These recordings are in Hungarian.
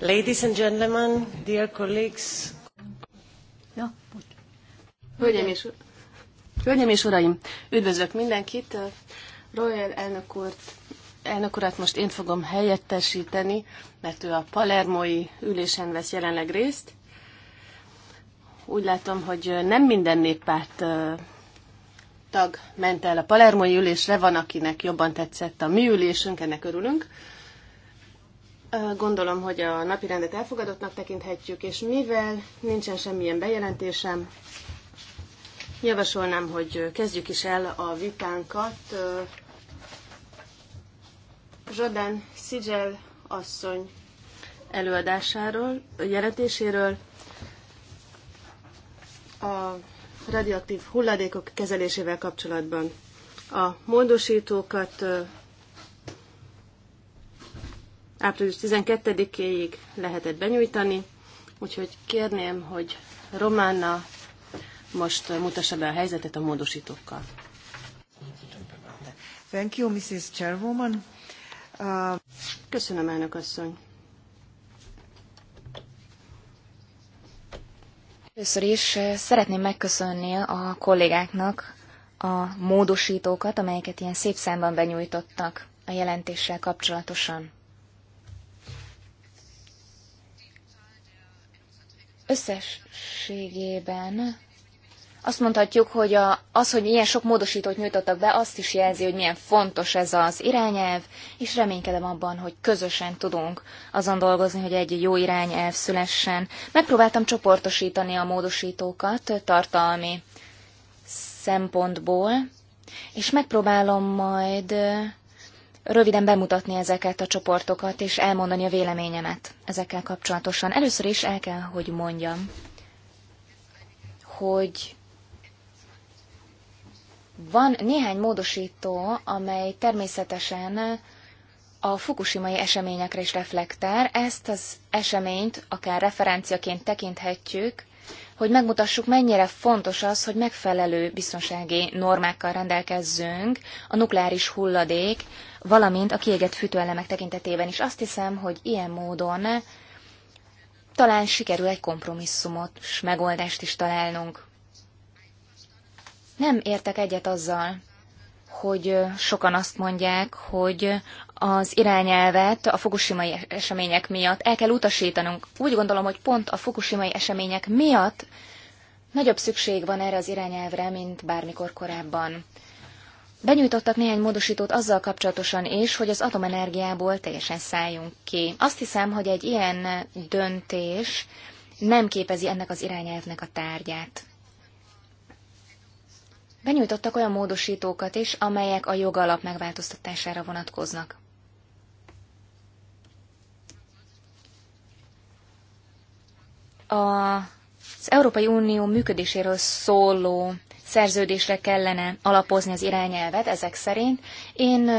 Ladies and gentlemen, dear colleagues. Ja, Hölgyeim és, Hölgyeim és uraim, üdvözlök mindenkit. Royal elnök úrt, elnök urat most én fogom helyettesíteni, mert ő a palermói ülésen vesz jelenleg részt. Úgy látom, hogy nem minden néppárt tag ment el a palermói ülésre, van, akinek jobban tetszett a mi ülésünk, ennek örülünk. Gondolom, hogy a napi rendet elfogadottnak tekinthetjük, és mivel nincsen semmilyen bejelentésem, javasolnám, hogy kezdjük is el a vitánkat. Zsodán Szigel asszony előadásáról, jelentéséről, a radioaktív hulladékok kezelésével kapcsolatban. A módosítókat április 12-éig lehetett benyújtani, úgyhogy kérném, hogy Románna most mutassa be a helyzetet a módosítókkal. Thank you, Mrs. Chairwoman. Uh... Köszönöm, elnök asszony. Először is eh, szeretném megköszönni a kollégáknak a módosítókat, amelyeket ilyen szép számban benyújtottak a jelentéssel kapcsolatosan. Összességében azt mondhatjuk, hogy a, az, hogy ilyen sok módosítót nyújtottak be, azt is jelzi, hogy milyen fontos ez az irányelv, és reménykedem abban, hogy közösen tudunk azon dolgozni, hogy egy jó irányelv szülessen. Megpróbáltam csoportosítani a módosítókat tartalmi szempontból, és megpróbálom majd röviden bemutatni ezeket a csoportokat, és elmondani a véleményemet ezekkel kapcsolatosan. Először is el kell, hogy mondjam, hogy van néhány módosító, amely természetesen a fukushimai eseményekre is reflektál. Ezt az eseményt akár referenciaként tekinthetjük hogy megmutassuk, mennyire fontos az, hogy megfelelő biztonsági normákkal rendelkezzünk a nukleáris hulladék, valamint a kiégett fűtőelemek tekintetében is. Azt hiszem, hogy ilyen módon talán sikerül egy kompromisszumot és megoldást is találnunk. Nem értek egyet azzal, hogy sokan azt mondják, hogy az irányelvet a fukushimai események miatt el kell utasítanunk. Úgy gondolom, hogy pont a fukushimai események miatt nagyobb szükség van erre az irányelvre, mint bármikor korábban. Benyújtottak néhány módosítót azzal kapcsolatosan is, hogy az atomenergiából teljesen szálljunk ki. Azt hiszem, hogy egy ilyen döntés nem képezi ennek az irányelvnek a tárgyát. Benyújtottak olyan módosítókat is, amelyek a jogalap megváltoztatására vonatkoznak. az Európai Unió működéséről szóló szerződésre kellene alapozni az irányelvet ezek szerint. Én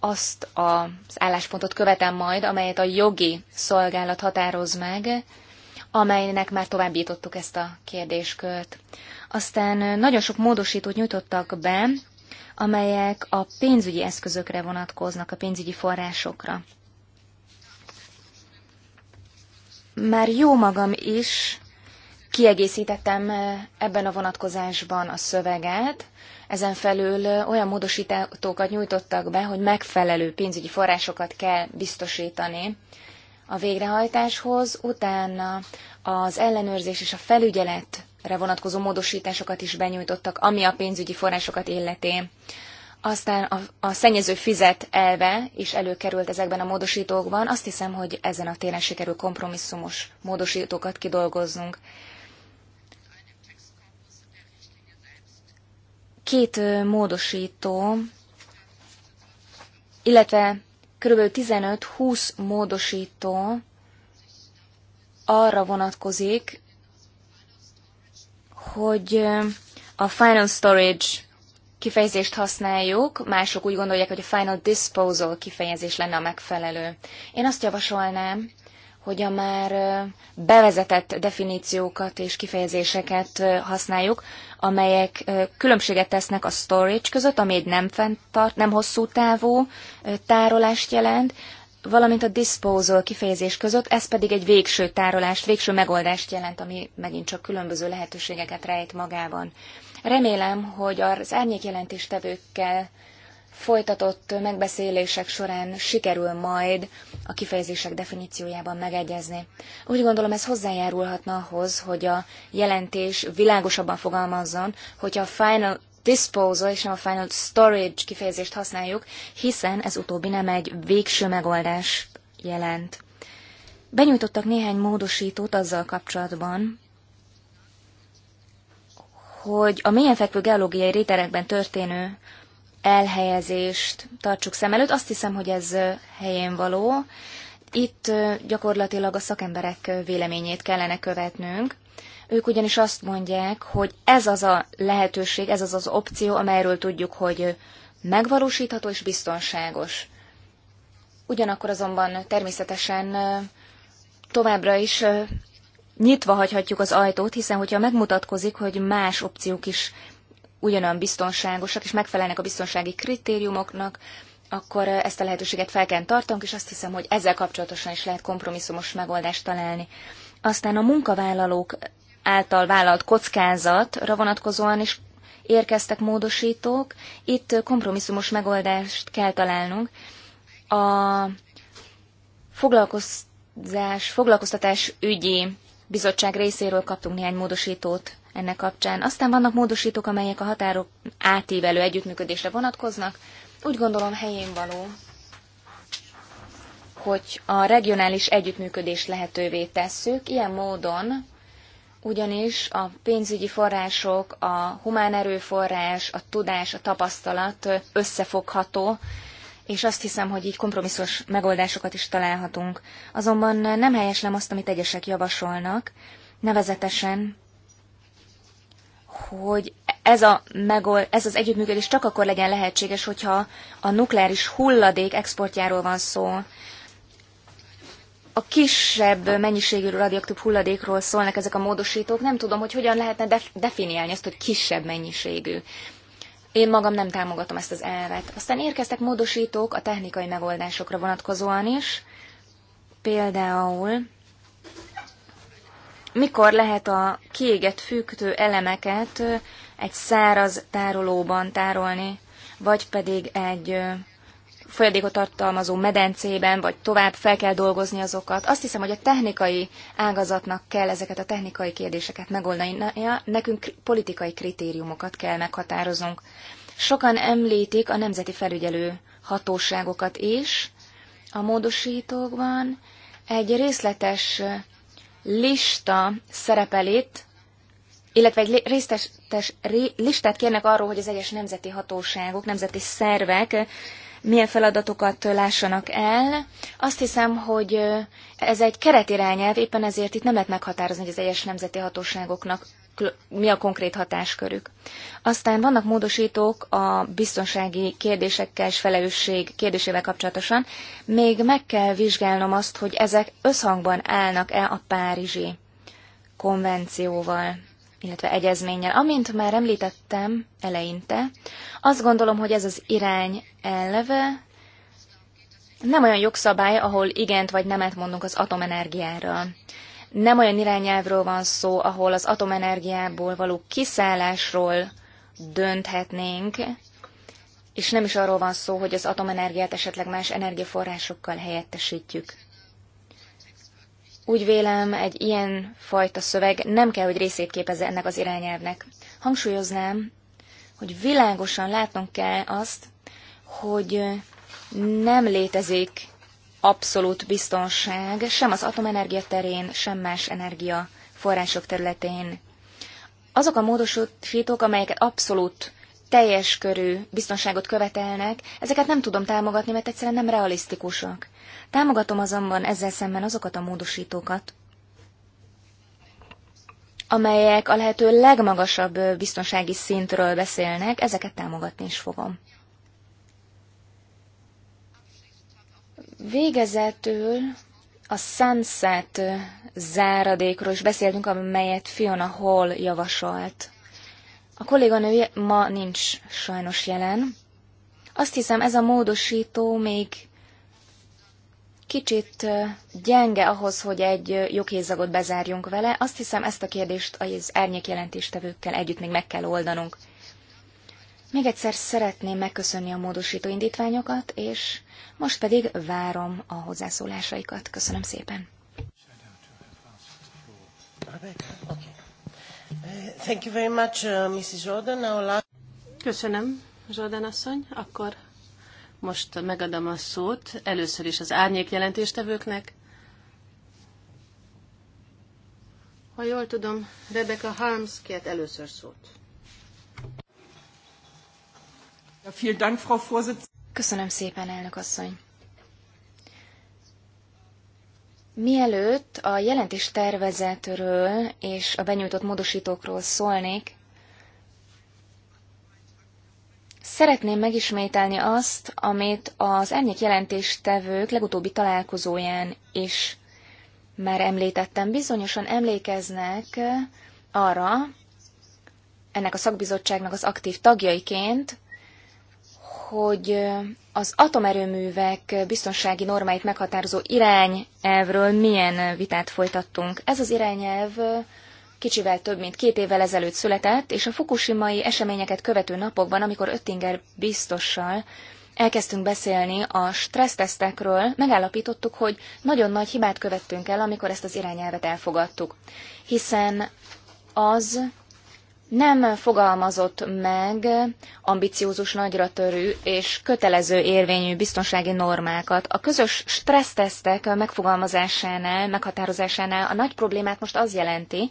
azt az álláspontot követem majd, amelyet a jogi szolgálat határoz meg, amelynek már továbbítottuk ezt a kérdéskört. Aztán nagyon sok módosítót nyújtottak be, amelyek a pénzügyi eszközökre vonatkoznak, a pénzügyi forrásokra. Már jó magam is kiegészítettem eh, ebben a vonatkozásban a szöveget, ezen felül eh, olyan módosítókat nyújtottak be, hogy megfelelő pénzügyi forrásokat kell biztosítani a végrehajtáshoz, utána az ellenőrzés és a felügyeletre vonatkozó módosításokat is benyújtottak, ami a pénzügyi forrásokat illeti. Aztán a, a szennyező fizet elve is előkerült ezekben a módosítókban. Azt hiszem, hogy ezen a téren sikerül kompromisszumos módosítókat kidolgoznunk. Két módosító, illetve kb. 15-20 módosító arra vonatkozik, hogy a final storage kifejezést használjuk, mások úgy gondolják, hogy a final disposal kifejezés lenne a megfelelő. Én azt javasolnám, hogy a már bevezetett definíciókat és kifejezéseket használjuk, amelyek különbséget tesznek a storage között, ami egy nem, fenntart, nem hosszú távú tárolást jelent, valamint a disposal kifejezés között, ez pedig egy végső tárolást, végső megoldást jelent, ami megint csak különböző lehetőségeket rejt magában. Remélem, hogy az árnyékjelentéstevőkkel folytatott megbeszélések során sikerül majd a kifejezések definíciójában megegyezni. Úgy gondolom ez hozzájárulhatna ahhoz, hogy a jelentés világosabban fogalmazzon, hogyha a final disposal és nem a final storage kifejezést használjuk, hiszen ez utóbbi nem egy végső megoldás jelent. Benyújtottak néhány módosítót azzal kapcsolatban, hogy a mélyen fekvő geológiai réterekben történő elhelyezést tartsuk szem előtt. Azt hiszem, hogy ez helyén való. Itt gyakorlatilag a szakemberek véleményét kellene követnünk. Ők ugyanis azt mondják, hogy ez az a lehetőség, ez az az opció, amelyről tudjuk, hogy megvalósítható és biztonságos. Ugyanakkor azonban természetesen továbbra is nyitva hagyhatjuk az ajtót, hiszen hogyha megmutatkozik, hogy más opciók is ugyanolyan biztonságosak, és megfelelnek a biztonsági kritériumoknak, akkor eh, ezt a lehetőséget fel kell tartanunk, és azt hiszem, hogy ezzel kapcsolatosan is lehet kompromisszumos megoldást találni. Aztán a munkavállalók által vállalt kockázatra vonatkozóan is érkeztek módosítók. Itt eh, kompromisszumos megoldást kell találnunk. A foglalkozás, foglalkoztatás ügyi bizottság részéről kaptunk néhány módosítót ennek kapcsán. Aztán vannak módosítók, amelyek a határok átívelő együttműködésre vonatkoznak. Úgy gondolom helyén való, hogy a regionális együttműködés lehetővé tesszük. Ilyen módon ugyanis a pénzügyi források, a humán erőforrás, a tudás, a tapasztalat összefogható, és azt hiszem, hogy így kompromisszos megoldásokat is találhatunk. Azonban nem helyeslem azt, amit egyesek javasolnak, nevezetesen, hogy ez, a megol, ez az együttműködés csak akkor legyen lehetséges, hogyha a nukleáris hulladék exportjáról van szó. A kisebb mennyiségű radioaktív hulladékról szólnak ezek a módosítók. Nem tudom, hogy hogyan lehetne def- definiálni azt, hogy kisebb mennyiségű. Én magam nem támogatom ezt az elvet. Aztán érkeztek módosítók a technikai megoldásokra vonatkozóan is. Például, mikor lehet a kiégett fűtő elemeket egy száraz tárolóban tárolni, vagy pedig egy folyadékot tartalmazó medencében, vagy tovább fel kell dolgozni azokat. Azt hiszem, hogy a technikai ágazatnak kell ezeket a technikai kérdéseket megoldani. Nekünk politikai kritériumokat kell meghatároznunk. Sokan említik a nemzeti felügyelő hatóságokat is a módosítókban. Egy részletes lista szerepel itt, illetve egy részletes listát kérnek arról, hogy az egyes nemzeti hatóságok, nemzeti szervek milyen feladatokat lássanak el. Azt hiszem, hogy ez egy keretirányelv, éppen ezért itt nem lehet meghatározni, hogy az egyes nemzeti hatóságoknak mi a konkrét hatáskörük. Aztán vannak módosítók a biztonsági kérdésekkel és felelősség kérdésével kapcsolatosan. Még meg kell vizsgálnom azt, hogy ezek összhangban állnak-e a Párizsi konvencióval illetve egyezménnyel. Amint már említettem eleinte, azt gondolom, hogy ez az irány elve nem olyan jogszabály, ahol igent vagy nemet mondunk az atomenergiára. Nem olyan irányelvről van szó, ahol az atomenergiából való kiszállásról dönthetnénk, és nem is arról van szó, hogy az atomenergiát esetleg más energiaforrásokkal helyettesítjük. Úgy vélem, egy ilyen fajta szöveg nem kell, hogy részét képezze ennek az irányelvnek. Hangsúlyoznám, hogy világosan látnunk kell azt, hogy nem létezik abszolút biztonság sem az atomenergia terén, sem más energiaforrások területén. Azok a módosítók, amelyeket abszolút teljes körű biztonságot követelnek, ezeket nem tudom támogatni, mert egyszerűen nem realisztikusak. Támogatom azonban ezzel szemben azokat a módosítókat, amelyek a lehető legmagasabb biztonsági szintről beszélnek, ezeket támogatni is fogom. Végezetül a sunset záradékról is beszéltünk, amelyet Fiona Hall javasolt. A kolléganője ma nincs sajnos jelen. Azt hiszem, ez a módosító még kicsit gyenge ahhoz, hogy egy joghézagot bezárjunk vele. Azt hiszem, ezt a kérdést az árnyék jelentéstevőkkel együtt még meg kell oldanunk. Még egyszer szeretném megköszönni a módosító indítványokat, és most pedig várom a hozzászólásaikat. Köszönöm szépen. Uh, Köszönöm, Jordan asszony. Akkor most megadom a szót először is az árnyék jelentéstevőknek. Ha jól tudom, Rebecca Harms kért először szót. Köszönöm szépen, elnök asszony. Mielőtt a jelentés tervezetről és a benyújtott módosítókról szólnék, Szeretném megismételni azt, amit az ennyik jelentéstevők legutóbbi találkozóján is már említettem. Bizonyosan emlékeznek eh, arra, ennek a szakbizottságnak az aktív tagjaiként, hogy eh, az atomerőművek biztonsági normáit meghatározó irányelvről milyen eh, vitát folytattunk. Ez az irányelv kicsivel több mint két évvel ezelőtt született, és a fukushimai eseményeket követő napokban, amikor Öttinger biztossal elkezdtünk beszélni a stressztesztekről, megállapítottuk, hogy nagyon nagy hibát követtünk el, amikor ezt az irányelvet elfogadtuk. Hiszen az nem fogalmazott meg ambiciózus, nagyratörő és kötelező érvényű biztonsági normákat. A közös stressztesztek megfogalmazásánál, meghatározásánál a nagy problémát most az jelenti,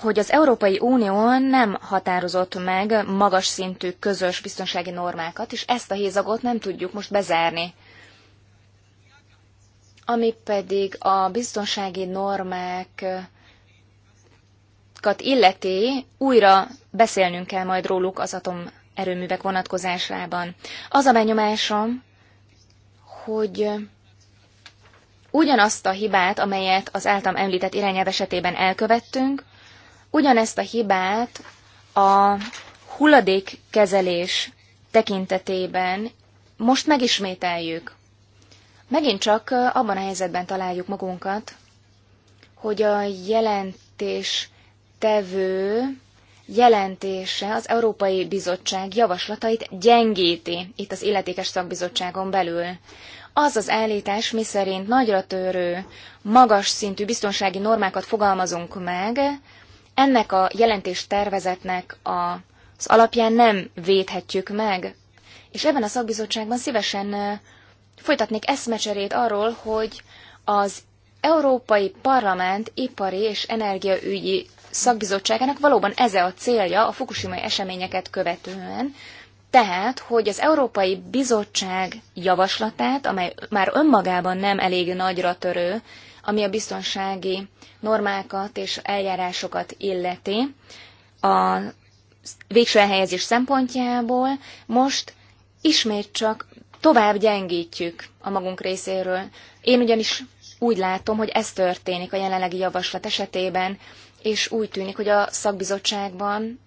hogy az Európai Unió nem határozott meg magas szintű közös biztonsági normákat, és ezt a hézagot nem tudjuk most bezárni. Ami pedig a biztonsági normák atomvállalataikat illeti, újra beszélnünk kell majd róluk az atomerőművek vonatkozásában. Az a benyomásom, hogy ugyanazt a hibát, amelyet az általam említett irányelv esetében elkövettünk, ugyanezt a hibát a hulladékkezelés tekintetében most megismételjük. Megint csak abban a helyzetben találjuk magunkat, hogy a jelentés tevő jelentése az Európai Bizottság javaslatait gyengíti itt az illetékes szakbizottságon belül. Az az állítás, miszerint nagyra törő, magas szintű biztonsági normákat fogalmazunk meg, ennek a jelentés tervezetnek az alapján nem védhetjük meg. És ebben a szakbizottságban szívesen folytatnék eszmecserét arról, hogy az Európai Parlament ipari és energiaügyi szakbizottságának valóban ez a célja a fukushimai eseményeket követően, tehát, hogy az Európai Bizottság javaslatát, amely már önmagában nem elég nagyra törő, ami a biztonsági normákat és eljárásokat illeti, a végső elhelyezés szempontjából most ismét csak tovább gyengítjük a magunk részéről. Én ugyanis úgy látom, hogy ez történik a jelenlegi javaslat esetében és úgy tűnik, hogy a szakbizottságban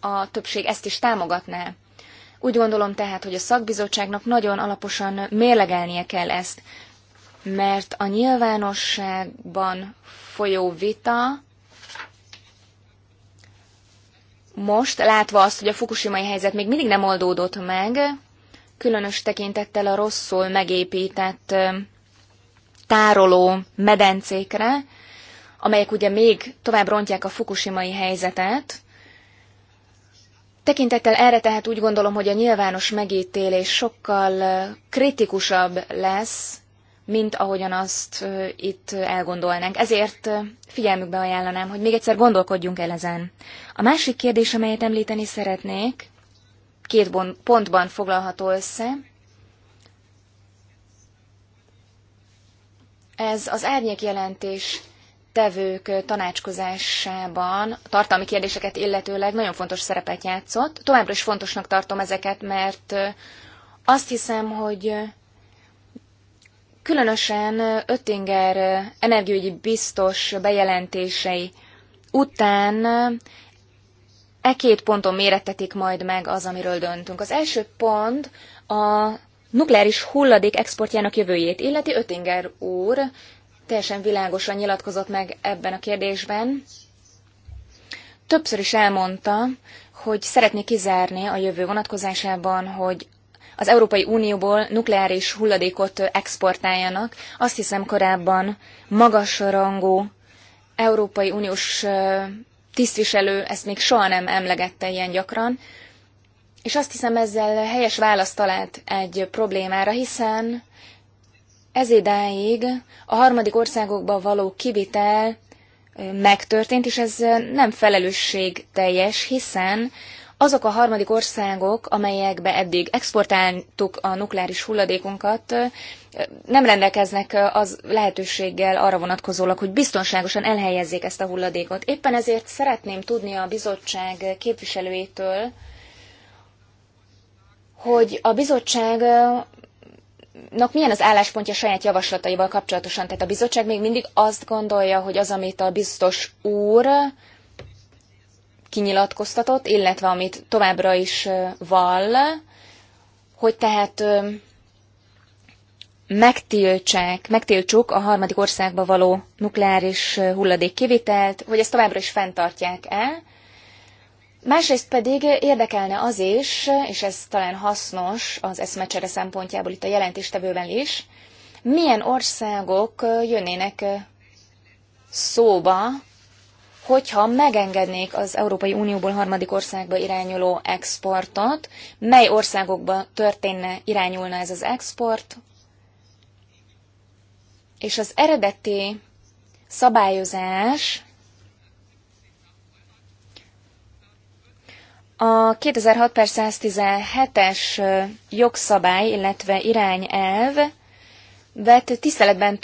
a többség ezt is támogatná. Úgy gondolom tehát, hogy a szakbizottságnak nagyon alaposan mérlegelnie kell ezt, mert a nyilvánosságban folyó vita most, látva azt, hogy a fukushimai helyzet még mindig nem oldódott meg, különös tekintettel a rosszul megépített tároló medencékre, amelyek ugye még tovább rontják a fukushimai helyzetet. Tekintettel erre tehát úgy gondolom, hogy a nyilvános megítélés sokkal kritikusabb lesz, mint ahogyan azt itt elgondolnánk. Ezért figyelmükbe ajánlanám, hogy még egyszer gondolkodjunk el ezen. A másik kérdés, amelyet említeni szeretnék, két pontban foglalható össze. Ez az árnyék jelentés tevők tanácskozásában tartalmi kérdéseket illetőleg nagyon fontos szerepet játszott. Továbbra is fontosnak tartom ezeket, mert azt hiszem, hogy különösen Öttinger energiaügyi biztos bejelentései után e két ponton méretetik majd meg az, amiről döntünk. Az első pont a nukleáris hulladék exportjának jövőjét illeti Öttinger úr teljesen világosan nyilatkozott meg ebben a kérdésben. Többször is elmondta, hogy szeretné kizárni a jövő vonatkozásában, hogy az Európai Unióból nukleáris hulladékot exportáljanak. Azt hiszem korábban rangú Európai Uniós tisztviselő ezt még soha nem emlegette ilyen gyakran, és azt hiszem ezzel helyes választ talált egy problémára, hiszen ez idáig a harmadik országokba való kivitel megtörtént, és ez nem teljes, hiszen azok a harmadik országok, amelyekbe eddig exportáltuk a nukleáris hulladékunkat, nem rendelkeznek az lehetőséggel arra vonatkozólag, hogy biztonságosan elhelyezzék ezt a hulladékot. Éppen ezért szeretném tudni a bizottság képviselőjétől, hogy a bizottság milyen az álláspontja saját javaslataival kapcsolatosan? Tehát a bizottság még mindig azt gondolja, hogy az, amit a biztos úr kinyilatkoztatott, illetve amit továbbra is vall, hogy tehát megtiltsák, megtiltsuk a harmadik országba való nukleáris hulladék kivitelt, hogy ezt továbbra is fenntartják el, Másrészt pedig érdekelne az is, és ez talán hasznos az eszmecsere szempontjából itt a jelentéstevőben is, milyen országok jönnének szóba, hogyha megengednék az Európai Unióból harmadik országba irányuló exportot, mely országokba történne, irányulna ez az export, és az eredeti szabályozás A 2006 per 117-es jogszabály, illetve irányelv vet tiszteletben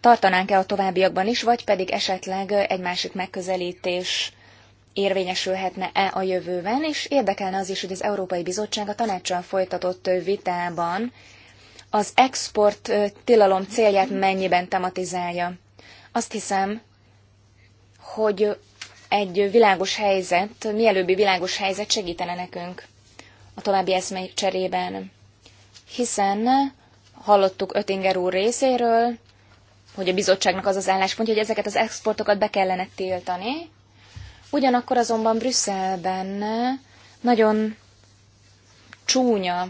tartanánk-e a továbbiakban is, vagy pedig esetleg egy másik megközelítés érvényesülhetne-e a jövőben, és érdekelne az is, hogy az Európai Bizottság a tanácssal folytatott vitában az export tilalom célját mennyiben tematizálja. Azt hiszem, hogy egy világos helyzet, mielőbbi világos helyzet segítene nekünk a további eszmei cserében. Hiszen hallottuk Ötinger úr részéről, hogy a bizottságnak az az álláspontja, hogy ezeket az exportokat be kellene tiltani. Ugyanakkor azonban Brüsszelben nagyon csúnya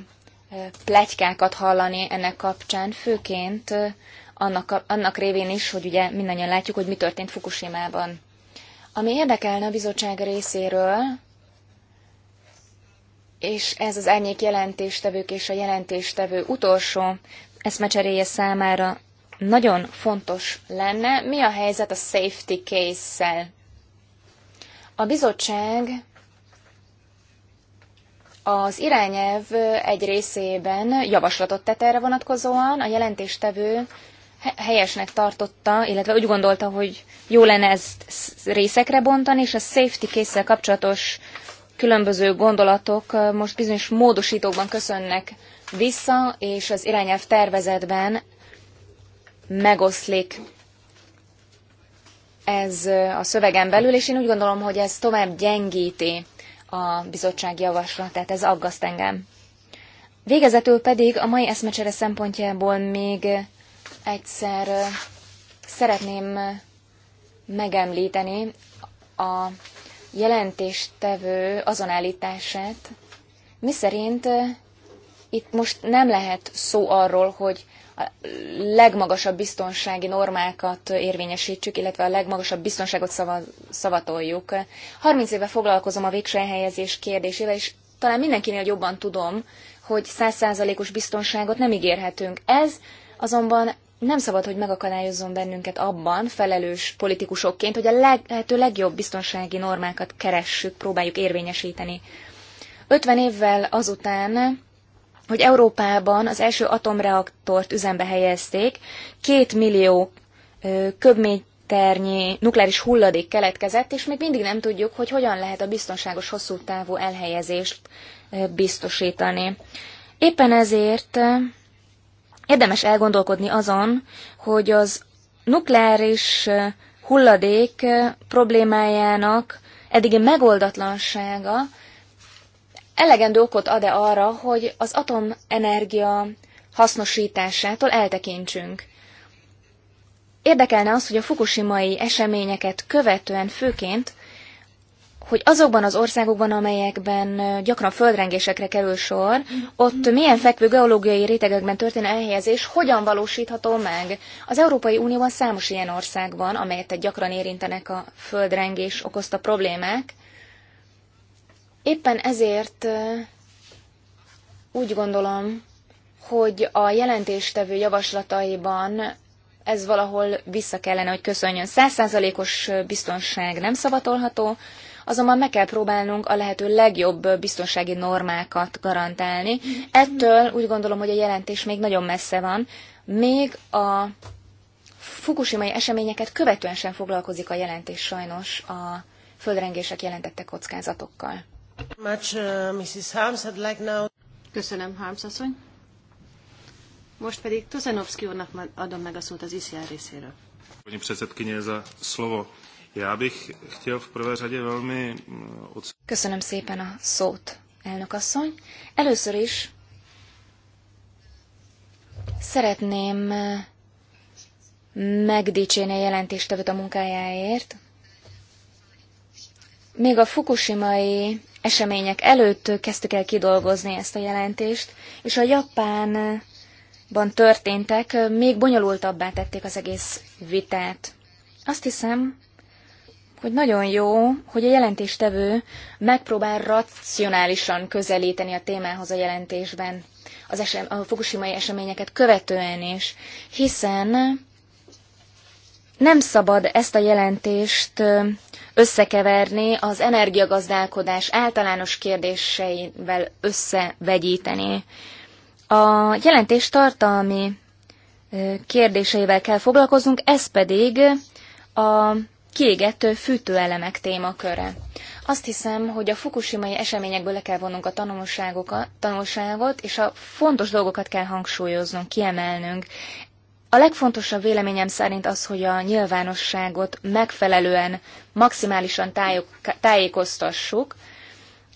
eh, pletykákat hallani ennek kapcsán, főként eh, annak, annak révén is, hogy ugye mindannyian látjuk, hogy mi történt Fukushima-ban. Ami érdekelne a bizottság részéről, és ez az árnyék jelentéstevők és a jelentéstevő utolsó eszmecseréje számára nagyon fontos lenne, mi a helyzet a safety case-szel. A bizottság az irányelv egy részében javaslatot tett erre vonatkozóan, a jelentéstevő helyesnek tartotta, illetve úgy gondolta, hogy jó lenne ezt részekre bontani, és a safety case kapcsolatos különböző gondolatok most bizonyos módosítókban köszönnek vissza, és az irányelv tervezetben megoszlik ez a szövegen belül, és én úgy gondolom, hogy ez tovább gyengíti a bizottság javaslatát, ez aggaszt engem. Végezetül pedig a mai eszmecsere szempontjából még egyszer szeretném megemlíteni a jelentéstevő azon Mi miszerint itt most nem lehet szó arról, hogy a legmagasabb biztonsági normákat érvényesítsük, illetve a legmagasabb biztonságot szava, szavatoljuk. 30 éve foglalkozom a végső elhelyezés kérdésével, és talán mindenkinél jobban tudom, hogy százszázalékos biztonságot nem ígérhetünk. Ez azonban nem szabad, hogy megakadályozzon bennünket abban, felelős politikusokként, hogy a leg, lehető legjobb biztonsági normákat keressük, próbáljuk érvényesíteni. 50 évvel azután, hogy Európában az első atomreaktort üzembe helyezték, két millió köbméternyi nukleáris hulladék keletkezett, és még mindig nem tudjuk, hogy hogyan lehet a biztonságos hosszú távú elhelyezést biztosítani. Éppen ezért Érdemes elgondolkodni azon, hogy az nukleáris hulladék problémájának eddigi megoldatlansága elegendő okot ad-e arra, hogy az atomenergia hasznosításától eltekintsünk. Érdekelne az, hogy a fukushimai eseményeket követően főként hogy azokban az országokban, amelyekben gyakran földrengésekre kerül sor, ott milyen fekvő geológiai rétegekben történő elhelyezés hogyan valósítható meg. Az Európai Unióban számos ilyen ország van, amelyet gyakran érintenek a földrengés okozta problémák. Éppen ezért úgy gondolom, hogy a jelentéstevő javaslataiban ez valahol vissza kellene, hogy köszönjön. Százszázalékos biztonság nem szavatolható, azonban meg kell próbálnunk a lehető legjobb biztonsági normákat garantálni. Ettől úgy gondolom, hogy a jelentés még nagyon messze van, még a fukushima eseményeket követően sem foglalkozik a jelentés sajnos a földrengések jelentette kockázatokkal. Mrs. Uh, Harms, Köszönöm, Harms asszony. Most pedig Tozanovszki úrnak adom meg a szót az ICR részéről. Pani předsedkyně za slovo. Já bych chtěl v prvé řadě velmi... Eh, Köszönöm szépen a szót, elnök asszony. Először is szeretném eh, megdicsérni a jelentéstevőt a munkájáért. Még a fukushimai események előtt kezdtük el kidolgozni ezt a jelentést, és a Japánban történtek eh, még bonyolultabbá tették az egész vitát. Azt hiszem, hogy nagyon jó, hogy a jelentéstevő megpróbál racionálisan közelíteni a témához a jelentésben, az esem, a fukushima eseményeket követően is, hiszen nem szabad ezt a jelentést összekeverni, az energiagazdálkodás általános kérdéseivel összevegyíteni. A jelentés tartalmi kérdéseivel kell foglalkoznunk, ez pedig a kiégető fűtőelemek témaköre. Azt hiszem, hogy a fukushimai eseményekből le kell vonnunk a tanulságot, és a fontos dolgokat kell hangsúlyoznunk, kiemelnünk. A legfontosabb véleményem szerint az, hogy a nyilvánosságot megfelelően, maximálisan tájékoztassuk,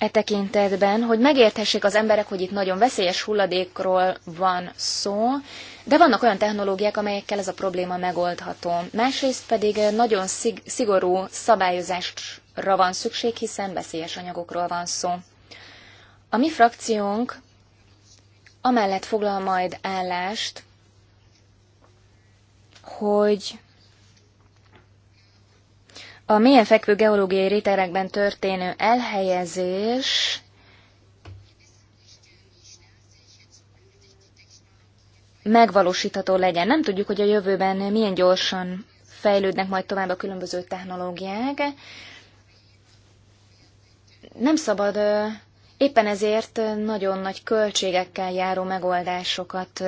e tekintetben, hogy megérthessék az emberek, hogy itt nagyon veszélyes hulladékról van szó, de vannak olyan technológiák, amelyekkel ez a probléma megoldható. Másrészt pedig eh, nagyon szig- szigorú szabályozásra van szükség, hiszen veszélyes anyagokról van szó. A mi frakciónk amellett foglal majd állást, hogy a mélyen fekvő geológiai rétegekben történő elhelyezés megvalósítható legyen. Nem tudjuk, hogy a jövőben milyen gyorsan fejlődnek majd tovább a különböző technológiák. Nem szabad éppen ezért nagyon nagy költségekkel járó megoldásokat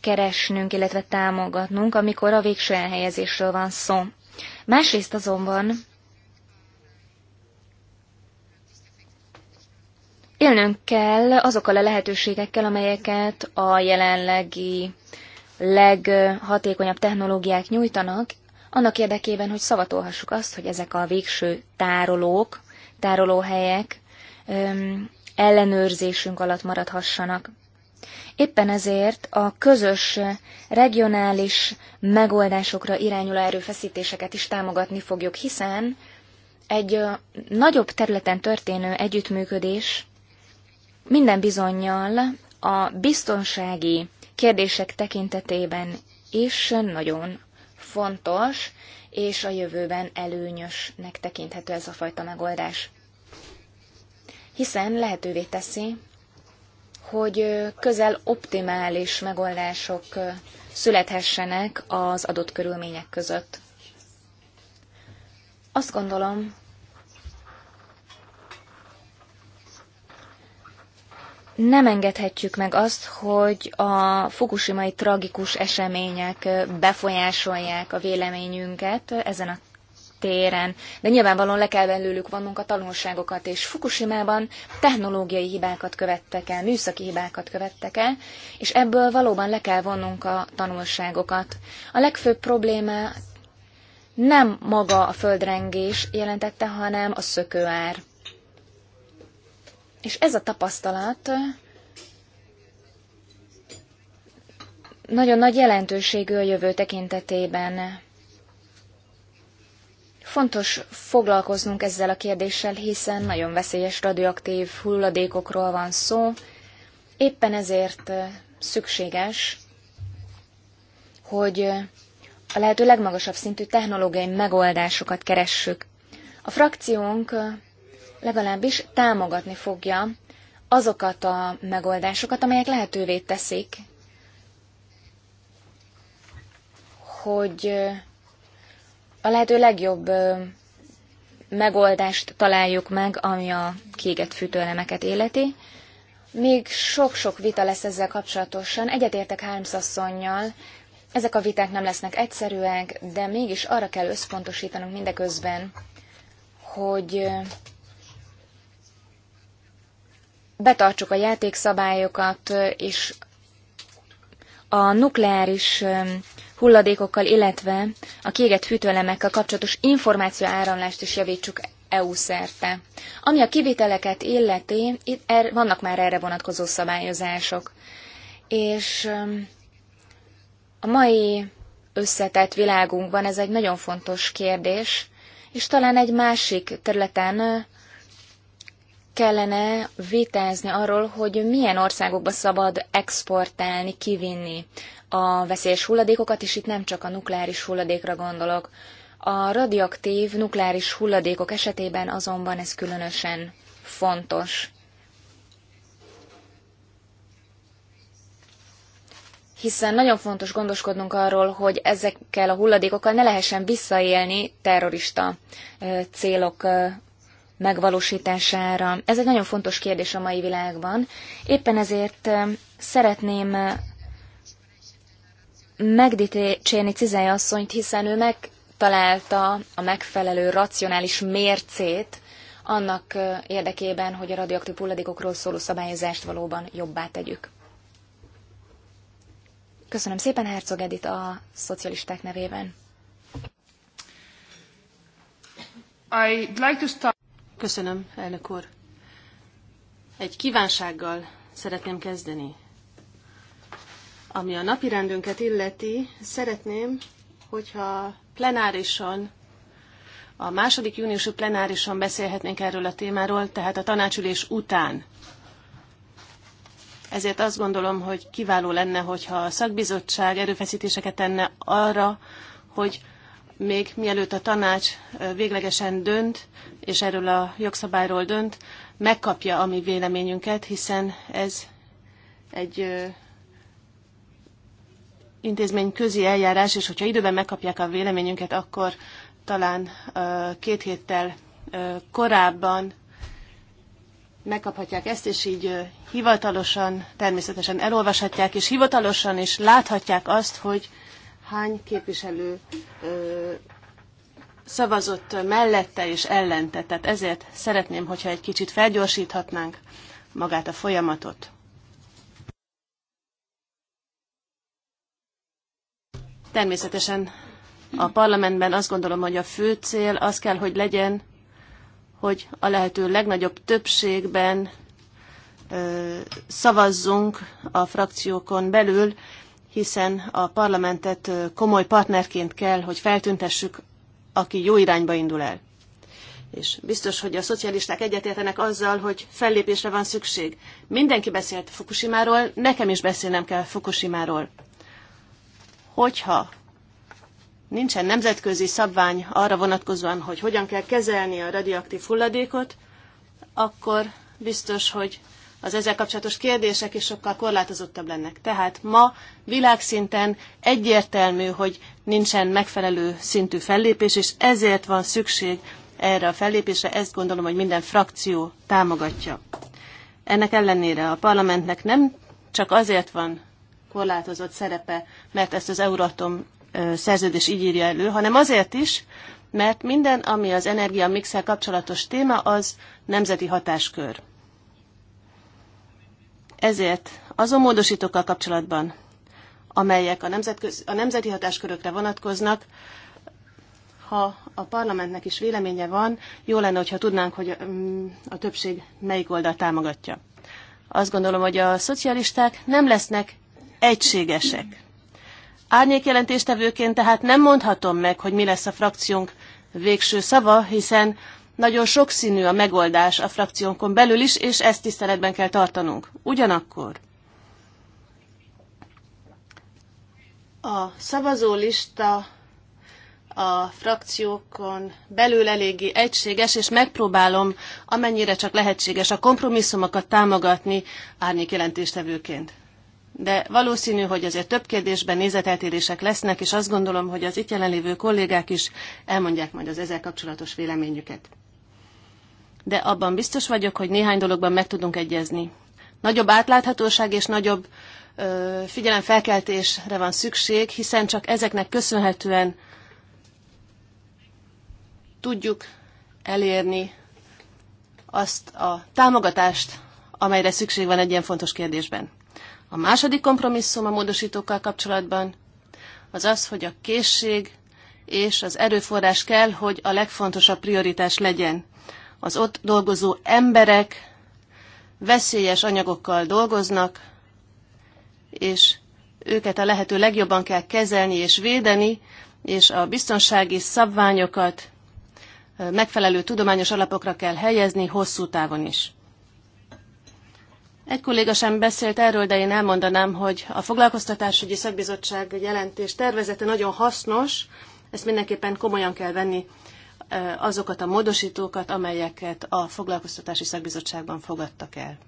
keresnünk, illetve támogatnunk, amikor a végső elhelyezésről van szó. Másrészt azonban élnünk kell azokkal a lehetőségekkel, amelyeket a jelenlegi leghatékonyabb technológiák nyújtanak, annak érdekében, hogy szavatolhassuk azt, hogy ezek a végső tárolók, tárolóhelyek öm, ellenőrzésünk alatt maradhassanak. Éppen ezért a közös regionális megoldásokra irányuló erőfeszítéseket is támogatni fogjuk, hiszen egy nagyobb területen történő együttműködés minden bizonyal a biztonsági kérdések tekintetében is nagyon fontos, és a jövőben előnyösnek tekinthető ez a fajta megoldás. Hiszen lehetővé teszi, hogy közel optimális megoldások születhessenek az adott körülmények között. Azt gondolom, nem engedhetjük meg azt, hogy a fukushimai tragikus események befolyásolják a véleményünket ezen a téren, de nyilvánvalóan le kell belőlük vonnunk a tanulságokat, és Fukushima-ban technológiai hibákat követtek el, műszaki hibákat követtek el, és ebből valóban le kell vonnunk a tanulságokat. A legfőbb probléma nem maga a földrengés jelentette, hanem a szökőár. És ez a tapasztalat nagyon nagy jelentőségű a jövő tekintetében. Fontos foglalkoznunk ezzel a kérdéssel, hiszen nagyon veszélyes radioaktív hulladékokról van szó. Éppen ezért szükséges, hogy a lehető legmagasabb szintű technológiai megoldásokat keressük. A frakciónk legalábbis támogatni fogja azokat a megoldásokat, amelyek lehetővé teszik, hogy a lehető legjobb megoldást találjuk meg, ami a kéget fűtőelemeket életi. Még sok-sok vita lesz ezzel kapcsolatosan. Egyetértek Hárms asszonynal, ezek a viták nem lesznek egyszerűek, de mégis arra kell összpontosítanunk mindeközben, hogy betartsuk a játékszabályokat, és a nukleáris hulladékokkal, illetve a kiégett fűtőelemekkel kapcsolatos információ áramlást is javítsuk EU szerte. Ami a kiviteleket illeti, itt er, vannak már erre vonatkozó szabályozások. És a mai összetett világunkban ez egy nagyon fontos kérdés, és talán egy másik területen kellene vitázni arról, hogy milyen országokba szabad exportálni, kivinni a veszélyes hulladékokat, és itt nem csak a nukleáris hulladékra gondolok. A radioaktív nukleáris hulladékok esetében azonban ez különösen fontos. hiszen nagyon fontos gondoskodnunk arról, hogy ezekkel a hulladékokkal ne lehessen visszaélni terrorista célok megvalósítására. Ez egy nagyon fontos kérdés a mai világban. Éppen ezért szeretném megdicsérni Cizely asszonyt, hiszen ő megtalálta a megfelelő racionális mércét annak érdekében, hogy a radioaktív hulladékokról szóló szabályozást valóban jobbá tegyük. Köszönöm szépen, Herzog Edith, a szocialisták nevében. I'd like to start... Köszönöm, elnök úr. Egy kívánsággal szeretném kezdeni. Ami a napirendünket illeti, szeretném, hogyha plenárison, a második júniusi plenárison beszélhetnénk erről a témáról, tehát a tanácsülés után. Ezért azt gondolom, hogy kiváló lenne, hogyha a szakbizottság erőfeszítéseket tenne arra, hogy még mielőtt a tanács véglegesen dönt, és erről a jogszabályról dönt, megkapja a mi véleményünket, hiszen ez egy intézmény közi eljárás, és hogyha időben megkapják a véleményünket, akkor talán két héttel korábban megkaphatják ezt, és így hivatalosan, természetesen elolvashatják, és hivatalosan is láthatják azt, hogy hány képviselő szavazott mellette és ellente. Tehát ezért szeretném, hogyha egy kicsit felgyorsíthatnánk magát a folyamatot. Természetesen a parlamentben azt gondolom, hogy a fő cél az kell, hogy legyen, hogy a lehető legnagyobb többségben ö, szavazzunk a frakciókon belül, hiszen a parlamentet komoly partnerként kell, hogy feltüntessük, aki jó irányba indul el. És biztos, hogy a szocialisták egyetértenek azzal, hogy fellépésre van szükség. Mindenki beszélt Fukushimáról, nekem is beszélnem kell Fukushimáról hogyha nincsen nemzetközi szabvány arra vonatkozóan, hogy hogyan kell kezelni a radioaktív hulladékot, akkor biztos, hogy az ezzel kapcsolatos kérdések is sokkal korlátozottabb lennek. Tehát ma világszinten egyértelmű, hogy nincsen megfelelő szintű fellépés, és ezért van szükség erre a fellépésre, ezt gondolom, hogy minden frakció támogatja. Ennek ellenére a parlamentnek nem csak azért van korlátozott szerepe, mert ezt az Euratom szerződés így írja elő, hanem azért is, mert minden, ami az energia mixel kapcsolatos téma, az nemzeti hatáskör. Ezért azon módosítókkal kapcsolatban, amelyek a, nemzetköz, a nemzeti hatáskörökre vonatkoznak, ha a parlamentnek is véleménye van, jó lenne, hogyha tudnánk, hogy mm, a többség melyik oldal támogatja. Azt gondolom, hogy a szocialisták nem lesznek egységesek. Árnyékjelentéstevőként tehát nem mondhatom meg, hogy mi lesz a frakciónk végső szava, hiszen nagyon sokszínű a megoldás a frakciónkon belül is, és ezt tiszteletben kell tartanunk. Ugyanakkor a szavazólista a frakciókon belül eléggé egységes, és megpróbálom, amennyire csak lehetséges, a kompromisszumokat támogatni árnyékjelentéstevőként de valószínű, hogy azért több kérdésben nézeteltérések lesznek, és azt gondolom, hogy az itt jelenlévő kollégák is elmondják majd az ezzel kapcsolatos véleményüket. De abban biztos vagyok, hogy néhány dologban meg tudunk egyezni. Nagyobb átláthatóság és nagyobb ö, figyelemfelkeltésre van szükség, hiszen csak ezeknek köszönhetően tudjuk elérni azt a támogatást, amelyre szükség van egy ilyen fontos kérdésben. A második kompromisszum a módosítókkal kapcsolatban az az, hogy a készség és az erőforrás kell, hogy a legfontosabb prioritás legyen. Az ott dolgozó emberek veszélyes anyagokkal dolgoznak, és őket a lehető legjobban kell kezelni és védeni, és a biztonsági szabványokat megfelelő tudományos alapokra kell helyezni hosszú távon is. Egy kolléga sem beszélt erről, de én elmondanám, hogy a foglalkoztatásügyi szakbizottság jelentés tervezete nagyon hasznos, ezt mindenképpen komolyan kell venni azokat a módosítókat, amelyeket a foglalkoztatási szakbizottságban fogadtak el.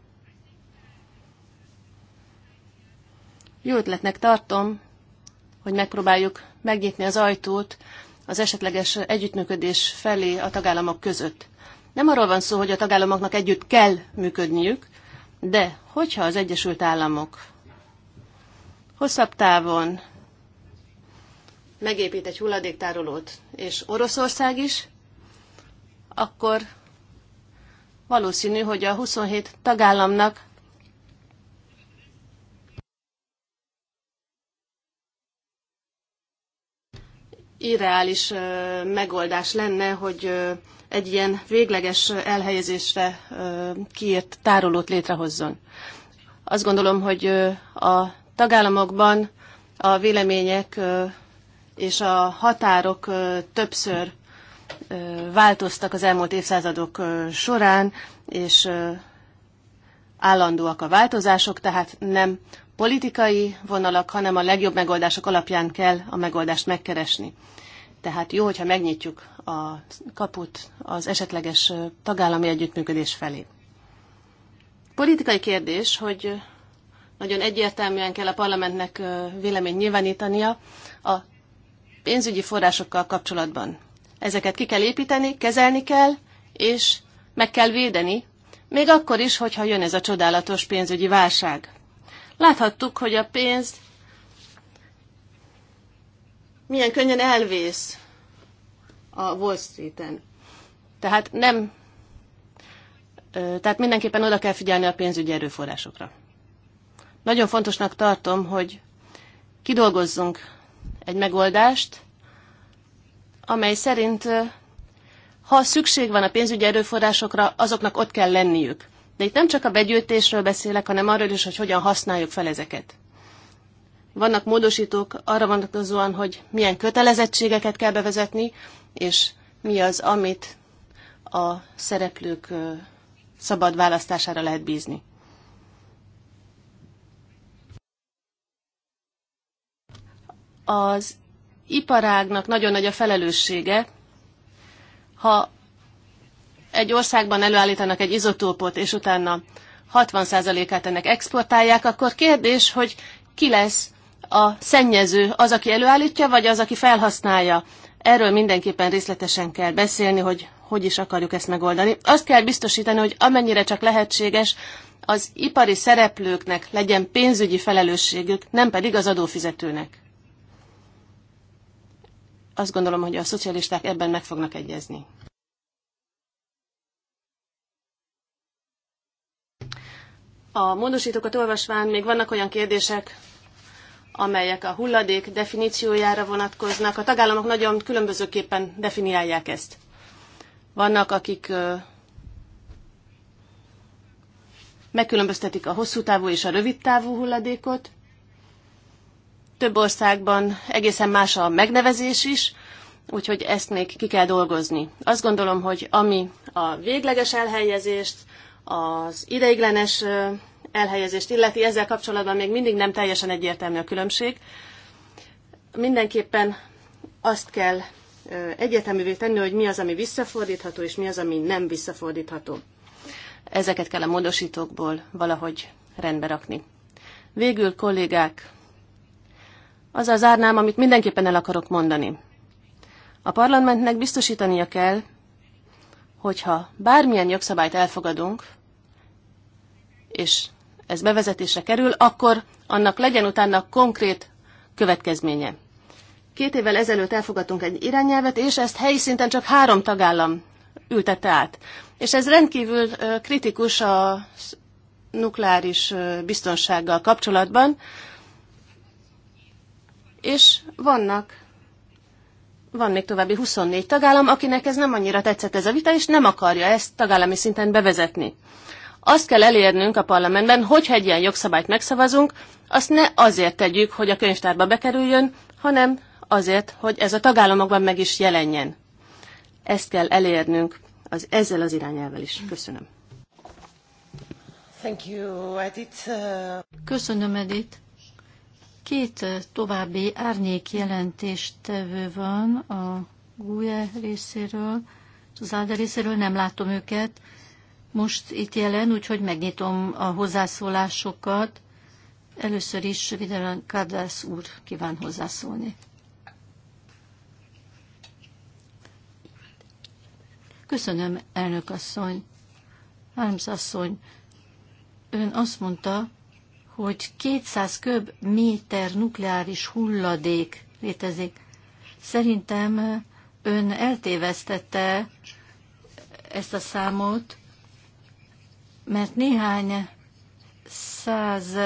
Jó ötletnek tartom, hogy megpróbáljuk megnyitni az ajtót az esetleges együttműködés felé a tagállamok között. Nem arról van szó, hogy a tagállamoknak együtt kell működniük, de hogyha az Egyesült Államok hosszabb távon megépít egy hulladéktárolót, és Oroszország is, akkor valószínű, hogy a 27 tagállamnak irreális megoldás lenne, hogy egy ilyen végleges elhelyezésre kiírt tárolót létrehozzon. Azt gondolom, hogy a tagállamokban a vélemények és a határok többször változtak az elmúlt évszázadok során, és állandóak a változások, tehát nem politikai vonalak, hanem a legjobb megoldások alapján kell a megoldást megkeresni. Tehát jó, hogyha megnyitjuk a kaput az esetleges tagállami együttműködés felé. Politikai kérdés, hogy nagyon egyértelműen kell a parlamentnek véleményt nyilvánítania a pénzügyi forrásokkal kapcsolatban. Ezeket ki kell építeni, kezelni kell, és meg kell védeni, még akkor is, hogyha jön ez a csodálatos pénzügyi válság. Láthattuk, hogy a pénzt milyen könnyen elvész a Wall Street-en. Tehát nem, tehát mindenképpen oda kell figyelni a pénzügyi erőforrásokra. Nagyon fontosnak tartom, hogy kidolgozzunk egy megoldást, amely szerint ha szükség van a pénzügyi erőforrásokra, azoknak ott kell lenniük. De itt nem csak a begyűjtésről beszélek, hanem arról is, hogy hogyan használjuk fel ezeket. Vannak módosítók arra vonatkozóan, hogy milyen kötelezettségeket kell bevezetni, és mi az, amit a szereplők szabad választására lehet bízni. Az iparágnak nagyon nagy a felelőssége, ha egy országban előállítanak egy izotópot, és utána 60%-át ennek exportálják, akkor kérdés, hogy ki lesz a szennyező az, aki előállítja, vagy az, aki felhasználja. Erről mindenképpen részletesen kell beszélni, hogy hogy is akarjuk ezt megoldani. Azt kell biztosítani, hogy amennyire csak lehetséges, az ipari szereplőknek legyen pénzügyi felelősségük, nem pedig az adófizetőnek. Azt gondolom, hogy a szocialisták ebben meg fognak egyezni. A módosítókat olvasván még vannak olyan kérdések, amelyek a hulladék definíciójára vonatkoznak. A tagállamok nagyon különbözőképpen definiálják ezt. Vannak, akik megkülönböztetik a hosszú távú és a rövid távú hulladékot. Több országban egészen más a megnevezés is, úgyhogy ezt még ki kell dolgozni. Azt gondolom, hogy ami a végleges elhelyezést, az ideiglenes elhelyezést illeti, ezzel kapcsolatban még mindig nem teljesen egyértelmű a különbség. Mindenképpen azt kell egyeteművé tenni, hogy mi az, ami visszafordítható, és mi az, ami nem visszafordítható. Ezeket kell a módosítókból valahogy rendbe rakni. Végül, kollégák, az az árnám, amit mindenképpen el akarok mondani. A parlamentnek biztosítania kell, hogyha bármilyen jogszabályt elfogadunk, és ez bevezetése kerül, akkor annak legyen utána konkrét következménye. Két évvel ezelőtt elfogadtunk egy irányelvet, és ezt helyi szinten csak három tagállam ültette át. És ez rendkívül kritikus a nukleáris biztonsággal kapcsolatban, és vannak van még további 24 tagállam, akinek ez nem annyira tetszett ez a vita, és nem akarja ezt tagállami szinten bevezetni. Azt kell elérnünk a parlamentben, hogyha egy ilyen jogszabályt megszavazunk, azt ne azért tegyük, hogy a könyvtárba bekerüljön, hanem azért, hogy ez a tagállamokban meg is jelenjen. Ezt kell elérnünk az, ezzel az irányelvel is. Köszönöm. Thank you, Edith. Köszönöm, Edith. Két eh, további árnyék tevő van a GUE részéről, az Áda részéről, nem látom őket most itt jelen, úgyhogy megnyitom a hozzászólásokat. Először is Vidalán Kárdász úr kíván hozzászólni. Köszönöm, elnök asszony. Harms asszony, ön azt mondta, hogy 200 köb méter nukleáris hulladék létezik. Szerintem ön eltévesztette ezt a számot, mert néhány száz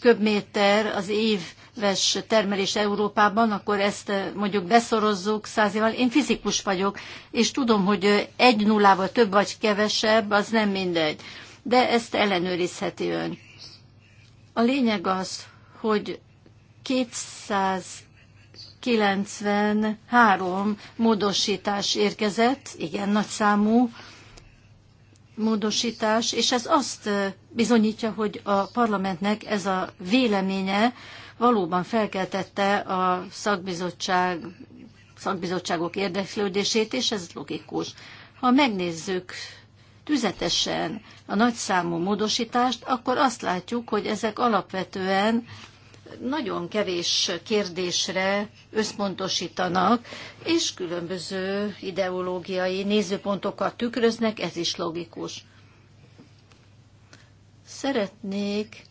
köbméter az éves termelés Európában, akkor ezt mondjuk beszorozzuk évvel. Én fizikus vagyok, és tudom, hogy egy nullával több vagy kevesebb, az nem mindegy. De ezt ellenőrizheti ön. A lényeg az, hogy 293 módosítás érkezett, igen nagy számú, módosítás, és ez azt bizonyítja, hogy a parlamentnek ez a véleménye valóban felkeltette a szakbizottság, szakbizottságok érdeklődését, és ez logikus. Ha megnézzük tüzetesen a nagyszámú módosítást, akkor azt látjuk, hogy ezek alapvetően nagyon kevés kérdésre összpontosítanak, és különböző ideológiai nézőpontokat tükröznek, ez is logikus. Szeretnék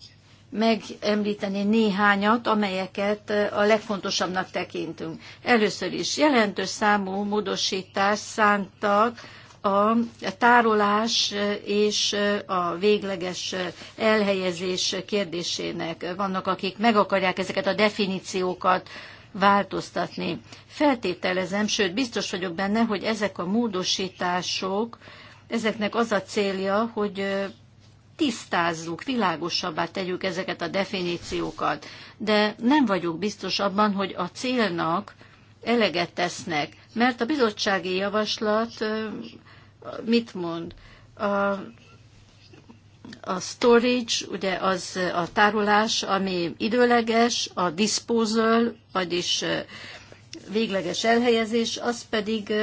megemlíteni néhányat, amelyeket a legfontosabbnak tekintünk. Először is jelentős számú módosítást szántak a tárolás és a végleges elhelyezés kérdésének. Vannak, akik meg akarják ezeket a definíciókat változtatni. Feltételezem, sőt biztos vagyok benne, hogy ezek a módosítások, ezeknek az a célja, hogy tisztázzuk, világosabbá tegyük ezeket a definíciókat. De nem vagyok biztos abban, hogy a célnak eleget tesznek, mert a bizottsági javaslat mit mond? A, a storage, ugye az a tárolás, ami időleges, a disposal, vagyis végleges elhelyezés, az pedig,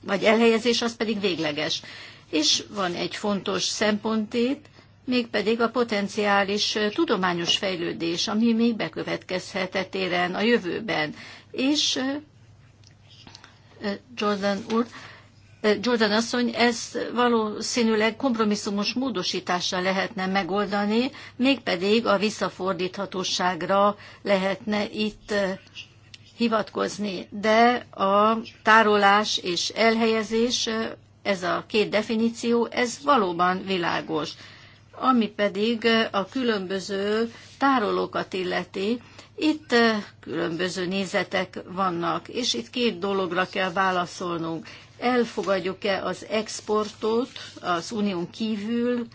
vagy elhelyezés, az pedig végleges. És van egy fontos szempontét, mégpedig a potenciális tudományos fejlődés, ami még bekövetkezhet e téren a jövőben. És Jordan úr Jordan asszony, ez valószínűleg kompromisszumos módosítással lehetne megoldani, mégpedig a visszafordíthatóságra lehetne itt hivatkozni. De a tárolás és elhelyezés, ez a két definíció, ez valóban világos. Ami pedig a különböző tárolókat illeti, itt különböző nézetek vannak, és itt két dologra kell válaszolnunk elfogadjuk-e az exportot, az unión kívül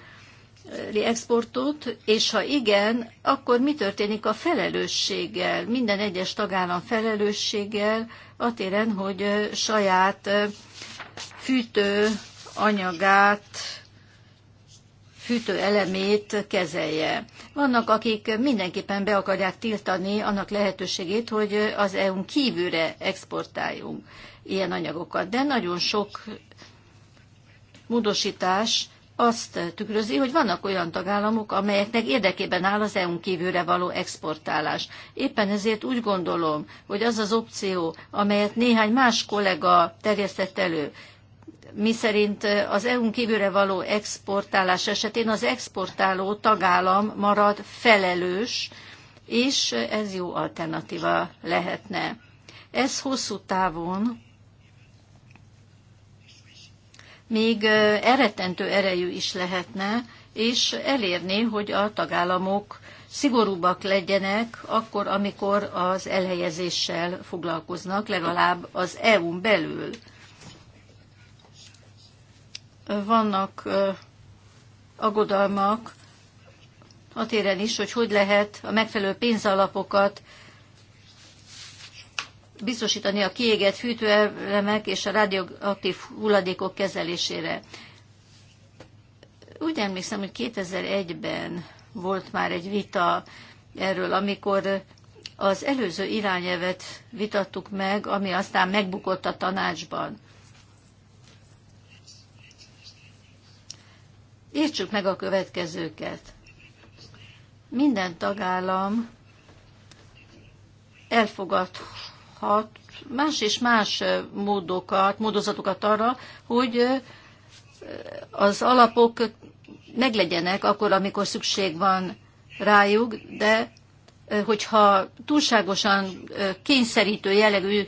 exportot, és ha igen, akkor mi történik a felelősséggel, minden egyes tagállam felelősséggel, téren, hogy saját fűtő anyagát, kezelje. Vannak, akik mindenképpen be akarják tiltani annak lehetőségét, hogy az EU-n kívülre exportáljunk ilyen anyagokat. De nagyon sok módosítás azt tükrözi, hogy vannak olyan tagállamok, amelyeknek érdekében áll az EU-n kívülre való exportálás. Éppen ezért úgy gondolom, hogy az az opció, amelyet néhány más kollega terjesztett elő, miszerint az EU-n kívülre való exportálás esetén az exportáló tagállam marad felelős, és ez jó alternatíva lehetne. Ez hosszú távon még elrettentő erejű is lehetne, és elérni, hogy a tagállamok szigorúbbak legyenek akkor, amikor az elhelyezéssel foglalkoznak, legalább az EU-n belül. Vannak aggodalmak a téren is, hogy hogy lehet a megfelelő pénzalapokat biztosítani a kiégett fűtőelemek és a radioaktív hulladékok kezelésére. Úgy emlékszem, hogy 2001-ben volt már egy vita erről, amikor az előző irányelvet vitattuk meg, ami aztán megbukott a tanácsban. Értsük meg a következőket. Minden tagállam elfogadhat hat más és más módokat, módozatokat arra, hogy az alapok meglegyenek akkor, amikor szükség van rájuk, de hogyha túlságosan kényszerítő jellegű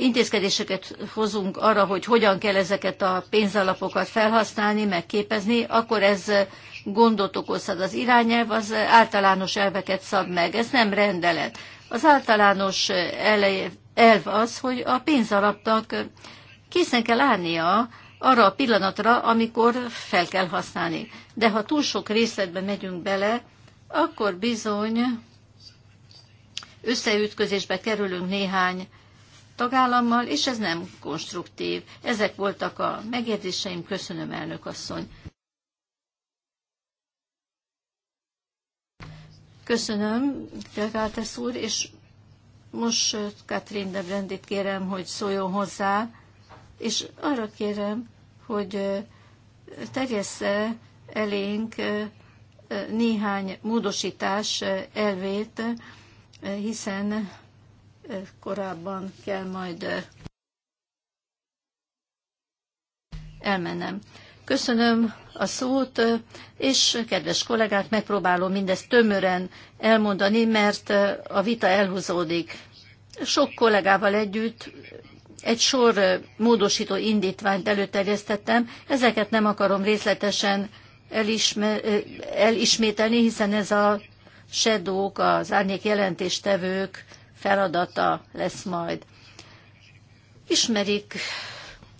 intézkedéseket hozunk arra, hogy hogyan kell ezeket a pénzalapokat felhasználni, megképezni, akkor ez gondot okozhat. Az irányelv az általános elveket szab meg, ez nem rendelet. Az általános elv az, hogy a pénzalapnak készen kell állnia arra a pillanatra, amikor fel kell használni. De ha túl sok részletbe megyünk bele, akkor bizony összeütközésbe kerülünk néhány tagállammal, és ez nem konstruktív. Ezek voltak a megjegyzéseim. Köszönöm, elnök asszony. Köszönöm, Gregáltesz úr, és most Katrin Debrendit kérem, hogy szóljon hozzá, és arra kérem, hogy terjessze elénk néhány módosítás elvét, hiszen korábban kell majd elmennem. Köszönöm a szót, és kedves kollégák, megpróbálom mindezt tömören elmondani, mert a vita elhúzódik. Sok kollégával együtt egy sor módosító indítványt előterjesztettem, ezeket nem akarom részletesen elisme, elismételni, hiszen ez a sedók, az árnyék jelentéstevők feladata lesz majd. Ismerik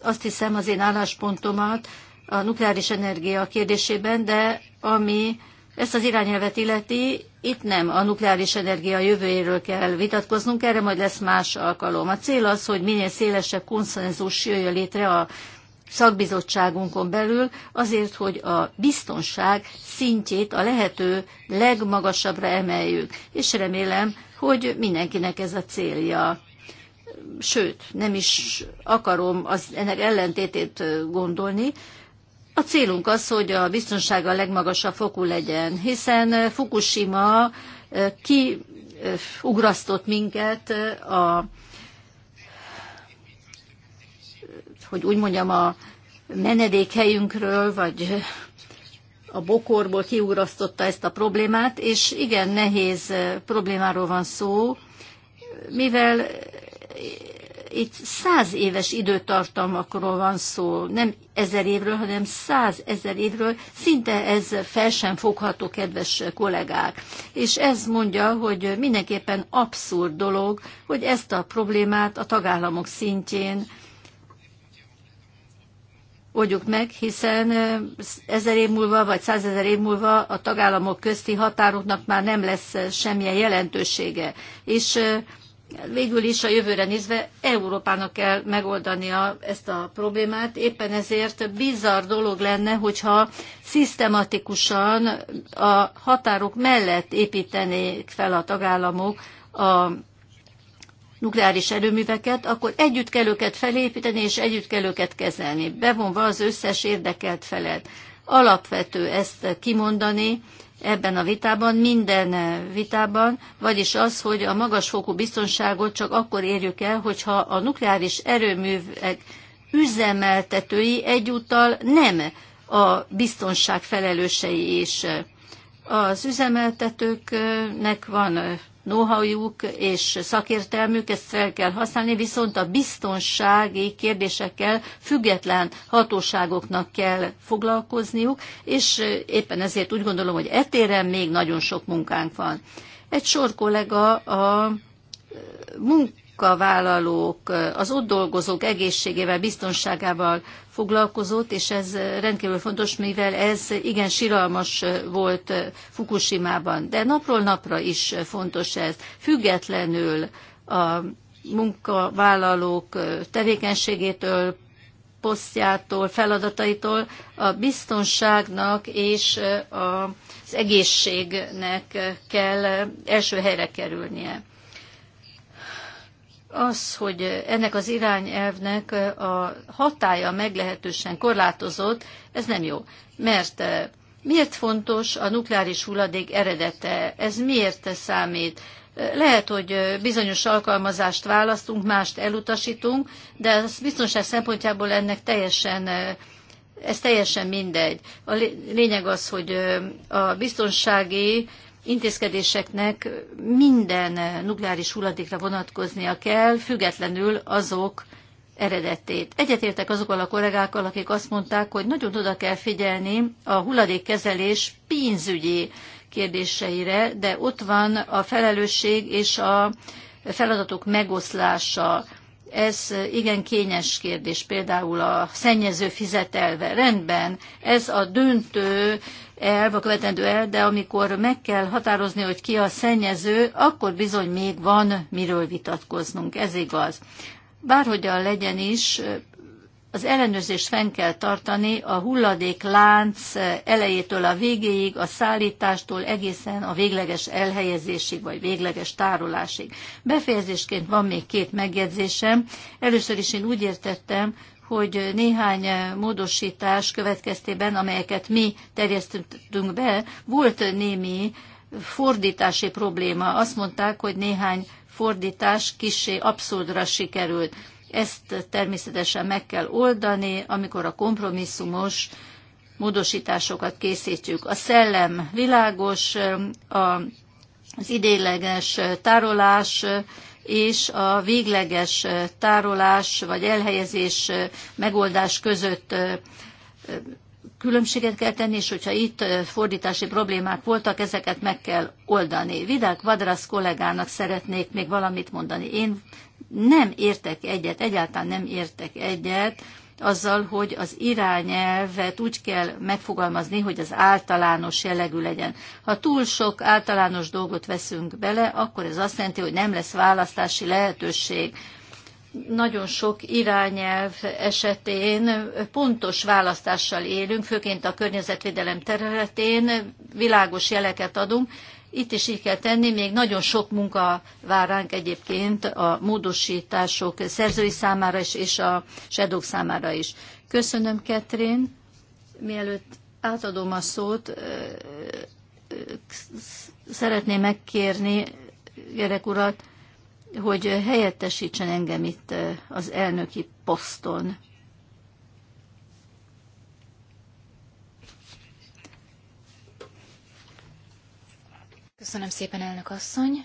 azt hiszem az én álláspontomat, a nukleáris energia kérdésében, de ami ezt az irányelvet illeti, itt nem a nukleáris energia jövőjéről kell vitatkoznunk, erre majd lesz más alkalom. A cél az, hogy minél szélesebb konszenzus jöjjön létre a szakbizottságunkon belül, azért, hogy a biztonság szintjét a lehető legmagasabbra emeljük, és remélem, hogy mindenkinek ez a célja. Sőt, nem is akarom az, ennek ellentétét gondolni, a célunk az, hogy a biztonság a legmagasabb fokú legyen, hiszen Fukushima kiugrasztott minket a, hogy úgy mondjam, a menedékhelyünkről, vagy a bokorból kiugrasztotta ezt a problémát, és igen nehéz problémáról van szó, mivel itt száz éves időtartamokról van szó, nem ezer évről, hanem száz ezer évről, szinte ez fel sem fogható, kedves kollégák. És ez mondja, hogy mindenképpen abszurd dolog, hogy ezt a problémát a tagállamok szintjén oldjuk meg, hiszen ezer év múlva vagy százezer év múlva a tagállamok közti határoknak már nem lesz semmilyen jelentősége. És végül is a jövőre nézve Európának kell megoldania ezt a problémát. Éppen ezért bizarr dolog lenne, hogyha szisztematikusan a határok mellett építenék fel a tagállamok a nukleáris erőműveket, akkor együtt kell őket felépíteni, és együtt kell őket kezelni, bevonva az összes érdekelt felet. Alapvető ezt kimondani, ebben a vitában, minden vitában, vagyis az, hogy a magasfokú biztonságot csak akkor érjük el, hogyha a nukleáris erőművek üzemeltetői egyúttal nem a biztonság felelősei is. Az üzemeltetőknek van know-howjuk és szakértelmük, ezt fel kell használni, viszont a biztonsági kérdésekkel független hatóságoknak kell foglalkozniuk, és éppen ezért úgy gondolom, hogy etéren még nagyon sok munkánk van. Egy sor kollega a munka munkavállalók, az ott dolgozók egészségével, biztonságával foglalkozott, és ez rendkívül fontos, mivel ez igen siralmas volt Fukushima-ban. De napról napra is fontos ez. Függetlenül a munkavállalók tevékenységétől, posztjától, feladataitól a biztonságnak és az egészségnek kell első helyre kerülnie az, hogy ennek az irányelvnek a hatája meglehetősen korlátozott, ez nem jó. Mert eh, miért fontos a nukleáris hulladék eredete? Ez miért számít? Eh, lehet, hogy eh, bizonyos alkalmazást választunk, mást elutasítunk, de az biztonság szempontjából ennek teljesen ez teljesen mindegy. A lényeg az, hogy a biztonsági intézkedéseknek minden nukleáris hulladékra vonatkoznia kell, függetlenül azok eredetét. Egyetértek azokkal a kollégákkal, akik azt mondták, hogy nagyon oda kell figyelni a hulladékkezelés pénzügyi kérdéseire, de ott van a felelősség és a feladatok megoszlása. Ez igen kényes kérdés, például a szennyező fizetelve. Rendben, ez a döntő elv, a követendő elv, de amikor meg kell határozni, hogy ki a szennyező, akkor bizony még van miről vitatkoznunk, ez igaz. Bárhogyan legyen is, az ellenőrzést fenn kell tartani a hulladék lánc elejétől a végéig, a szállítástól egészen a végleges elhelyezésig, vagy végleges tárolásig. Befejezésként van még két megjegyzésem. Először is én úgy értettem, hogy néhány eh, módosítás következtében, amelyeket mi terjesztettünk be, volt némi fordítási probléma. Azt mondták, hogy néhány fordítás kisé abszurdra sikerült. Ezt természetesen meg kell oldani, amikor a kompromisszumos módosításokat készítjük. A szellem világos, eh, az idéleges eh, tárolás és a végleges tárolás vagy elhelyezés megoldás között különbséget kell tenni, és hogyha itt fordítási problémák voltak, ezeket meg kell oldani. Vidák Vadrasz kollégának szeretnék még valamit mondani. Én nem értek egyet, egyáltalán nem értek egyet azzal, hogy az irányelvet úgy kell megfogalmazni, hogy az általános jellegű legyen. Ha túl sok általános dolgot veszünk bele, akkor ez azt jelenti, hogy nem lesz választási lehetőség. Nagyon sok irányelv esetén pontos választással élünk, főként a környezetvédelem területén világos jeleket adunk, itt is így kell tenni, még nagyon sok munka vár ránk egyébként a módosítások szerzői számára is, és a sedók számára is. Köszönöm, Ketrin. Mielőtt átadom a szót, szeretném megkérni Gerek urat, hogy helyettesítsen engem itt az elnöki poszton. Köszönöm szépen, elnök asszony.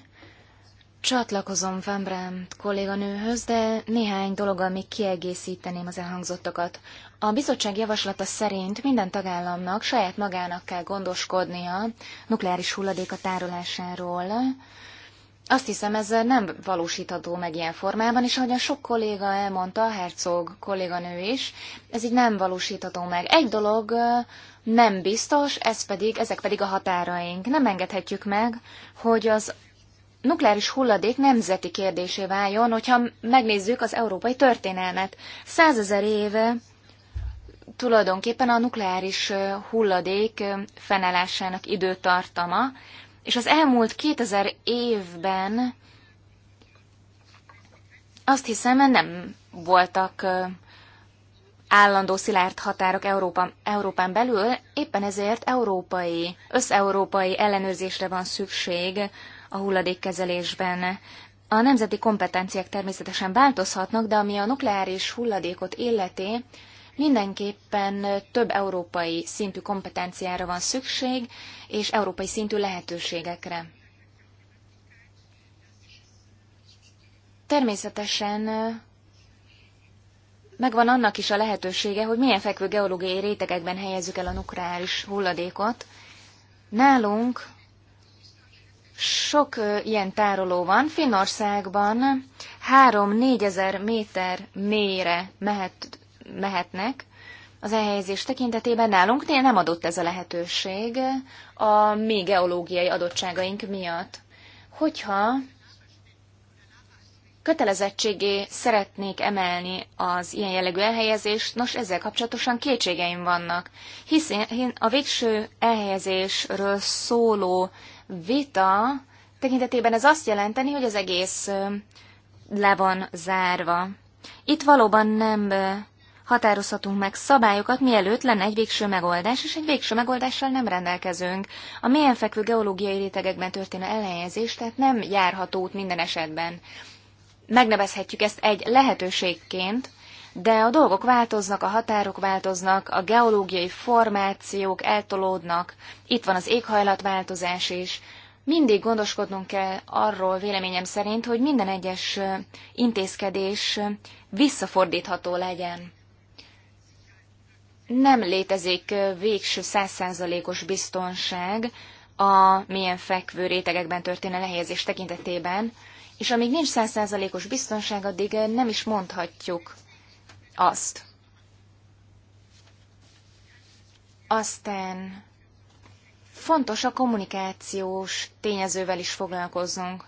Csatlakozom Van Brandt kolléganőhöz, de néhány dologgal még kiegészíteném az elhangzottakat. A bizottság javaslata szerint minden tagállamnak saját magának kell gondoskodnia nukleáris hulladék a tárolásáról. Azt hiszem, ez nem valósítható meg ilyen formában, és ahogyan sok kolléga elmondta, a Herzog kolléganő is, ez így nem valósítható meg. Egy dolog nem biztos, ez pedig, ezek pedig a határaink. Nem engedhetjük meg, hogy az nukleáris hulladék nemzeti kérdésé váljon, hogyha megnézzük az európai történelmet. Százezer éve tulajdonképpen a nukleáris hulladék fenelásának időtartama, és az elmúlt 2000 évben azt hiszem, nem voltak állandó szilárd határok Európa, Európán belül, éppen ezért európai, összeurópai ellenőrzésre van szükség a hulladékkezelésben. A nemzeti kompetenciák természetesen változhatnak, de ami a nukleáris hulladékot illeti, mindenképpen több európai szintű kompetenciára van szükség, és európai szintű lehetőségekre. Természetesen megvan annak is a lehetősége, hogy milyen fekvő geológiai rétegekben helyezzük el a nukleáris hulladékot. Nálunk sok ilyen tároló van. Finnországban 3-4 ezer méter mélyre mehet, mehetnek az elhelyezés tekintetében. Nálunk nem adott ez a lehetőség a mi geológiai adottságaink miatt. Hogyha kötelezettségé szeretnék emelni az ilyen jellegű elhelyezést, nos ezzel kapcsolatosan kétségeim vannak, hiszen a végső elhelyezésről szóló vita tekintetében ez azt jelenteni, hogy az egész le van zárva. Itt valóban nem határozhatunk meg szabályokat, mielőtt lenne egy végső megoldás, és egy végső megoldással nem rendelkezünk. A mélyen fekvő geológiai rétegekben történő elhelyezés tehát nem járható út minden esetben megnevezhetjük ezt egy lehetőségként, de a dolgok változnak, a határok változnak, a geológiai formációk eltolódnak, itt van az éghajlatváltozás is. Mindig gondoskodnunk kell arról véleményem szerint, hogy minden egyes intézkedés visszafordítható legyen. Nem létezik végső százszázalékos biztonság a milyen fekvő rétegekben történő lehelyezés tekintetében, és amíg nincs százszázalékos biztonság, addig eh, nem is mondhatjuk azt. Aztán fontos a kommunikációs tényezővel is foglalkoznunk.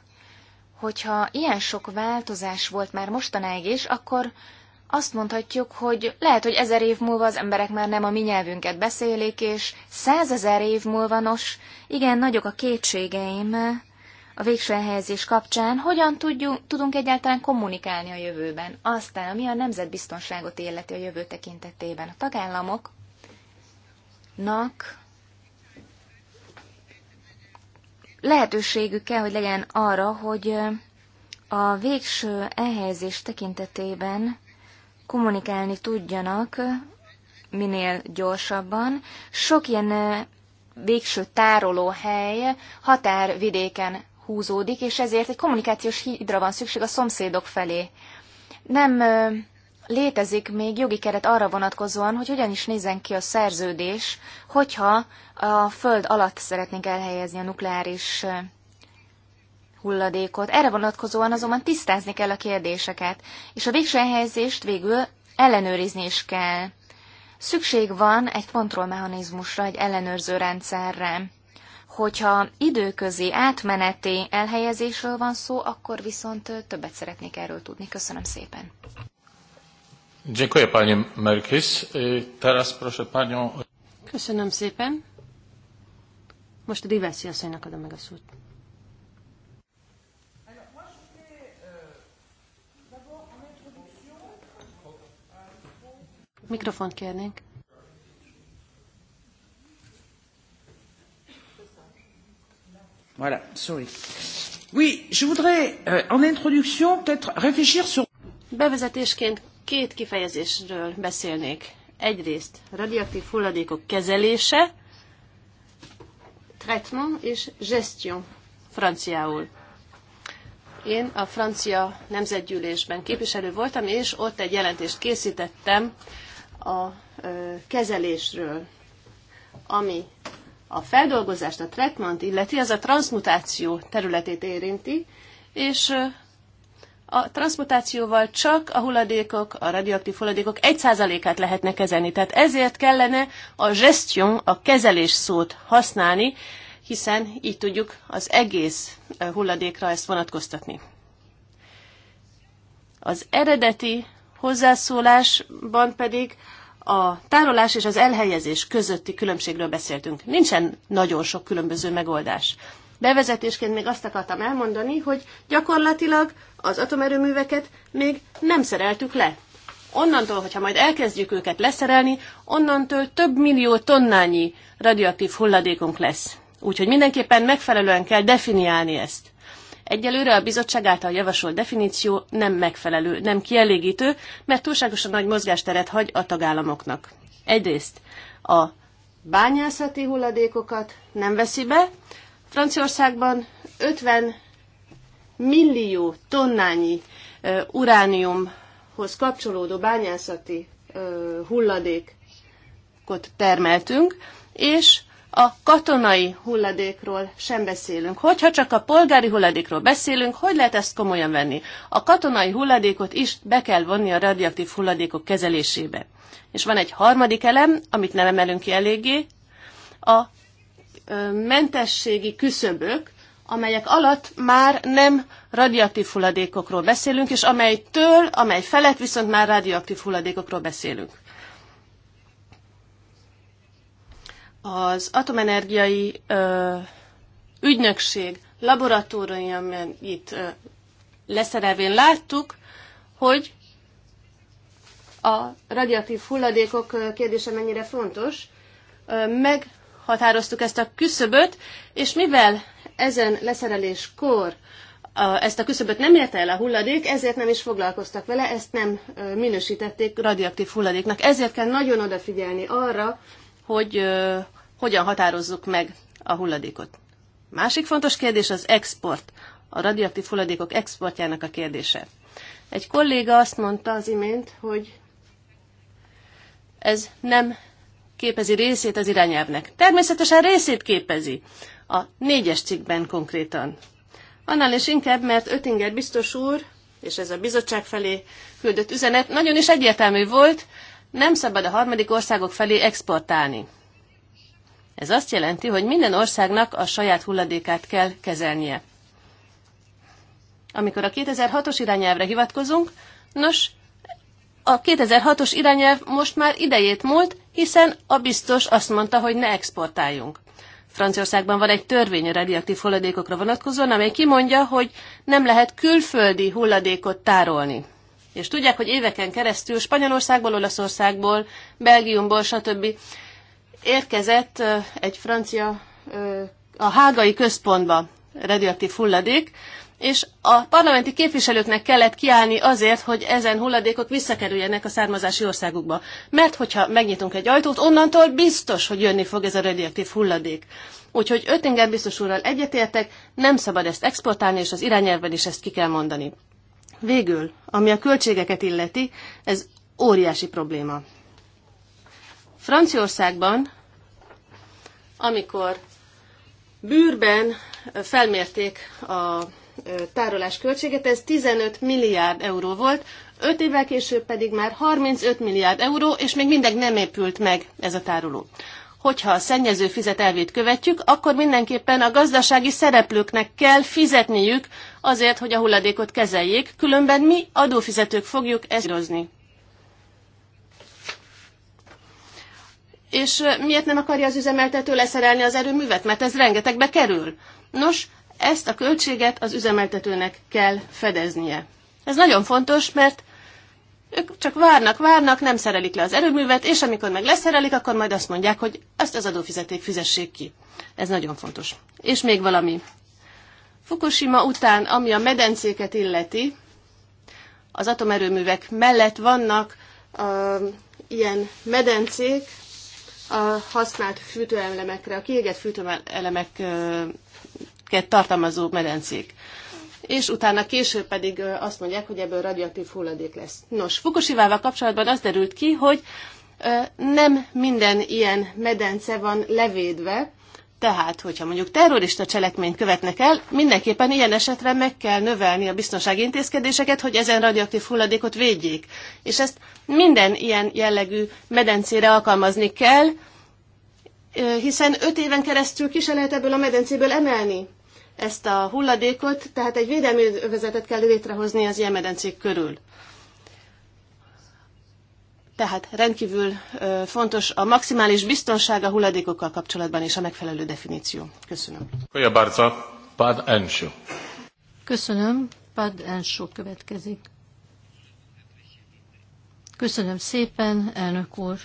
Hogyha ilyen sok változás volt már mostanáig is, akkor azt mondhatjuk, hogy lehet, hogy ezer év múlva az emberek már nem a mi nyelvünket beszélik, és százezer év múlva, nos, igen, nagyok a kétségeim, a végső elhelyezés kapcsán, hogyan tudjuk, tudunk egyáltalán kommunikálni a jövőben. Aztán, ami a nemzetbiztonságot illeti a jövő tekintetében. A tagállamoknak lehetőségük kell, hogy legyen arra, hogy a végső elhelyezés tekintetében kommunikálni tudjanak minél gyorsabban. Sok ilyen végső tárolóhely határvidéken húzódik, és ezért egy kommunikációs hídra van szükség a szomszédok felé. Nem létezik még jogi keret arra vonatkozóan, hogy hogyan is nézzen ki a szerződés, hogyha a föld alatt szeretnénk elhelyezni a nukleáris hulladékot. Erre vonatkozóan azonban tisztázni kell a kérdéseket, és a végső elhelyezést végül ellenőrizni is kell. Szükség van egy kontrollmechanizmusra, egy ellenőrző rendszerre. Hogyha időközi, átmeneti elhelyezésről van szó, akkor viszont többet szeretnék erről tudni. Köszönöm szépen. Köszönöm szépen. Most a Diversi asszonynak adom meg a szót. Mikrofont kérnénk. Voilà, sorry. Oui, je voudrais euh, en introduction peut-être réfléchir sur... Bevezetésként két kifejezésről beszélnék. Egyrészt radioaktív hulladékok kezelése, traitement és gestion franciául. Én a francia nemzetgyűlésben képviselő voltam, és ott egy jelentést készítettem a kezelésről, ami a feldolgozást, a treatment illeti, az a transmutáció területét érinti, és a transmutációval csak a hulladékok, a radioaktív hulladékok 1%-át lehetne kezelni. Tehát ezért kellene a gestion, a kezelés szót használni, hiszen így tudjuk az egész hulladékra ezt vonatkoztatni. Az eredeti hozzászólásban pedig a tárolás és az elhelyezés közötti különbségről beszéltünk. Nincsen nagyon sok különböző megoldás. Bevezetésként még azt akartam elmondani, hogy gyakorlatilag az atomerőműveket még nem szereltük le. Onnantól, hogyha majd elkezdjük őket leszerelni, onnantól több millió tonnányi radioaktív hulladékunk lesz. Úgyhogy mindenképpen megfelelően kell definiálni ezt. Egyelőre a bizottság által javasolt definíció nem megfelelő, nem kielégítő, mert túlságosan nagy mozgásteret hagy a tagállamoknak. Egyrészt a bányászati hulladékokat nem veszi be. Franciaországban 50 millió tonnányi uh, urániumhoz kapcsolódó bányászati uh, hulladékot termeltünk, és a katonai hulladékról sem beszélünk. Hogyha csak a polgári hulladékról beszélünk, hogy lehet ezt komolyan venni? A katonai hulladékot is be kell vonni a radioaktív hulladékok kezelésébe. És van egy harmadik elem, amit nem emelünk ki eléggé, a mentességi küszöbök, amelyek alatt már nem radioaktív hulladékokról beszélünk, és amelytől, amely felett viszont már radioaktív hulladékokról beszélünk. Az atomenergiai ö, ügynökség laboratóriumán itt ö, leszerelvén láttuk, hogy a radioaktív hulladékok kérdése mennyire fontos. Ö, meghatároztuk ezt a küszöböt, és mivel ezen leszereléskor a, ezt a küszöböt nem érte el a hulladék, ezért nem is foglalkoztak vele, ezt nem minősítették radioaktív hulladéknak. Ezért kell nagyon odafigyelni arra, hogy hogyan határozzuk meg a hulladékot. Másik fontos kérdés az export, a radioaktív hulladékok exportjának a kérdése. Egy kolléga azt mondta az imént, hogy ez nem képezi részét az irányelvnek. Természetesen részét képezi. A négyes cikkben konkrétan. Annál is inkább, mert Ötinger biztos úr, és ez a bizottság felé küldött üzenet, nagyon is egyértelmű volt, nem szabad a harmadik országok felé exportálni. Ez azt jelenti, hogy minden országnak a saját hulladékát kell kezelnie. Amikor a 2006-os irányelvre hivatkozunk, nos, a 2006-os irányelv most már idejét múlt, hiszen a biztos azt mondta, hogy ne exportáljunk. Franciaországban van egy törvény a radioaktív hulladékokra vonatkozóan, amely kimondja, hogy nem lehet külföldi hulladékot tárolni. És tudják, hogy éveken keresztül Spanyolországból, Olaszországból, Belgiumból, stb. érkezett egy francia, a hágai központba radioaktív hulladék, és a parlamenti képviselőknek kellett kiállni azért, hogy ezen hulladékok visszakerüljenek a származási országukba. Mert hogyha megnyitunk egy ajtót, onnantól biztos, hogy jönni fog ez a radioaktív hulladék. Úgyhogy Öttinger biztos úrral egyetértek, nem szabad ezt exportálni, és az irányelvben is ezt ki kell mondani. Végül, ami a költségeket illeti, ez óriási probléma. Franciaországban, amikor bűrben felmérték a tárolás költséget, ez 15 milliárd euró volt, 5 évvel később pedig már 35 milliárd euró, és még mindig nem épült meg ez a tároló hogyha a szennyező fizet elvét követjük, akkor mindenképpen a gazdasági szereplőknek kell fizetniük azért, hogy a hulladékot kezeljék, különben mi adófizetők fogjuk ezt írozni. És miért nem akarja az üzemeltető leszerelni az erőművet? Mert ez rengetegbe kerül. Nos, ezt a költséget az üzemeltetőnek kell fedeznie. Ez nagyon fontos, mert ők csak várnak, várnak, nem szerelik le az erőművet, és amikor meg leszerelik, akkor majd azt mondják, hogy ezt az adófizeték fizessék ki. Ez nagyon fontos. És még valami. Fukushima után, ami a medencéket illeti, az atomerőművek mellett vannak uh, ilyen medencék a használt fűtőelemekre, a kiégett fűtőelemeket tartalmazó medencék és utána később pedig azt mondják, hogy ebből radioaktív hulladék lesz. Nos, Fukushima-val kapcsolatban az derült ki, hogy nem minden ilyen medence van levédve, tehát, hogyha mondjuk terrorista cselekményt követnek el, mindenképpen ilyen esetre meg kell növelni a biztonsági intézkedéseket, hogy ezen radioaktív hulladékot védjék. És ezt minden ilyen jellegű medencére alkalmazni kell, hiszen öt éven keresztül ki se lehet ebből a medencéből emelni ezt a hulladékot, tehát egy védelmi övezetet kell létrehozni az ilyen medencék körül. Tehát rendkívül fontos a maximális biztonság a hulladékokkal kapcsolatban és a megfelelő definíció. Köszönöm. Köszönöm. Pad Enso következik. Köszönöm szépen, elnök úr.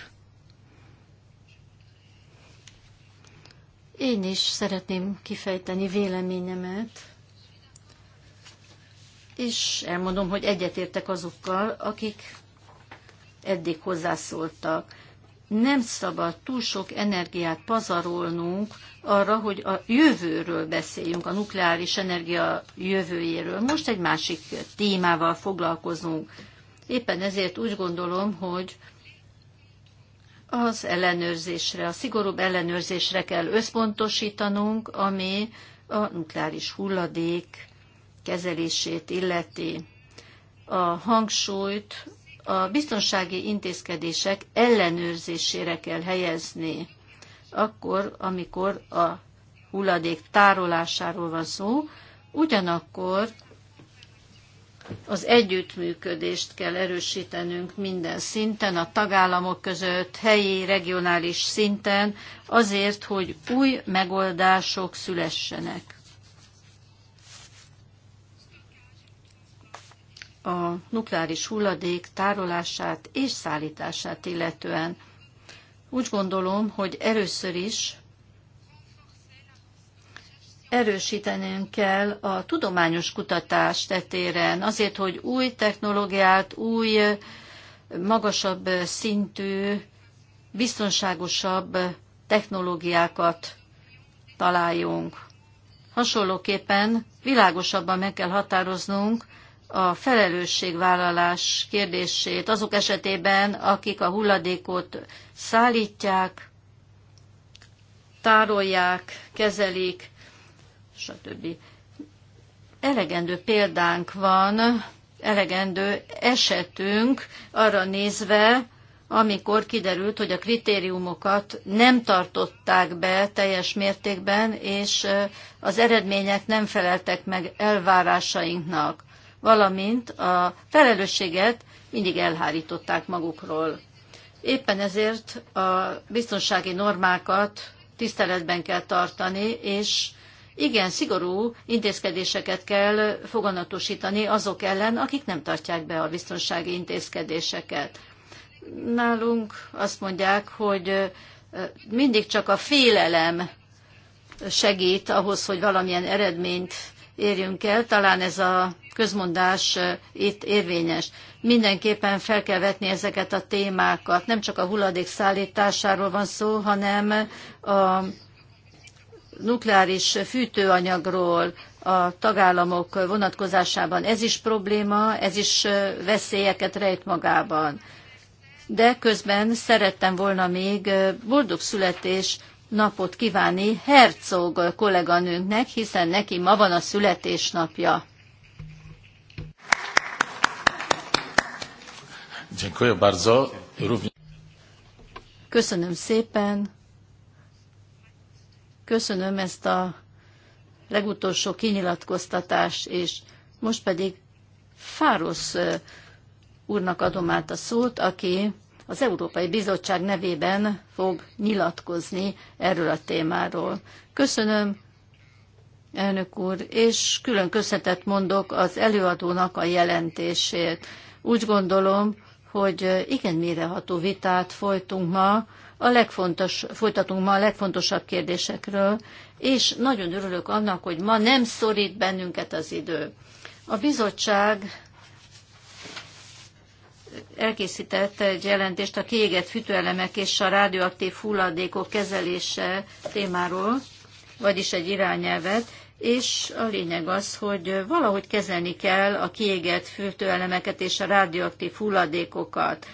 Én is szeretném kifejteni véleményemet, és elmondom, hogy egyetértek azokkal, akik eddig hozzászóltak. Nem szabad túl sok energiát pazarolnunk arra, hogy a jövőről beszéljünk, a nukleáris energia jövőjéről. Most egy másik témával foglalkozunk. Éppen ezért úgy gondolom, hogy az ellenőrzésre, a szigorúbb ellenőrzésre kell összpontosítanunk, ami a nukleáris hulladék kezelését illeti. A hangsúlyt a biztonsági intézkedések ellenőrzésére kell helyezni, akkor, amikor a hulladék tárolásáról van szó, ugyanakkor az együttműködést kell erősítenünk minden szinten, a tagállamok között, helyi, regionális szinten, azért, hogy új megoldások szülessenek. A nukleáris hulladék tárolását és szállítását illetően úgy gondolom, hogy először is erősítenünk kell a tudományos kutatás tetéren, azért, hogy új technológiát, új, magasabb szintű, biztonságosabb technológiákat találjunk. Hasonlóképpen világosabban meg kell határoznunk a felelősségvállalás kérdését azok esetében, akik a hulladékot szállítják, tárolják, kezelik, stb. Elegendő példánk van, elegendő esetünk arra nézve, amikor kiderült, hogy a kritériumokat nem tartották be teljes mértékben, és az eredmények nem feleltek meg elvárásainknak, valamint a felelősséget mindig elhárították magukról. Éppen ezért a biztonsági normákat tiszteletben kell tartani, és igen szigorú intézkedéseket kell foganatosítani azok ellen, akik nem tartják be a biztonsági intézkedéseket. Nálunk azt mondják, hogy mindig csak a félelem segít ahhoz, hogy valamilyen eredményt érjünk el. Talán ez a közmondás itt érvényes. Mindenképpen fel kell vetni ezeket a témákat. Nem csak a hulladék szállításáról van szó, hanem a nukleáris fűtőanyagról a tagállamok vonatkozásában. Ez is probléma, ez is veszélyeket rejt magában. De közben szerettem volna még boldog születés napot kívánni Herzog kolléganőnknek, hiszen neki ma van a születésnapja. Köszönöm szépen. Köszönöm ezt a legutolsó kinyilatkoztatást, és most pedig Fáros úrnak adom át a szót, aki az Európai Bizottság nevében fog nyilatkozni erről a témáról. Köszönöm, elnök úr, és külön köszönetet mondok az előadónak a jelentését. Úgy gondolom, hogy igen méreható vitát folytunk ma a legfontos, folytatunk ma a legfontosabb kérdésekről, és nagyon örülök annak, hogy ma nem szorít bennünket az idő. A bizottság elkészítette egy jelentést a kiégett fűtőelemek és a radioaktív hulladékok kezelése témáról, vagyis egy irányelvet, és a lényeg az, hogy valahogy kezelni kell a kiégett fűtőelemeket és a radioaktív hulladékokat.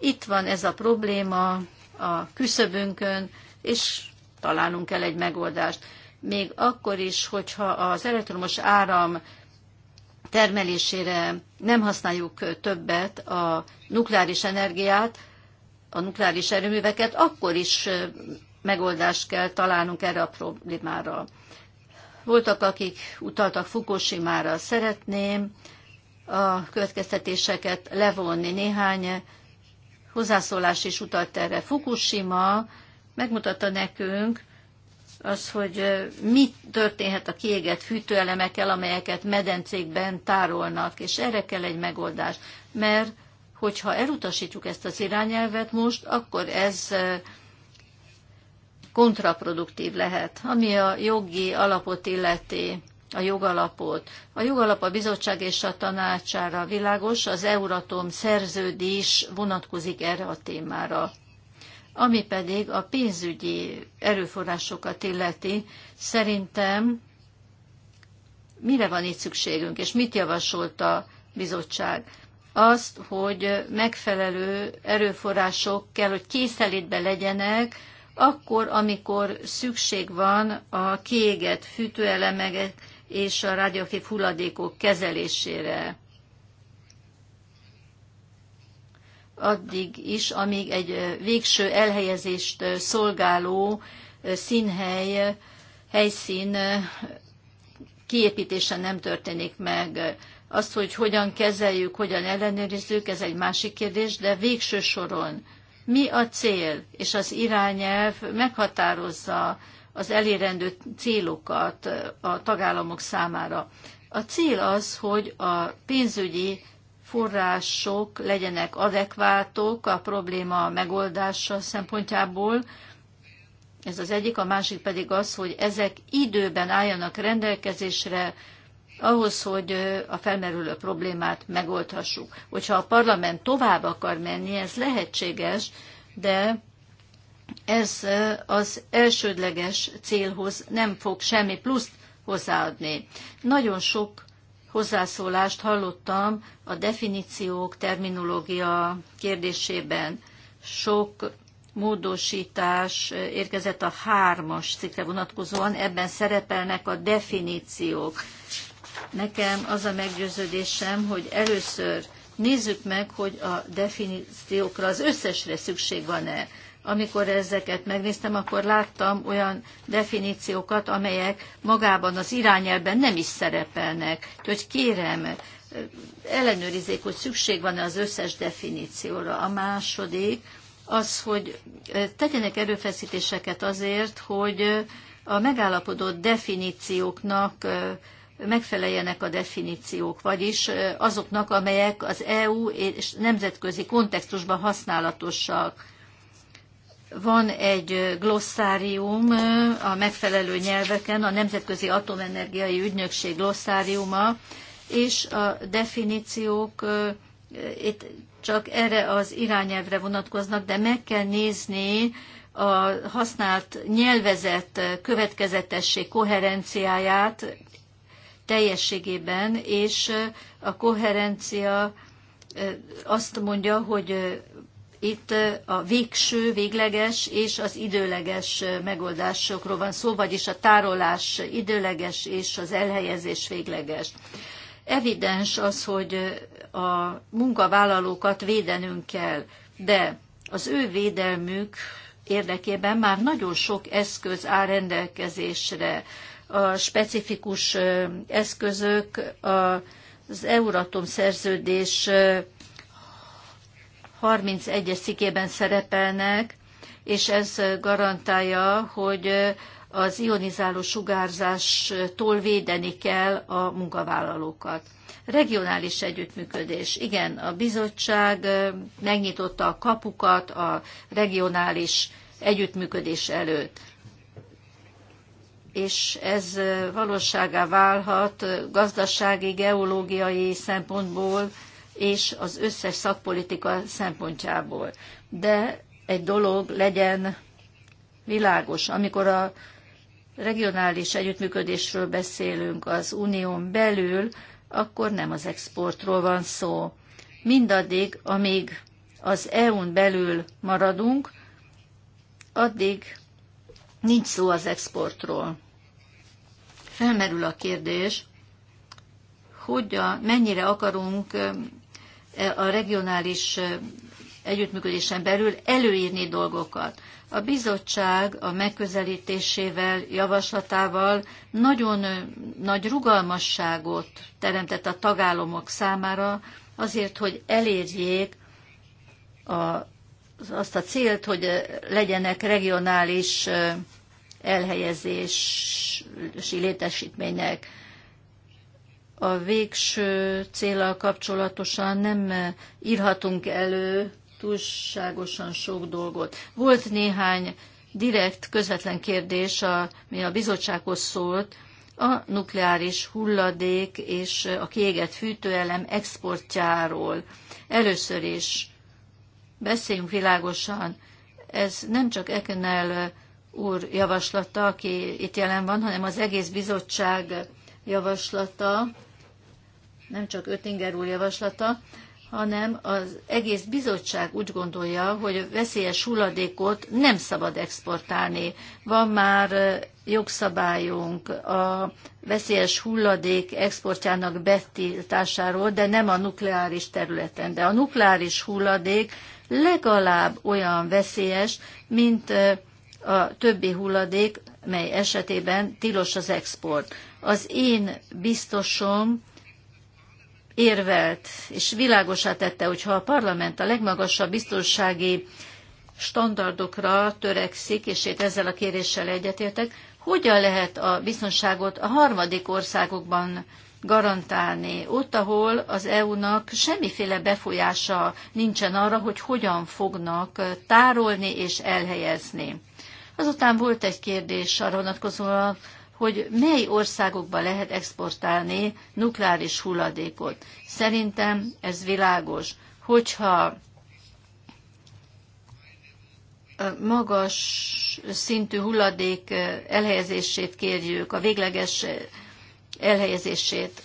Itt van ez a probléma, a küszöbünkön, és találnunk kell egy megoldást. Még akkor is, hogyha az elektromos áram termelésére nem használjuk többet a nukleáris energiát, a nukleáris erőműveket, akkor is megoldást kell találnunk erre a problémára. Voltak, akik utaltak Fukushima-ra. Szeretném a következtetéseket levonni. Néhány hozzászólás is utalt erre. Fukushima megmutatta nekünk, az, hogy mi történhet a kiégett fűtőelemekkel, amelyeket medencékben tárolnak, és erre kell egy megoldás. Mert hogyha elutasítjuk ezt az irányelvet most, akkor ez kontraproduktív lehet, ami a jogi alapot illeti a jogalapot. A jogalap a bizottság és a tanácsára világos, az Euratom szerződés vonatkozik erre a témára. Ami pedig a pénzügyi erőforrásokat illeti, szerintem mire van itt szükségünk, és mit javasolt a bizottság? Azt, hogy megfelelő erőforrások kell, hogy készelétben legyenek, akkor, amikor szükség van a kiégett fűtőelemeket, és a radioaktív hulladékok kezelésére. Addig is, amíg egy végső elhelyezést szolgáló színhely, helyszín kiépítése nem történik meg. Azt, hogy hogyan kezeljük, hogyan ellenőrizzük, ez egy másik kérdés, de végső soron mi a cél, és az irányelv meghatározza az elérendő célokat a tagállamok számára. A cél az, hogy a pénzügyi források legyenek adekvátok a probléma megoldása szempontjából. Ez az egyik, a másik pedig az, hogy ezek időben álljanak rendelkezésre, ahhoz, hogy a felmerülő problémát megoldhassuk. Hogyha a parlament tovább akar menni, ez lehetséges, de ez az elsődleges célhoz nem fog semmi pluszt hozzáadni. Nagyon sok hozzászólást hallottam a definíciók, terminológia kérdésében. Sok módosítás érkezett a hármas cikkre vonatkozóan, ebben szerepelnek a definíciók. Nekem az a meggyőződésem, hogy először nézzük meg, hogy a definíciókra az összesre szükség van-e amikor ezeket megnéztem, akkor láttam olyan definíciókat, amelyek magában az irányelben nem is szerepelnek. Úgyhogy kérem, ellenőrizzék, hogy szükség van-e az összes definícióra. A második az, hogy tegyenek erőfeszítéseket azért, hogy a megállapodott definícióknak megfeleljenek a definíciók, vagyis azoknak, amelyek az EU és nemzetközi kontextusban használatosak van egy glossárium a megfelelő nyelveken, a Nemzetközi Atomenergiai Ügynökség glossáriuma, és a definíciók itt csak erre az irányelvre vonatkoznak, de meg kell nézni a használt nyelvezet következetesség koherenciáját teljességében, és a koherencia azt mondja, hogy itt a végső, végleges és az időleges megoldásokról van szó, vagyis a tárolás időleges és az elhelyezés végleges. Evidens az, hogy a munkavállalókat védenünk kell, de az ő védelmük érdekében már nagyon sok eszköz áll rendelkezésre. A specifikus eszközök az Euratom szerződés 31-es cikkében szerepelnek, és ez garantálja, hogy az ionizáló sugárzástól védeni kell a munkavállalókat. Regionális együttműködés. Igen, a bizottság megnyitotta a kapukat a regionális együttműködés előtt. És ez valóságá válhat gazdasági, geológiai szempontból és az összes szakpolitika szempontjából. De egy dolog legyen világos. Amikor a regionális együttműködésről beszélünk az unión belül, akkor nem az exportról van szó. Mindaddig, amíg az EU-n belül maradunk, addig nincs szó az exportról. Felmerül a kérdés, hogy a, mennyire akarunk a regionális együttműködésen belül előírni dolgokat. A bizottság a megközelítésével, javaslatával nagyon nagy rugalmasságot teremtett a tagállamok számára azért, hogy elérjék a, azt a célt, hogy legyenek regionális elhelyezési létesítmények a végső célral kapcsolatosan nem eh, írhatunk elő túlságosan sok dolgot. Volt néhány direkt, közvetlen kérdés, ami a bizottsághoz szólt, a nukleáris hulladék és eh, a kiégett fűtőelem exportjáról. Először is beszéljünk világosan, ez nem csak Ekenel eh, úr javaslata, aki itt jelen van, hanem az egész bizottság javaslata, nem csak Öttinger úr javaslata, hanem az egész bizottság úgy gondolja, hogy veszélyes hulladékot nem szabad exportálni. Van már jogszabályunk a veszélyes hulladék exportjának betiltásáról, de nem a nukleáris területen. De a nukleáris hulladék legalább olyan veszélyes, mint a többi hulladék, mely esetében tilos az export. Az én biztosom, érvelt, és világosá tette, hogy ha a parlament a legmagasabb biztonsági standardokra törekszik, és én ezzel a kéréssel egyetértek, hogyan lehet a biztonságot a harmadik országokban garantálni, ott, ahol az EU-nak semmiféle befolyása nincsen arra, hogy hogyan fognak tárolni és elhelyezni. Azután volt egy kérdés arra vonatkozóan, hogy mely országokba lehet exportálni nukleáris hulladékot. Szerintem ez világos. Hogyha magas szintű hulladék elhelyezését kérjük, a végleges elhelyezését,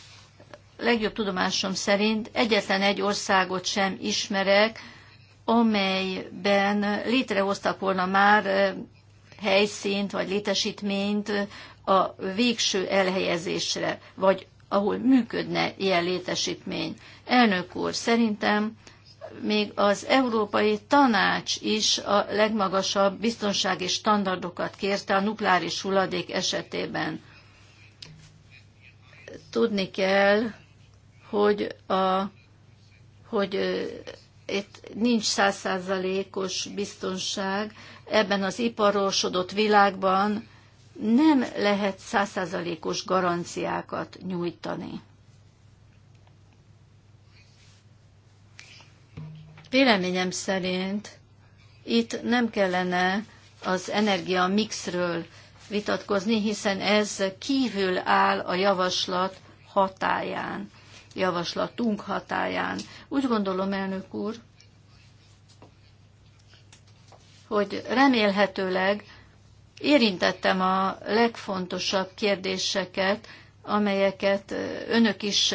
legjobb tudomásom szerint egyetlen egy országot sem ismerek, amelyben létrehoztak volna már helyszínt vagy létesítményt a végső elhelyezésre, vagy ahol működne ilyen létesítmény. Elnök úr, szerintem még az Európai Tanács is a legmagasabb biztonsági standardokat kérte a nukleáris hulladék esetében. Tudni kell, hogy, a, hogy itt nincs százszázalékos biztonság ebben az iparosodott világban, nem lehet százszázalékos garanciákat nyújtani. Véleményem szerint itt nem kellene az energia mixről vitatkozni, hiszen ez kívül áll a javaslat hatáján, javaslatunk hatáján. Úgy gondolom, elnök úr, hogy remélhetőleg érintettem a legfontosabb kérdéseket, amelyeket önök is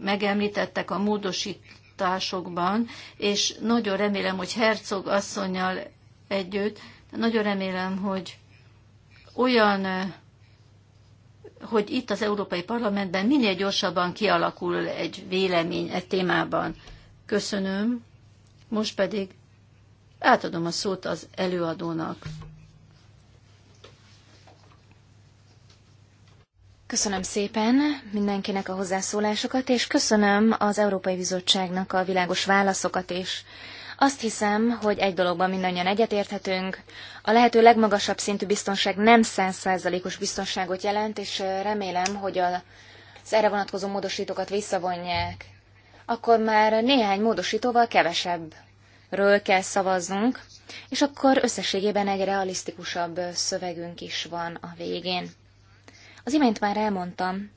megemlítettek a módosításokban, és nagyon remélem, hogy Herzog asszonyjal együtt, nagyon remélem, hogy olyan, hogy itt az Európai Parlamentben minél gyorsabban kialakul egy vélemény e témában. Köszönöm, most pedig átadom a szót az előadónak. Köszönöm szépen mindenkinek a hozzászólásokat, és köszönöm az Európai Bizottságnak a világos válaszokat is. Azt hiszem, hogy egy dologban mindannyian egyetérthetünk. A lehető legmagasabb szintű biztonság nem százszázalékos biztonságot jelent, és remélem, hogy az erre vonatkozó módosítókat visszavonják. Akkor már néhány módosítóval kevesebbről kell szavaznunk, és akkor összességében egy realisztikusabb szövegünk is van a végén. Az imént már elmondtam,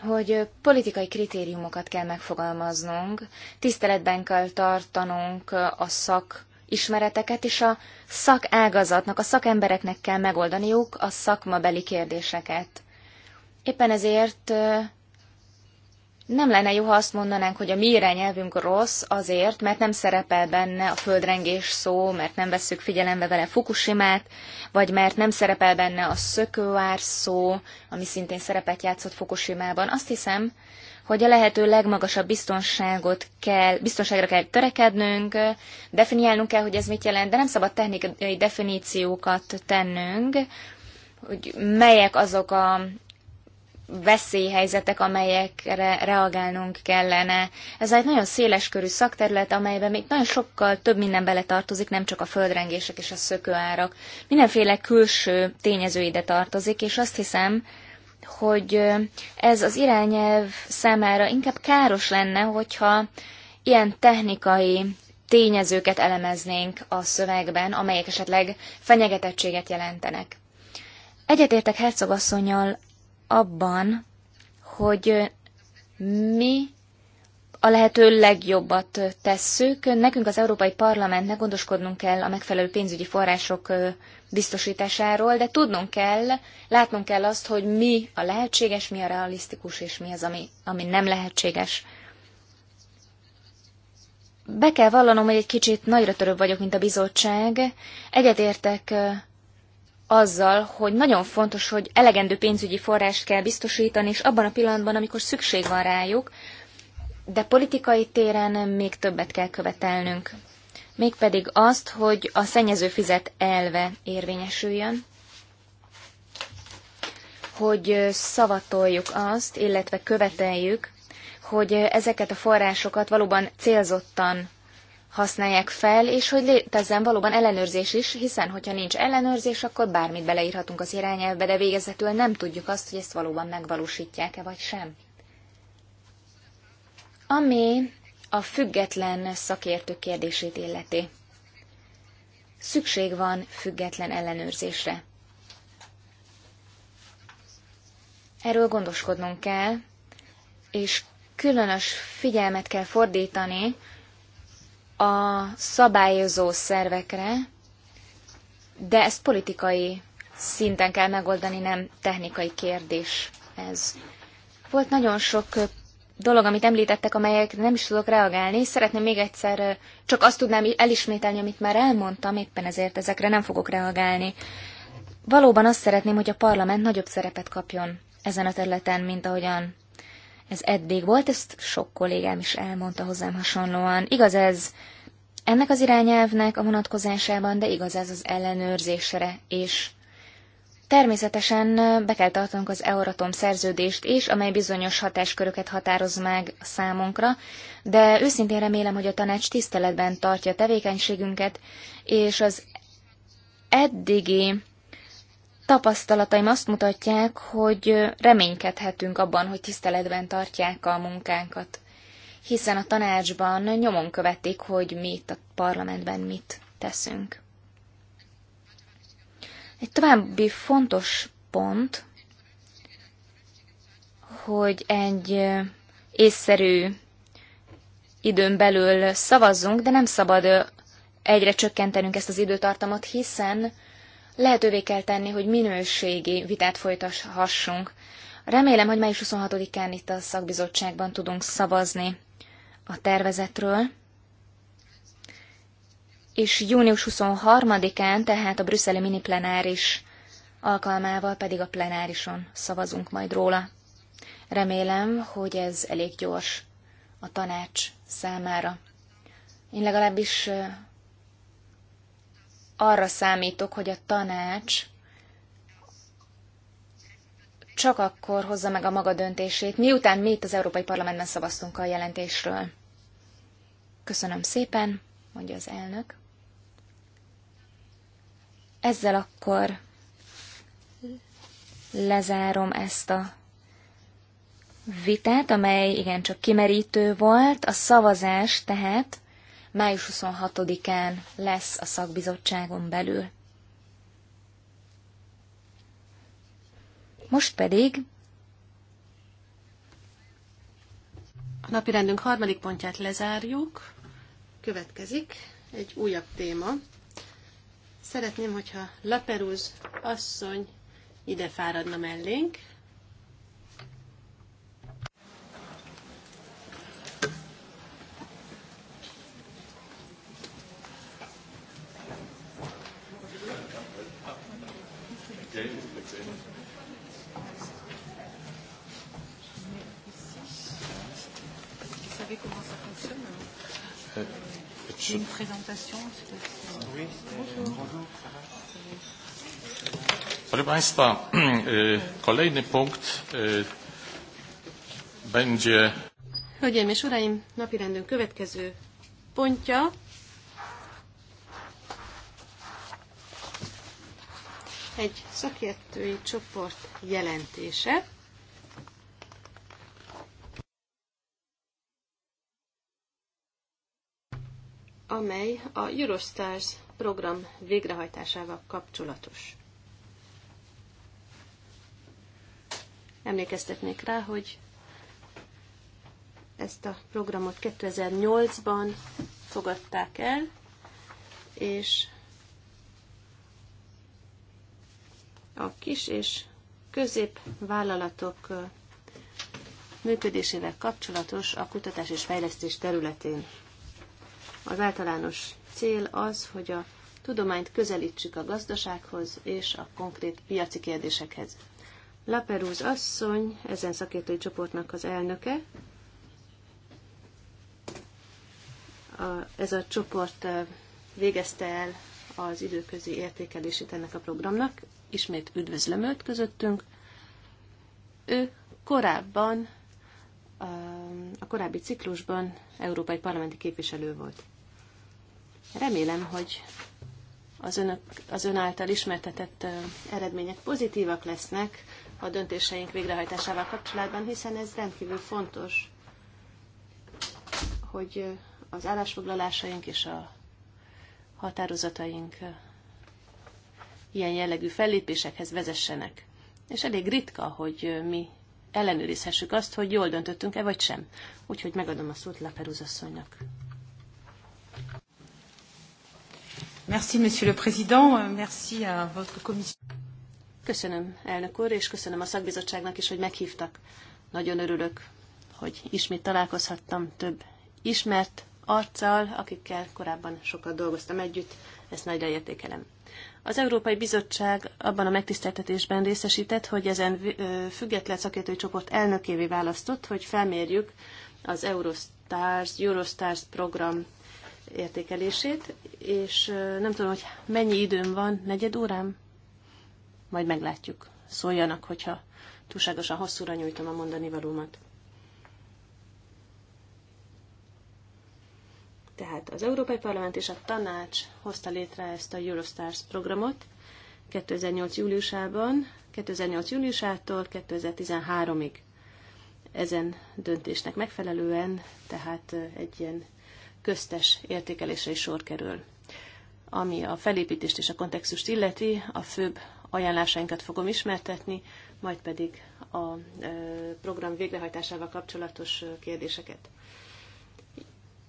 hogy politikai kritériumokat kell megfogalmaznunk, tiszteletben kell tartanunk a szak ismereteket, és a szakágazatnak, a szakembereknek kell megoldaniuk a szakmabeli kérdéseket. Éppen ezért nem lenne jó, ha azt mondanánk, hogy a mi irányelvünk rossz azért, mert nem szerepel benne a földrengés szó, mert nem vesszük figyelembe vele Fukushimát, vagy mert nem szerepel benne a szökőár szó, ami szintén szerepet játszott Fukushimában. Azt hiszem, hogy a lehető legmagasabb biztonságot kell, biztonságra kell törekednünk, definiálnunk kell, hogy ez mit jelent, de nem szabad technikai definíciókat tennünk, hogy melyek azok a veszélyhelyzetek, amelyekre reagálnunk kellene. Ez egy nagyon széleskörű szakterület, amelyben még nagyon sokkal több minden beletartozik, nem csak a földrengések és a szökőárak. Mindenféle külső tényező ide tartozik, és azt hiszem, hogy ez az irányelv számára inkább káros lenne, hogyha ilyen technikai tényezőket elemeznénk a szövegben, amelyek esetleg fenyegetettséget jelentenek. Egyetértek hercogasszonyjal abban, hogy mi a lehető legjobbat tesszük. Nekünk az Európai Parlamentnek gondoskodnunk kell a megfelelő pénzügyi források biztosításáról, de tudnunk kell, látnunk kell azt, hogy mi a lehetséges, mi a realisztikus, és mi az, ami, ami nem lehetséges. Be kell vallanom, hogy egy kicsit nagyra törőbb vagyok, mint a bizottság. Egyetértek azzal, hogy nagyon fontos, hogy elegendő pénzügyi forrást kell biztosítani, és abban a pillanatban, amikor szükség van rájuk, de politikai téren még többet kell követelnünk. Mégpedig azt, hogy a szennyező fizet elve érvényesüljön, hogy szavatoljuk azt, illetve követeljük, hogy ezeket a forrásokat valóban célzottan használják fel, és hogy létezzen valóban ellenőrzés is, hiszen hogyha nincs ellenőrzés, akkor bármit beleírhatunk az irányelvbe, de végezetül nem tudjuk azt, hogy ezt valóban megvalósítják-e vagy sem. Ami a független szakértő kérdését illeti. Szükség van független ellenőrzésre. Erről gondoskodnunk kell, és különös figyelmet kell fordítani a szabályozó szervekre, de ezt politikai szinten kell megoldani, nem technikai kérdés ez. Volt nagyon sok dolog, amit említettek, amelyekre nem is tudok reagálni. Szeretném még egyszer, csak azt tudnám elismételni, amit már elmondtam, éppen ezért ezekre nem fogok reagálni. Valóban azt szeretném, hogy a parlament nagyobb szerepet kapjon ezen a területen, mint ahogyan ez eddig volt, ezt sok kollégám is elmondta hozzám hasonlóan. Igaz ez ennek az irányelvnek a vonatkozásában, de igaz ez az ellenőrzésre is. Természetesen be kell tartanunk az Euratom szerződést is, amely bizonyos hatásköröket határoz meg számunkra, de őszintén remélem, hogy a tanács tiszteletben tartja a tevékenységünket, és az eddigi Tapasztalataim azt mutatják, hogy reménykedhetünk abban, hogy tiszteletben tartják a munkánkat, hiszen a tanácsban nyomon követik, hogy mi itt a parlamentben mit teszünk. Egy további fontos pont, hogy egy észszerű időn belül szavazzunk, de nem szabad egyre csökkentenünk ezt az időtartamot, hiszen lehetővé kell tenni, hogy minőségi vitát folytathassunk. Remélem, hogy május 26-án itt a szakbizottságban tudunk szavazni a tervezetről. És június 23-án, tehát a brüsszeli mini plenáris alkalmával pedig a plenárison szavazunk majd róla. Remélem, hogy ez elég gyors a tanács számára. Én legalábbis arra számítok, hogy a tanács csak akkor hozza meg a maga döntését, miután mi itt az Európai Parlamentben szavaztunk a jelentésről. Köszönöm szépen, mondja az elnök. Ezzel akkor lezárom ezt a vitát, amely igencsak kimerítő volt. A szavazás tehát május 26-án lesz a szakbizottságon belül. Most pedig a napirendünk harmadik pontját lezárjuk. Következik egy újabb téma. Szeretném, hogyha Laperúz asszony ide fáradna mellénk. une présentation. Proszę Państwa, e, kolejny punkt e, będzie... Hölgyeim és Uraim, napi rendünk következő pontja egy szakértői csoport jelentése. amely a Eurostars program végrehajtásával kapcsolatos. Emlékeztetnék rá, hogy ezt a programot 2008-ban fogadták el, és a kis és középvállalatok működésével kapcsolatos a kutatás és fejlesztés területén az általános cél az, hogy a tudományt közelítsük a gazdasághoz és a konkrét piaci kérdésekhez. Laperúz asszony, ezen szakértői csoportnak az elnöke. A, ez a csoport végezte el az időközi értékelését ennek a programnak. Ismét üdvözlöm őt közöttünk. Ő korábban, a korábbi ciklusban európai parlamenti képviselő volt. Remélem, hogy az, önök, az ön által ismertetett eredmények pozitívak lesznek a döntéseink végrehajtásával kapcsolatban, hiszen ez rendkívül fontos, hogy az állásfoglalásaink és a határozataink ilyen jellegű fellépésekhez vezessenek. És elég ritka, hogy mi ellenőrizhessük azt, hogy jól döntöttünk-e vagy sem. Úgyhogy megadom a szót Laperúz asszonynak. Merci, Monsieur le Président. Euh, merci à votre commission. Köszönöm, elnök úr, és köszönöm a szakbizottságnak is, hogy meghívtak. Nagyon örülök, hogy ismét találkozhattam több ismert arccal, akikkel korábban sokat dolgoztam együtt, ezt nagyra értékelem. Az Európai Bizottság abban a megtiszteltetésben részesített, hogy ezen független szakértői csoport elnökévé választott, hogy felmérjük az Eurostars, Eurostars program értékelését, és nem tudom, hogy mennyi időm van, negyed órám? Majd meglátjuk. Szóljanak, hogyha túlságosan hosszúra nyújtom a mondani valómat. Tehát az Európai Parlament és a Tanács hozta létre ezt a Eurostars programot 2008. júliusában, 2008. júliusától 2013-ig. Ezen döntésnek megfelelően, tehát egy ilyen köztes értékelésre is sor kerül. Ami a felépítést és a kontextust illeti, a főbb ajánlásainkat fogom ismertetni, majd pedig a program végrehajtásával kapcsolatos kérdéseket.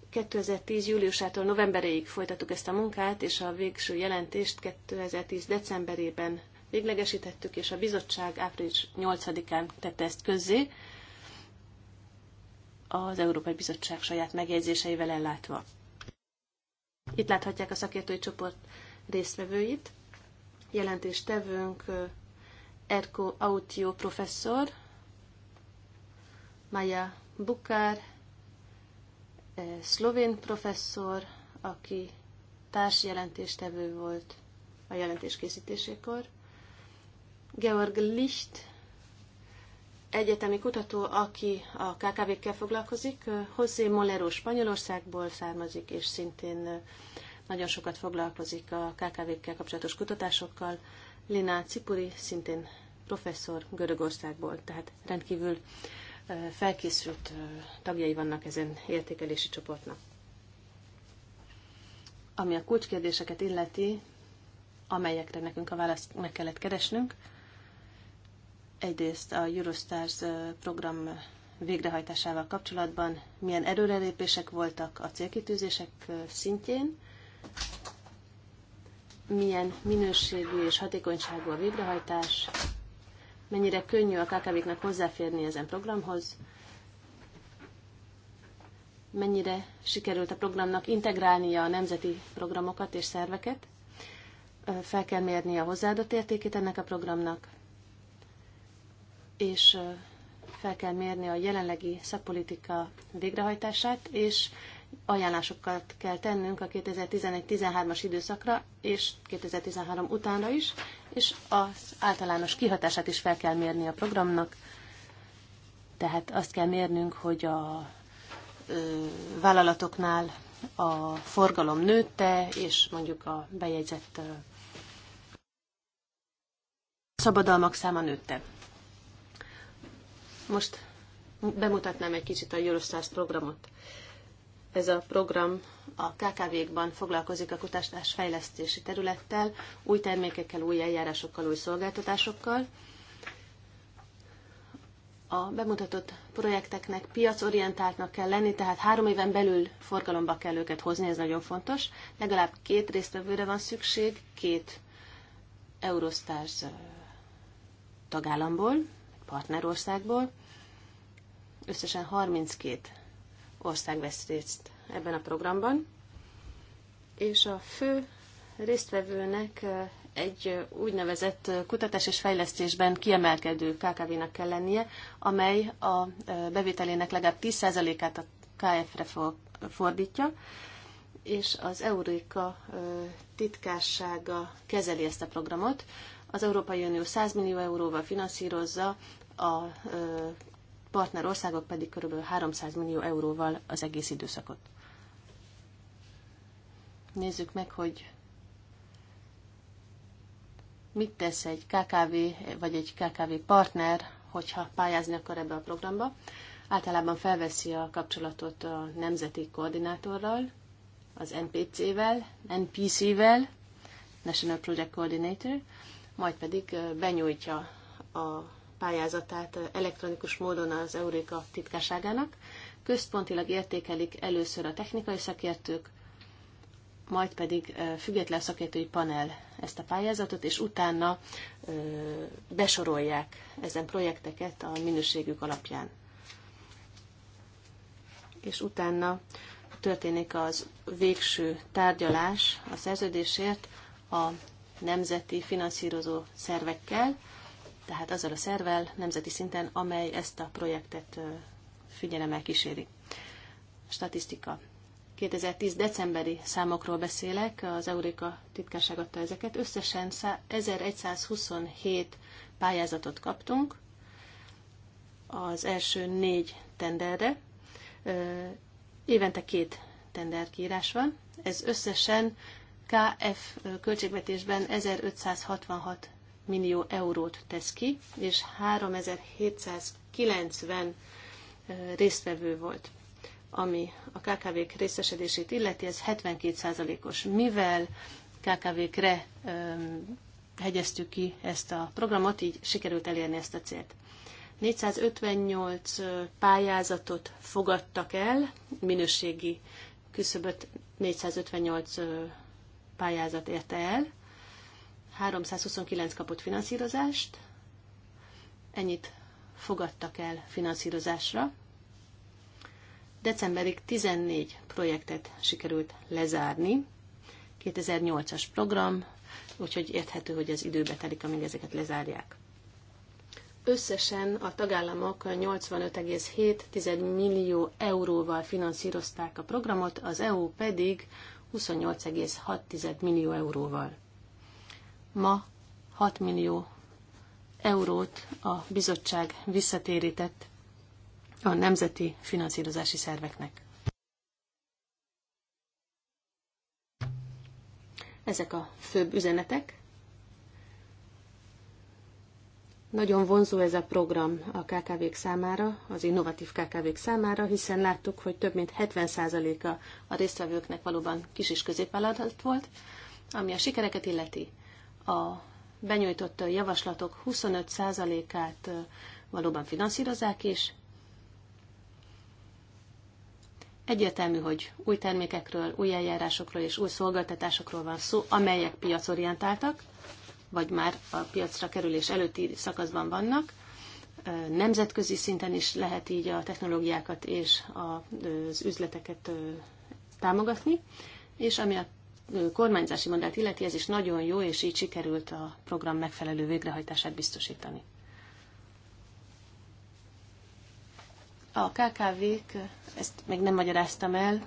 2010. júliusától novemberéig folytattuk ezt a munkát, és a végső jelentést 2010. decemberében véglegesítettük, és a bizottság április 8-án tette ezt közzé az Európai Bizottság saját megjegyzéseivel ellátva. Itt láthatják a szakértői csoport résztvevőit. Jelentéstevőnk Erko Autio professzor, Maja Bukár, szlovén professzor, aki társjelentéstevő volt a jelentés készítésekor, Georg Licht, egyetemi kutató, aki a KKV-kkel foglalkozik. José Molero Spanyolországból származik, és szintén nagyon sokat foglalkozik a KKV-kkel kapcsolatos kutatásokkal. Lina Cipuri, szintén professzor Görögországból, tehát rendkívül felkészült tagjai vannak ezen értékelési csoportnak. Ami a kulcskérdéseket illeti, amelyekre nekünk a választ meg kellett keresnünk, Egyrészt a Eurostars program végrehajtásával kapcsolatban milyen erőrelépések voltak a célkitűzések szintjén, milyen minőségű és hatékonyságú a végrehajtás, mennyire könnyű a KKV-knak hozzáférni ezen programhoz, mennyire sikerült a programnak integrálnia a nemzeti programokat és szerveket, fel kell mérni a hozzáadott értékét ennek a programnak, és fel kell mérni a jelenlegi szakpolitika végrehajtását, és ajánlásokat kell tennünk a 2011-13-as időszakra, és 2013 utánra is, és az általános kihatását is fel kell mérni a programnak. Tehát azt kell mérnünk, hogy a ö, vállalatoknál a forgalom nőtte, és mondjuk a bejegyzett ö, szabadalmak száma nőtte. Most bemutatnám egy kicsit a Eurostars programot. Ez a program a KKV-kban foglalkozik a kutatás fejlesztési területtel, új termékekkel, új eljárásokkal, új szolgáltatásokkal. A bemutatott projekteknek piacorientáltnak kell lenni, tehát három éven belül forgalomba kell őket hozni, ez nagyon fontos. Legalább két résztvevőre van szükség, két Eurostars tagállamból, partnerországból. Összesen 32 ország vesz részt ebben a programban, és a fő résztvevőnek egy úgynevezett kutatás és fejlesztésben kiemelkedő KKV-nak kell lennie, amely a bevételének legalább 10%-át a KF-re fordítja, és az Euréka titkársága kezeli ezt a programot. Az Európai Unió 100 millió euróval finanszírozza a partner országok pedig kb. 300 millió euróval az egész időszakot. Nézzük meg, hogy mit tesz egy KKV vagy egy KKV partner, hogyha pályázni akar ebbe a programba. Általában felveszi a kapcsolatot a nemzeti koordinátorral, az NPC-vel, NPC-vel, National Project Coordinator, majd pedig benyújtja a pályázatát elektronikus módon az Euréka titkárságának. Központilag értékelik először a technikai szakértők, majd pedig független szakértői panel ezt a pályázatot, és utána besorolják ezen projekteket a minőségük alapján. És utána történik az végső tárgyalás a szerződésért a nemzeti finanszírozó szervekkel, tehát azzal a szervel nemzeti szinten, amely ezt a projektet figyelemmel kíséri. Statisztika. 2010. decemberi számokról beszélek, az Euréka titkárság adta ezeket. Összesen 1127 pályázatot kaptunk az első négy tenderre. Évente két tender kiírás van. Ez összesen KF költségvetésben 1566 millió eurót tesz ki, és 3790 résztvevő volt, ami a KKV-k részesedését illeti, ez 72%-os. Mivel KKV-kre hegyeztük ki ezt a programot, így sikerült elérni ezt a célt. 458 pályázatot fogadtak el, minőségi küszöböt 458 pályázat érte el, 329 kapott finanszírozást, ennyit fogadtak el finanszírozásra. Decemberig 14 projektet sikerült lezárni, 2008-as program, úgyhogy érthető, hogy ez időbe telik, amíg ezeket lezárják. Összesen a tagállamok 85,7 millió euróval finanszírozták a programot, az EU pedig 28,6 millió euróval ma 6 millió eurót a bizottság visszatérített a nemzeti finanszírozási szerveknek. Ezek a főbb üzenetek. Nagyon vonzó ez a program a KKV-k számára, az innovatív KKV-k számára, hiszen láttuk, hogy több mint 70%-a a résztvevőknek valóban kis és középvállalat volt, ami a sikereket illeti a benyújtott javaslatok 25%-át valóban finanszírozzák is. Egyértelmű, hogy új termékekről, új eljárásokról és új szolgáltatásokról van szó, amelyek piacorientáltak, vagy már a piacra kerülés előtti szakaszban vannak. Nemzetközi szinten is lehet így a technológiákat és az üzleteket támogatni, és ami a kormányzási modellt illeti, ez is nagyon jó, és így sikerült a program megfelelő végrehajtását biztosítani. A KKV-k, ezt még nem magyaráztam el,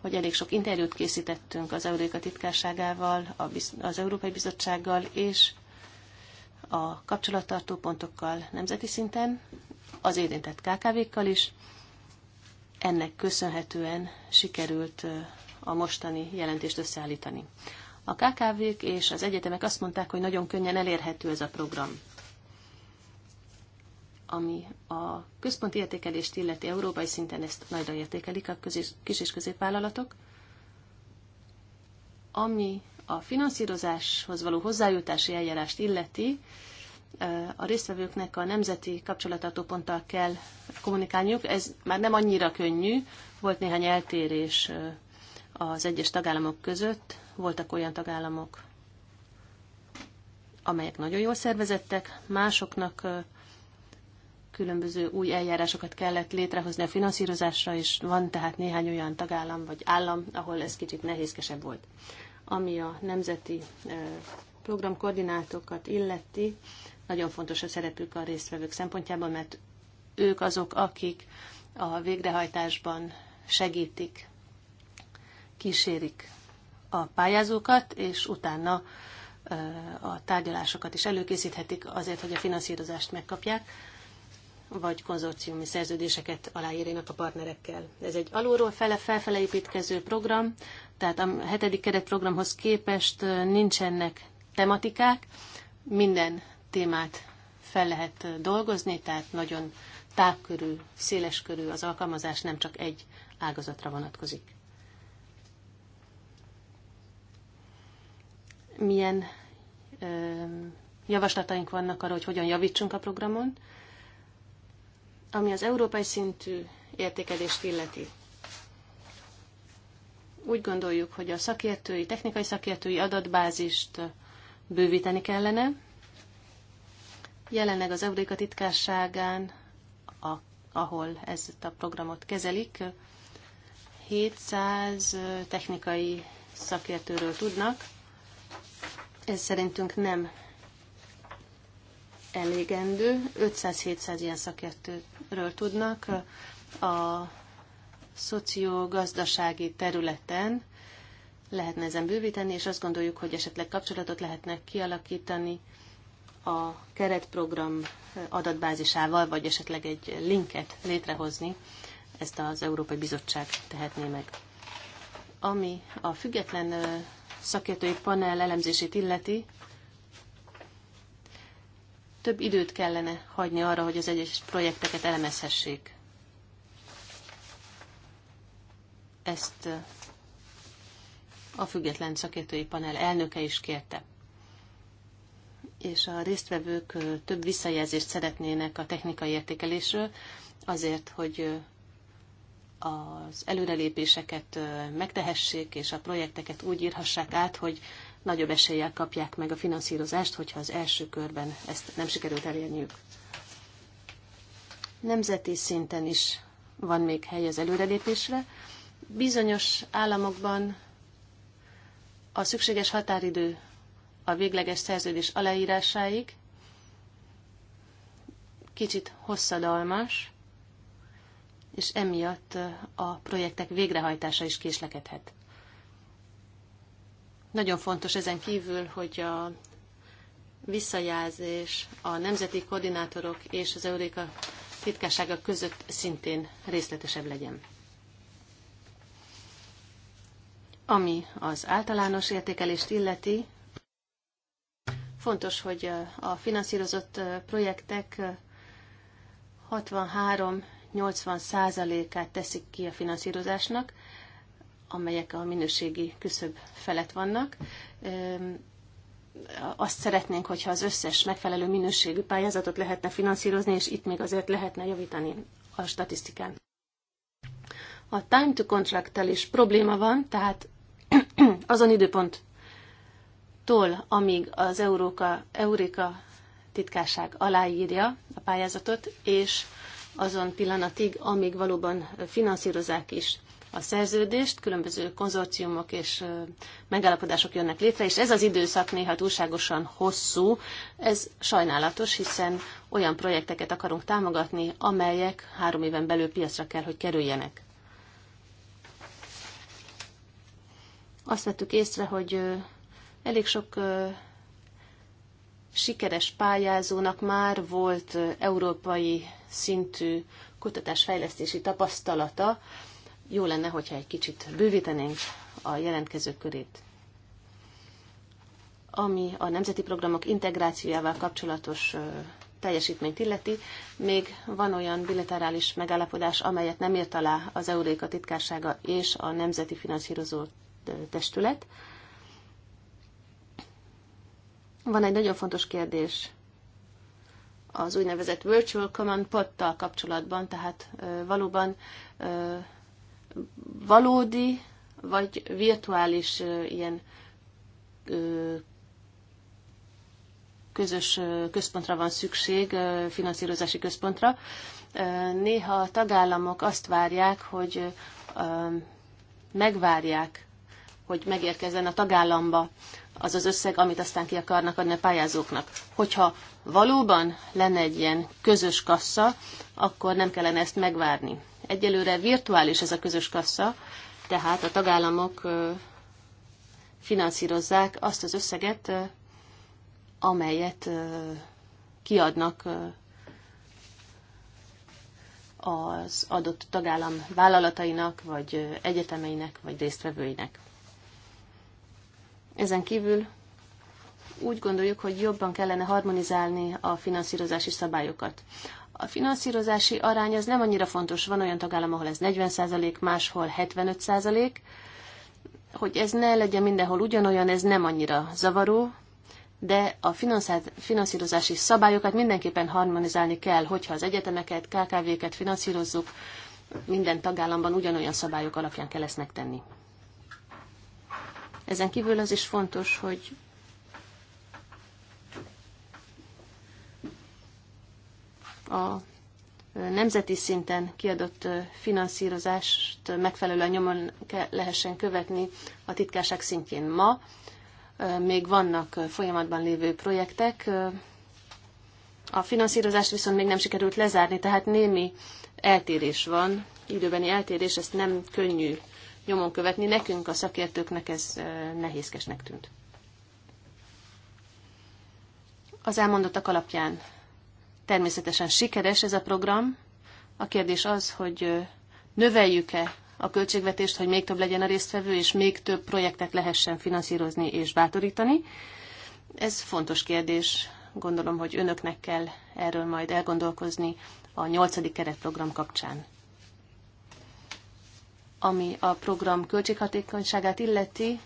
hogy elég sok interjút készítettünk az Euréka titkárságával, az Európai Bizottsággal és a kapcsolattartó pontokkal nemzeti szinten, az érintett KKV-kkal is. Ennek köszönhetően sikerült a mostani jelentést összeállítani. A KKV-k és az egyetemek azt mondták, hogy nagyon könnyen elérhető ez a program ami a központi értékelést illeti európai szinten, ezt nagyra értékelik a közés, kis és középvállalatok. Ami a finanszírozáshoz való hozzájutási eljárást illeti, a résztvevőknek a nemzeti kapcsolatartóponttal ponttal kell kommunikálniuk. Ez már nem annyira könnyű, volt néhány eltérés az egyes tagállamok között. Voltak olyan tagállamok, amelyek nagyon jól szervezettek, másoknak különböző új eljárásokat kellett létrehozni a finanszírozásra, és van tehát néhány olyan tagállam vagy állam, ahol ez kicsit nehézkesebb volt. Ami a nemzeti programkoordinátokat illeti, nagyon fontos a szerepük a résztvevők szempontjában, mert ők azok, akik a végrehajtásban segítik kísérik a pályázókat, és utána a tárgyalásokat is előkészíthetik azért, hogy a finanszírozást megkapják, vagy konzorciumi szerződéseket aláírjanak a partnerekkel. Ez egy alulról fele, felfele építkező program, tehát a hetedik keretprogramhoz képest nincsenek tematikák, minden témát fel lehet dolgozni, tehát nagyon tágkörű, széleskörű az alkalmazás, nem csak egy ágazatra vonatkozik. milyen javaslataink vannak arra, hogy hogyan javítsunk a programon, ami az európai szintű értékelést illeti. Úgy gondoljuk, hogy a szakértői, technikai szakértői adatbázist bővíteni kellene. Jelenleg az Euréka titkárságán, a, ahol ezt a programot kezelik, 700 technikai szakértőről tudnak, ez szerintünk nem elégendő. 500-700 ilyen szakértőről tudnak a szociogazdasági területen lehetne ezen bővíteni, és azt gondoljuk, hogy esetleg kapcsolatot lehetne kialakítani a keretprogram adatbázisával, vagy esetleg egy linket létrehozni, ezt az Európai Bizottság tehetné meg. Ami a független szakértői panel elemzését illeti, több időt kellene hagyni arra, hogy az egyes projekteket elemezhessék. Ezt a független szakértői panel elnöke is kérte. És a résztvevők több visszajelzést szeretnének a technikai értékelésről, azért, hogy az előrelépéseket megtehessék, és a projekteket úgy írhassák át, hogy nagyobb eséllyel kapják meg a finanszírozást, hogyha az első körben ezt nem sikerült elérniük. Nemzeti szinten is van még hely az előrelépésre. Bizonyos államokban a szükséges határidő a végleges szerződés aláírásáig kicsit hosszadalmas, és emiatt a projektek végrehajtása is késlekedhet. Nagyon fontos ezen kívül, hogy a visszajelzés a nemzeti koordinátorok és az Euréka titkársága között szintén részletesebb legyen. Ami az általános értékelést illeti, fontos, hogy a finanszírozott projektek 63 80%-át teszik ki a finanszírozásnak, amelyek a minőségi küszöb felett vannak. Azt szeretnénk, hogyha az összes megfelelő minőségű pályázatot lehetne finanszírozni, és itt még azért lehetne javítani a statisztikán. A time to contract-tel is probléma van, tehát azon időponttól, amíg az Euróka, euréka titkárság aláírja a pályázatot, és azon pillanatig, amíg valóban finanszírozák is a szerződést, különböző konzorciumok és megállapodások jönnek létre, és ez az időszak néha túlságosan hosszú. Ez sajnálatos, hiszen olyan projekteket akarunk támogatni, amelyek három éven belül piacra kell, hogy kerüljenek. Azt vettük észre, hogy elég sok sikeres pályázónak már volt európai szintű kutatásfejlesztési tapasztalata. Jó lenne, hogyha egy kicsit bővítenénk a jelentkezők körét. Ami a nemzeti programok integrációjával kapcsolatos teljesítményt illeti, még van olyan bilaterális megállapodás, amelyet nem írt alá az Euréka titkársága és a Nemzeti Finanszírozó Testület. Van egy nagyon fontos kérdés az úgynevezett Virtual Command pottal tal kapcsolatban, tehát valóban valódi vagy virtuális ilyen közös központra van szükség, finanszírozási központra. Néha a tagállamok azt várják, hogy megvárják, hogy megérkezzen a tagállamba az az összeg, amit aztán ki akarnak adni a pályázóknak. Hogyha valóban lenne egy ilyen közös kassa, akkor nem kellene ezt megvárni. Egyelőre virtuális ez a közös kassa, tehát a tagállamok finanszírozzák azt az összeget, amelyet kiadnak az adott tagállam vállalatainak, vagy egyetemeinek, vagy résztvevőinek. Ezen kívül úgy gondoljuk, hogy jobban kellene harmonizálni a finanszírozási szabályokat. A finanszírozási arány az nem annyira fontos. Van olyan tagállam, ahol ez 40%, máshol 75%. Hogy ez ne legyen mindenhol ugyanolyan, ez nem annyira zavaró, de a finanszírozási szabályokat mindenképpen harmonizálni kell, hogyha az egyetemeket, KKV-ket finanszírozzuk, minden tagállamban ugyanolyan szabályok alapján kell ezt megtenni. Ezen kívül az is fontos, hogy a nemzeti szinten kiadott finanszírozást megfelelően nyomon lehessen követni a titkárság szintjén ma. Még vannak folyamatban lévő projektek, a finanszírozást viszont még nem sikerült lezárni, tehát némi eltérés van, időbeni eltérés, ezt nem könnyű nyomon követni. Nekünk, a szakértőknek ez nehézkesnek tűnt. Az elmondottak alapján természetesen sikeres ez a program. A kérdés az, hogy növeljük-e a költségvetést, hogy még több legyen a résztvevő, és még több projektet lehessen finanszírozni és bátorítani. Ez fontos kérdés. Gondolom, hogy önöknek kell erről majd elgondolkozni a nyolcadik keretprogram kapcsán ami a program költséghatékonyságát illeti,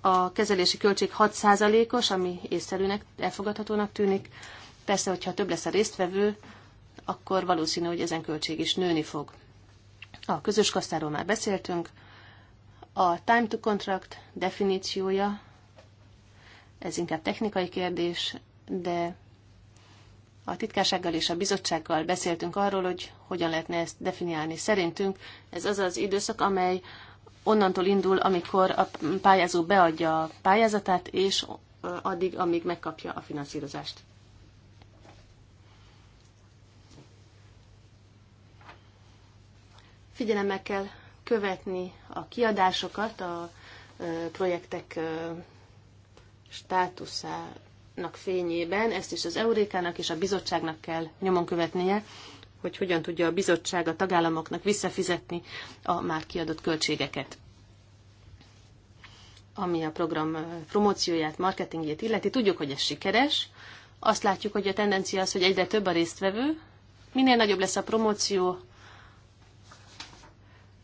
a kezelési költség 6%-os, ami észszerűnek, elfogadhatónak tűnik. Persze, hogyha több lesz a résztvevő, akkor valószínű, hogy ezen költség is nőni fog. A közös kasztáról már beszéltünk. A time to contract definíciója, ez inkább technikai kérdés, de a titkársággal és a bizottsággal beszéltünk arról, hogy hogyan lehetne ezt definiálni. Szerintünk ez az az időszak, amely onnantól indul, amikor a pályázó beadja a pályázatát, és addig, amíg megkapja a finanszírozást. Figyelemmel kell követni a kiadásokat, a projektek státuszá, fényében ezt is az Eurékának és a bizottságnak kell nyomon követnie, hogy hogyan tudja a bizottság a tagállamoknak visszafizetni a már kiadott költségeket ami a program promócióját, marketingjét illeti. Tudjuk, hogy ez sikeres. Azt látjuk, hogy a tendencia az, hogy egyre több a résztvevő. Minél nagyobb lesz a promóció,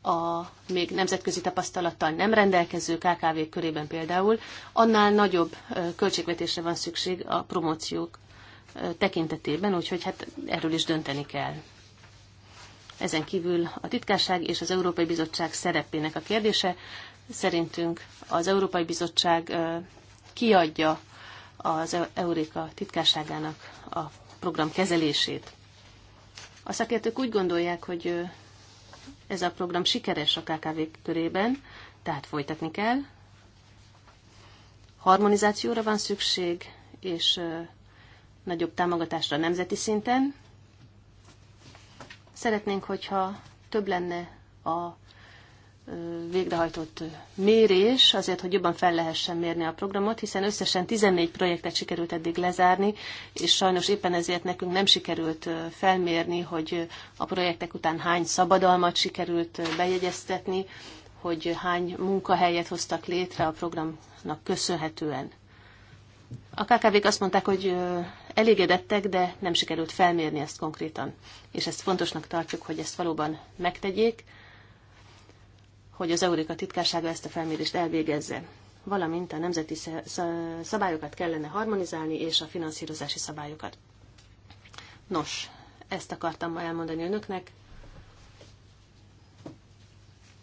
a még nemzetközi tapasztalattal nem rendelkező kkv körében például, annál nagyobb költségvetésre van szükség a promóciók tekintetében, úgyhogy hát erről is dönteni kell. Ezen kívül a titkárság és az Európai Bizottság szerepének a kérdése. Szerintünk az Európai Bizottság kiadja az e- Euréka titkárságának a program kezelését. A szakértők úgy gondolják, hogy ez a program sikeres a KKV körében, tehát folytatni kell. Harmonizációra van szükség, és nagyobb támogatásra nemzeti szinten. Szeretnénk, hogyha több lenne a végrehajtott mérés, azért, hogy jobban fel lehessen mérni a programot, hiszen összesen 14 projektet sikerült eddig lezárni, és sajnos éppen ezért nekünk nem sikerült felmérni, hogy a projektek után hány szabadalmat sikerült bejegyeztetni, hogy hány munkahelyet hoztak létre a programnak köszönhetően. A KKV-k azt mondták, hogy elégedettek, de nem sikerült felmérni ezt konkrétan. És ezt fontosnak tartjuk, hogy ezt valóban megtegyék, hogy az Euréka titkársága ezt a felmérést elvégezze valamint a nemzeti szabályokat kellene harmonizálni, és a finanszírozási szabályokat. Nos, ezt akartam ma elmondani önöknek.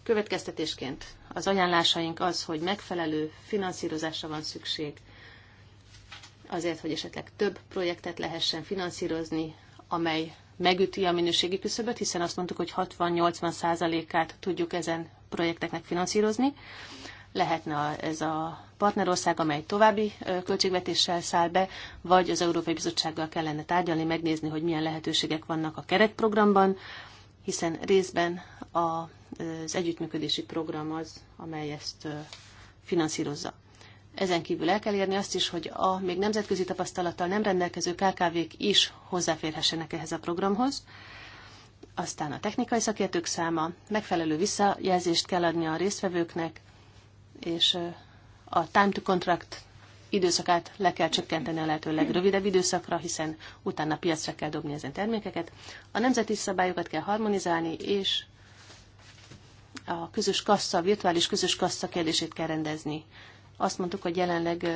Következtetésként az ajánlásaink az, hogy megfelelő finanszírozásra van szükség, azért, hogy esetleg több projektet lehessen finanszírozni, amely megüti a minőségi küszöböt, hiszen azt mondtuk, hogy 60-80 százalékát tudjuk ezen projekteknek finanszírozni. Lehetne ez a partnerország, amely további költségvetéssel száll be, vagy az Európai Bizottsággal kellene tárgyalni, megnézni, hogy milyen lehetőségek vannak a keretprogramban, hiszen részben az együttműködési program az, amely ezt finanszírozza. Ezen kívül el kell érni azt is, hogy a még nemzetközi tapasztalattal nem rendelkező KKV-k is hozzáférhessenek ehhez a programhoz, aztán a technikai szakértők száma, megfelelő visszajelzést kell adni a résztvevőknek, és a time to contract időszakát le kell csökkenteni a lehető legrövidebb időszakra, hiszen utána piacra kell dobni ezen termékeket. A nemzeti szabályokat kell harmonizálni, és a közös kassa, a virtuális közös kassa kérdését kell rendezni. Azt mondtuk, hogy jelenleg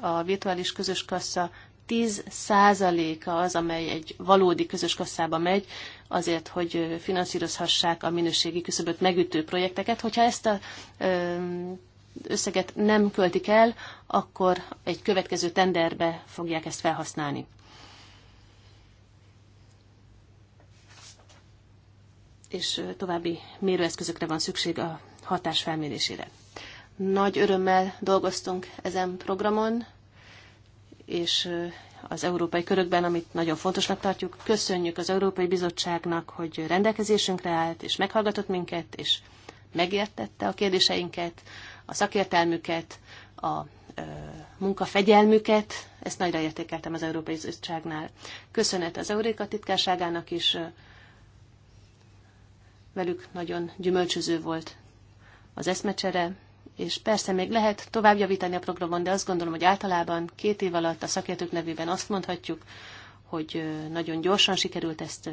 a virtuális közös kassa 10%-a az, amely egy valódi közös kasszába megy, azért, hogy finanszírozhassák a minőségi küszöböt megütő projekteket. Hogyha ezt a összeget nem költik el, akkor egy következő tenderbe fogják ezt felhasználni. És további mérőeszközökre van szükség a hatás felmérésére. Nagy örömmel dolgoztunk ezen programon, és az európai körökben, amit nagyon fontosnak tartjuk. Köszönjük az Európai Bizottságnak, hogy rendelkezésünkre állt, és meghallgatott minket, és megértette a kérdéseinket, a szakértelmüket, a munkafegyelmüket, ezt nagyra értékeltem az Európai Bizottságnál. Köszönet az Euréka titkárságának is, velük nagyon gyümölcsöző volt az eszmecsere és persze még lehet tovább javítani a programon, de azt gondolom, hogy általában két év alatt a szakértők nevében azt mondhatjuk, hogy nagyon gyorsan sikerült ezt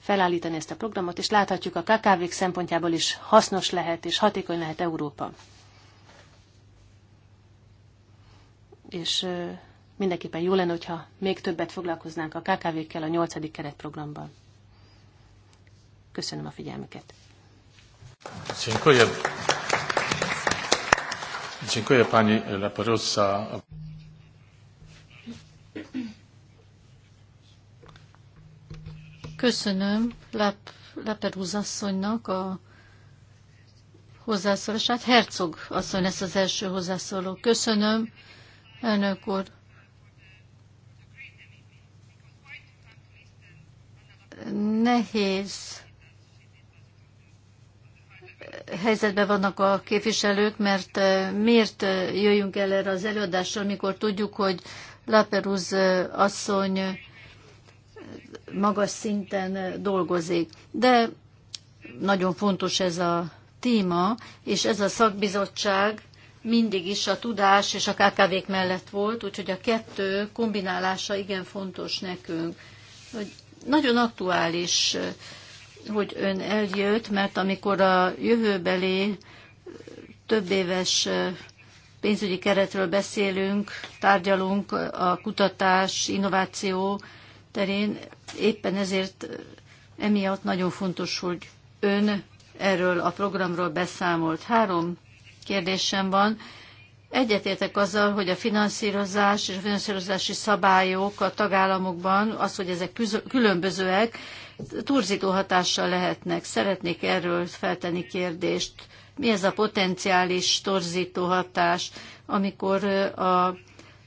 felállítani ezt a programot, és láthatjuk a kkv szempontjából is hasznos lehet és hatékony lehet Európa. És mindenképpen jó lenne, hogyha még többet foglalkoznánk a KKV-kkel a 8. keretprogramban. Köszönöm a figyelmüket. Köszönöm. Dziękuję pani Laparosa. Köszönöm Lap, Laperúz asszonynak a hozzászólását. Herzog asszony lesz az első hozzászóló. Köszönöm, elnök úr. Nehéz helyzetben vannak a képviselők, mert eh, miért eh, jöjjünk el erre az előadásra, mikor tudjuk, hogy Laperuz eh, asszony magas szinten dolgozik. De nagyon fontos ez a téma, és ez a szakbizottság mindig is a tudás és a KKV-k mellett volt, úgyhogy a kettő kombinálása igen fontos nekünk. Hogy nagyon aktuális hogy ön eljött, mert amikor a jövőbeli több éves pénzügyi keretről beszélünk, tárgyalunk a kutatás, innováció terén, éppen ezért emiatt nagyon fontos, hogy ön erről a programról beszámolt. Három kérdésem van. Egyetértek azzal, hogy a finanszírozás és a finanszírozási szabályok a tagállamokban, az, hogy ezek különbözőek, turzító hatással lehetnek. Szeretnék erről feltenni kérdést. Mi ez a potenciális torzító hatás, amikor a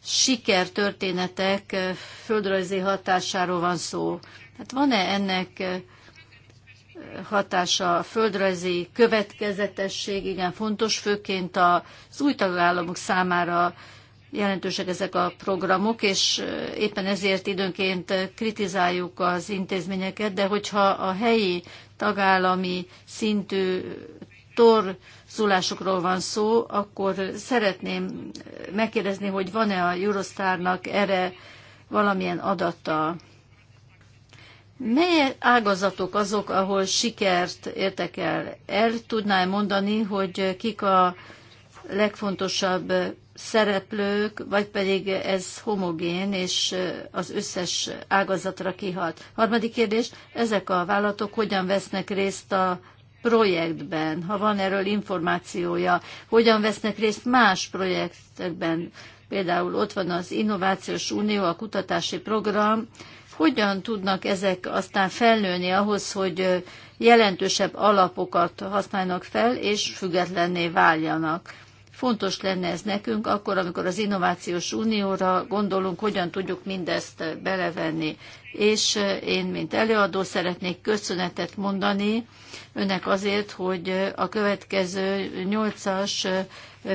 sikertörténetek földrajzi hatásáról van szó? Hát van-e ennek hatása a földrajzi következetesség, igen fontos, főként az új tagállamok számára jelentősek ezek a programok, és éppen ezért időnként kritizáljuk az intézményeket, de hogyha a helyi tagállami szintű torzulásokról van szó, akkor szeretném megkérdezni, hogy van-e a Eurostarnak erre valamilyen adata. Mely ágazatok azok, ahol sikert értek el? El tudnál mondani, hogy kik a legfontosabb szereplők, vagy pedig ez homogén, és az összes ágazatra kihat. Harmadik kérdés, ezek a vállalatok hogyan vesznek részt a projektben, ha van erről információja, hogyan vesznek részt más projektekben, például ott van az Innovációs Unió, a kutatási program, hogyan tudnak ezek aztán felnőni ahhoz, hogy jelentősebb alapokat használnak fel, és függetlenné váljanak. Fontos lenne ez nekünk, akkor, amikor az Innovációs Unióra gondolunk, hogyan tudjuk mindezt belevenni. És eh, én, mint előadó, szeretnék köszönetet mondani önnek azért, hogy eh, a következő nyolcas eh,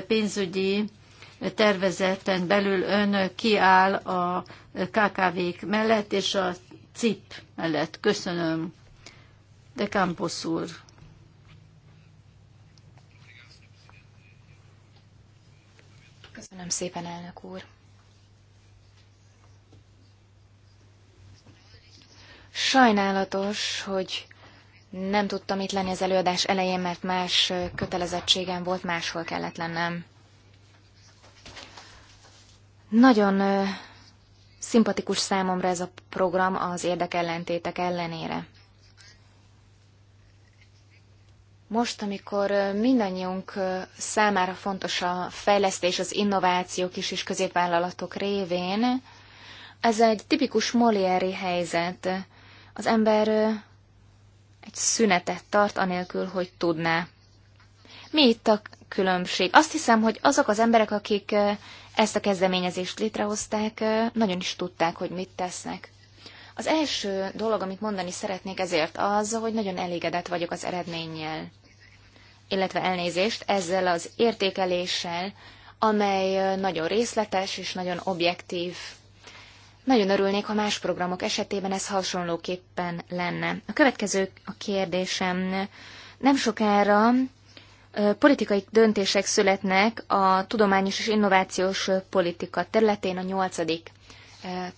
pénzügyi tervezeten belül ön kiáll a KKV-k mellett és a CIP mellett. Köszönöm. De Campos úr. Köszönöm szépen, elnök úr. Sajnálatos, hogy nem tudtam itt lenni az előadás elején, mert más kötelezettségem volt, máshol kellett lennem. Nagyon szimpatikus számomra ez a program az érdekellentétek ellenére. Most, amikor mindannyiunk számára fontos a fejlesztés, az innováció kis és középvállalatok révén, ez egy tipikus Molieri helyzet. Az ember egy szünetet tart, anélkül, hogy tudná. Mi itt a különbség? Azt hiszem, hogy azok az emberek, akik ezt a kezdeményezést létrehozták, nagyon is tudták, hogy mit tesznek. Az első dolog, amit mondani szeretnék ezért az, hogy nagyon elégedett vagyok az eredménnyel, illetve elnézést ezzel az értékeléssel, amely nagyon részletes és nagyon objektív. Nagyon örülnék, ha más programok esetében ez hasonlóképpen lenne. A következő a kérdésem. Nem sokára politikai döntések születnek a tudományos és innovációs politika területén a nyolcadik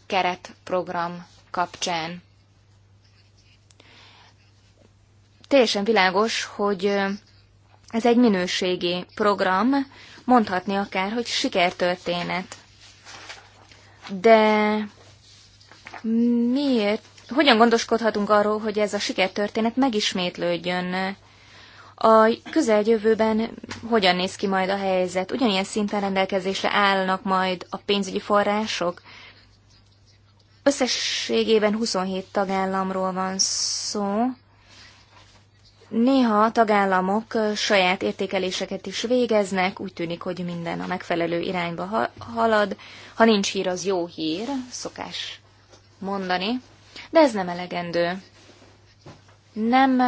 keretprogram kapcsán. Teljesen világos, hogy ez egy minőségi program, mondhatni akár, hogy sikertörténet. De miért? Hogyan gondoskodhatunk arról, hogy ez a sikertörténet megismétlődjön? A közeljövőben hogyan néz ki majd a helyzet? Ugyanilyen szinten rendelkezésre állnak majd a pénzügyi források? Összességében 27 tagállamról van szó. Néha a tagállamok saját értékeléseket is végeznek, úgy tűnik, hogy minden a megfelelő irányba ha- halad. Ha nincs hír, az jó hír, szokás mondani, de ez nem elegendő. Nem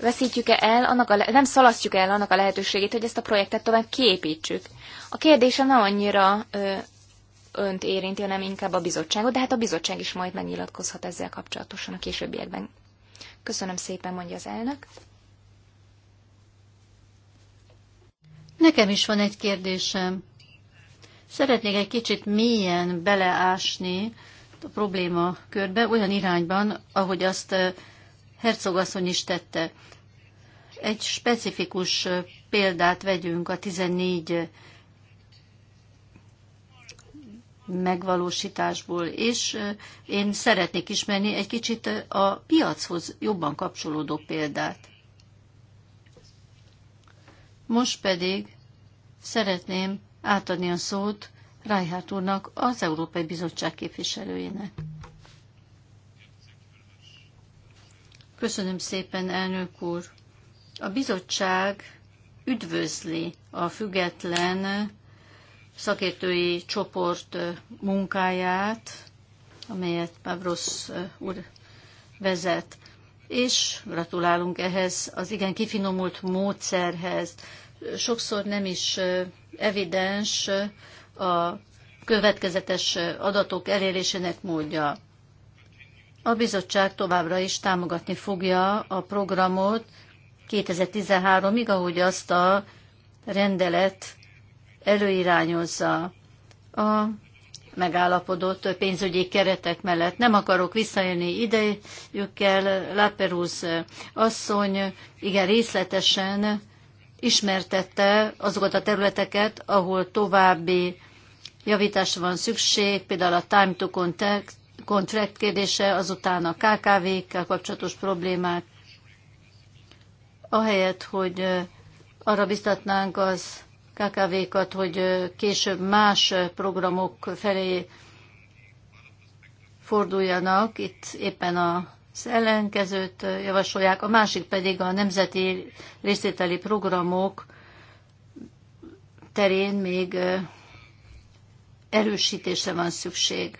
veszítjük -e el annak a le- nem szalasztjuk el annak a lehetőségét, hogy ezt a projektet tovább kiépítsük. A kérdése nem annyira ö, önt érinti, hanem inkább a bizottságot, de hát a bizottság is majd megnyilatkozhat ezzel kapcsolatosan a későbbiekben. Köszönöm szépen, mondja az elnök. Nekem is van egy kérdésem. Szeretnék egy kicsit mélyen beleásni a probléma körbe, olyan irányban, ahogy azt eh, Hercogasszony is tette. Egy specifikus eh, példát vegyünk a 14 megvalósításból, és én szeretnék ismerni egy kicsit a piachoz jobban kapcsolódó példát. Most pedig szeretném átadni a szót Reinhardt úrnak, az Európai Bizottság képviselőjének. Köszönöm szépen, elnök úr! A bizottság üdvözli a független szakértői csoport munkáját, amelyet Pavrosz úr vezet. És gratulálunk ehhez az igen kifinomult módszerhez. Sokszor nem is evidens a következetes adatok elérésének módja. A bizottság továbbra is támogatni fogja a programot 2013-ig, ahogy azt a rendelet előirányozza a megállapodott pénzügyi keretek mellett. Nem akarok visszajönni idejükkel. Láperúz asszony igen részletesen ismertette azokat a területeket, ahol további javításra van szükség, például a time to contact, contract kérdése, azután a KKV-kkel kapcsolatos problémák, ahelyett, hogy arra biztatnánk az KKV-kat, hogy később más programok felé forduljanak. Itt éppen az ellenkezőt javasolják, a másik pedig a nemzeti részvételi programok terén még erősítésre van szükség.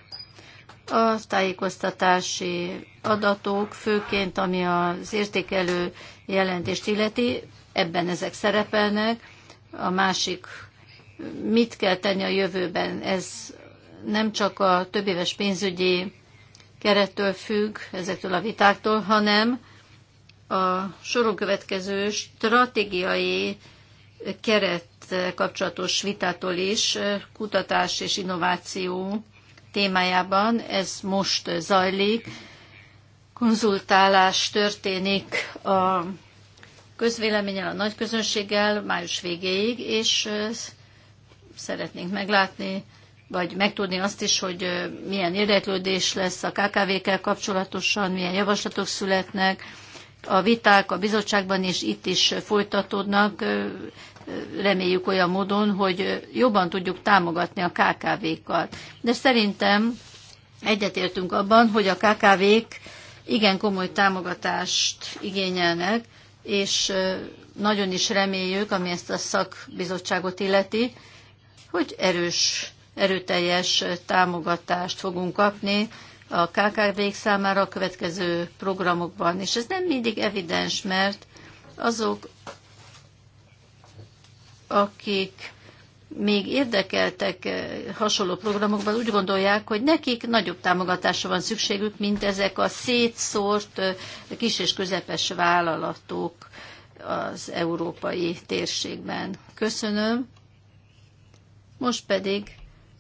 A tájékoztatási adatok, főként ami az értékelő jelentést illeti, ebben ezek szerepelnek, a másik mit kell tenni a jövőben. Ez nem csak a többéves pénzügyi kerettől függ, ezektől a vitáktól, hanem a soron következő stratégiai keret kapcsolatos vitától is, kutatás és innováció témájában. Ez most zajlik. Konzultálás történik a közvéleménnyel, a nagy közönséggel május végéig, és szeretnénk meglátni, vagy megtudni azt is, hogy milyen érdeklődés lesz a KKV-kkel kapcsolatosan, milyen javaslatok születnek, a viták a bizottságban és itt is folytatódnak, reméljük olyan módon, hogy jobban tudjuk támogatni a KKV-kat. De szerintem egyetértünk abban, hogy a KKV-k igen komoly támogatást igényelnek, és nagyon is reméljük, ami ezt a szakbizottságot illeti, hogy erős, erőteljes támogatást fogunk kapni a kkv számára a következő programokban. És ez nem mindig evidens, mert azok, akik még érdekeltek eh, hasonló programokban, úgy gondolják, hogy nekik nagyobb támogatásra van szükségük, mint ezek a szétszórt eh, kis és közepes vállalatok az európai térségben. Köszönöm. Most pedig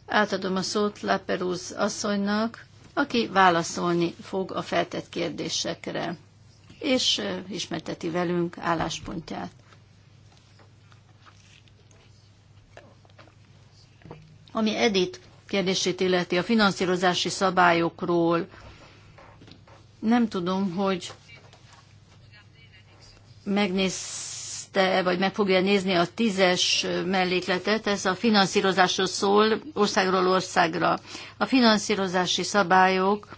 átadom a szót Laperúz asszonynak, aki válaszolni fog a feltett kérdésekre, és eh, ismerteti velünk álláspontját. Ami Edit kérdését illeti a finanszírozási szabályokról, nem tudom, hogy megnézte, vagy meg fogja nézni a tízes mellékletet, ez a finanszírozásról szól országról országra. A finanszírozási szabályok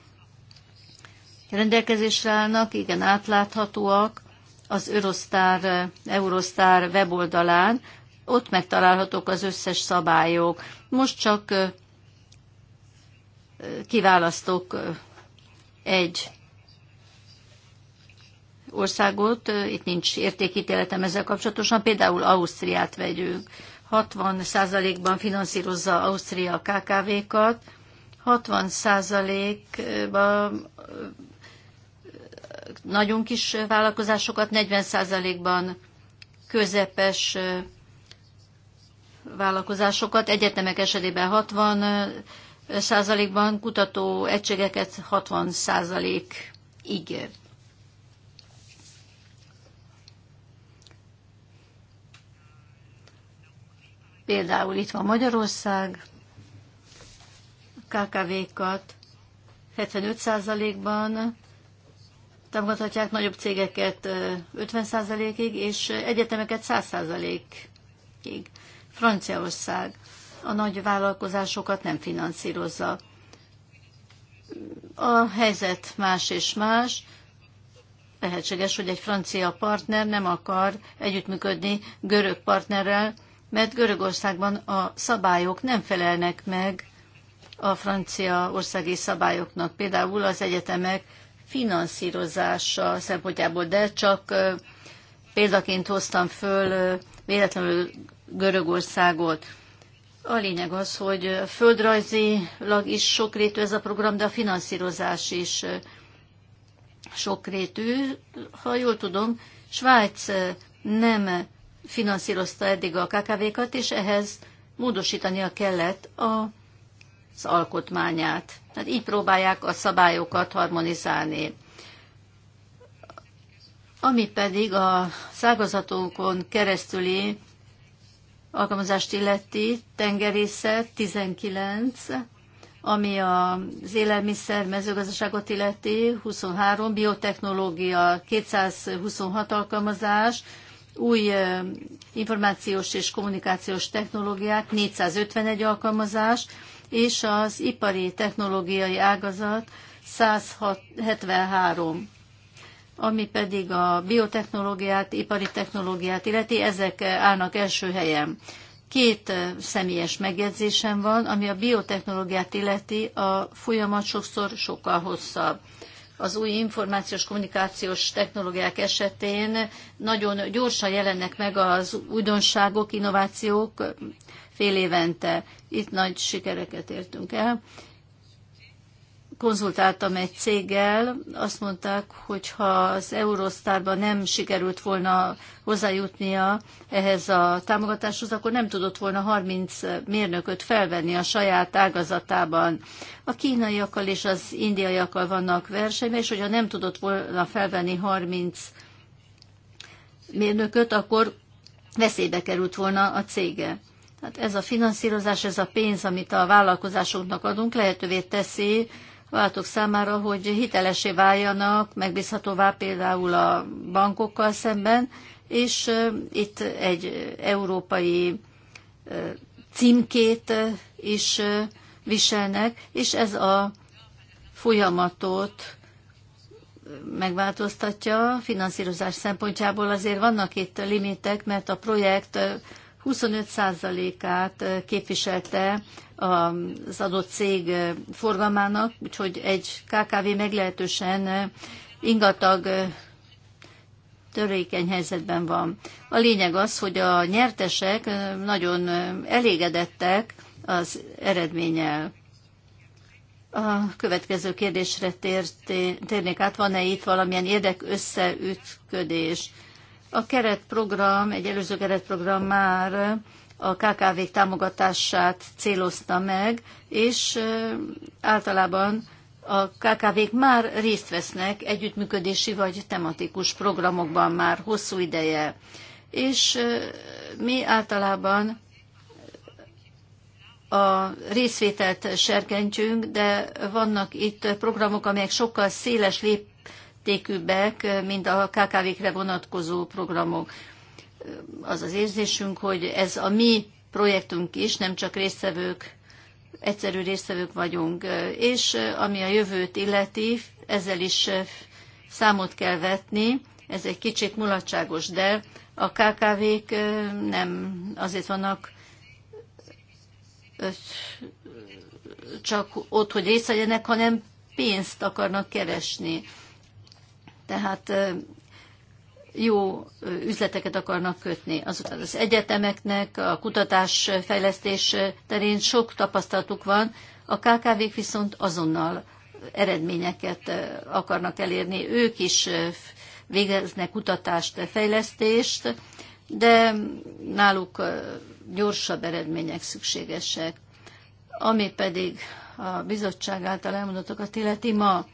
rendelkezésre állnak, igen átláthatóak az Eurostar, Eurostar weboldalán, ott megtalálhatók az összes szabályok. Most csak kiválasztok egy országot, itt nincs értékítéletem ezzel kapcsolatosan, például Ausztriát vegyünk. 60%-ban finanszírozza Ausztria a KKV-kat, 60%-ban nagyon kis vállalkozásokat, 40%-ban közepes vállalkozásokat, egyetemek esetében 60 százalékban, kutató egységeket 60 százalékig. Például itt van Magyarország, KKV-kat 75%-ban támogathatják, nagyobb cégeket 50%-ig, és egyetemeket 100%-ig. Franciaország a nagy vállalkozásokat nem finanszírozza. A helyzet más és más. Lehetséges, hogy egy francia partner nem akar együttműködni görög partnerrel, mert Görögországban a szabályok nem felelnek meg a francia országi szabályoknak, például az egyetemek finanszírozása szempontjából, de csak példaként hoztam föl véletlenül Görögországot. A lényeg az, hogy földrajzilag is sokrétű ez a program, de a finanszírozás is sokrétű. Ha jól tudom, Svájc nem finanszírozta eddig a KKV-kat, és ehhez módosítania kellett az alkotmányát. Tehát így próbálják a szabályokat harmonizálni. Ami pedig a szágazatokon keresztüli alkalmazást illeti, tengerészet 19, ami az élelmiszer mezőgazdaságot illeti 23, biotechnológia 226 alkalmazás, új információs és kommunikációs technológiák 451 alkalmazás, és az ipari technológiai ágazat 173 ami pedig a biotechnológiát, ipari technológiát illeti, ezek állnak első helyen. Két személyes megjegyzésem van, ami a biotechnológiát illeti, a folyamat sokszor sokkal hosszabb. Az új információs kommunikációs technológiák esetén nagyon gyorsan jelennek meg az újdonságok, innovációk fél évente. Itt nagy sikereket értünk el konzultáltam egy céggel, azt mondták, hogy ha az Eurostarban nem sikerült volna hozzájutnia ehhez a támogatáshoz, akkor nem tudott volna 30 mérnököt felvenni a saját ágazatában. A kínaiakkal és az indiaiakkal vannak versenyben, és hogyha nem tudott volna felvenni 30 mérnököt, akkor veszélybe került volna a cége. Hát ez a finanszírozás, ez a pénz, amit a vállalkozásoknak adunk, lehetővé teszi, vállalatok számára, hogy hitelesé váljanak, megbízhatóvá például a bankokkal szemben, és itt egy európai címkét is viselnek, és ez a folyamatot megváltoztatja finanszírozás szempontjából. Azért vannak itt limitek, mert a projekt 25%-át képviselte az adott cég forgalmának, úgyhogy egy KKV meglehetősen ingatag törékeny helyzetben van. A lényeg az, hogy a nyertesek nagyon elégedettek az eredménnyel. A következő kérdésre térnék át, van-e itt valamilyen érdekösszeütködés? A keretprogram, egy előző keretprogram már a kkv támogatását célozta meg, és általában a kkv már részt vesznek együttműködési vagy tematikus programokban már hosszú ideje. És mi általában a részvételt serkentjünk, de vannak itt programok, amelyek sokkal széles lép, mértékűbbek, mint a KKV-kre vonatkozó programok. Az az érzésünk, hogy ez a mi projektünk is, nem csak résztvevők, egyszerű résztvevők vagyunk. És ami a jövőt illeti, ezzel is számot kell vetni, ez egy kicsit mulatságos, de a KKV-k nem azért vannak csak ott, hogy részt legyenek, hanem pénzt akarnak keresni tehát jó üzleteket akarnak kötni. Azután az egyetemeknek a kutatás terén sok tapasztalatuk van, a KKV-k viszont azonnal eredményeket akarnak elérni. Ők is végeznek kutatást, fejlesztést, de náluk gyorsabb eredmények szükségesek. Ami pedig a bizottság által elmondottakat illeti ma,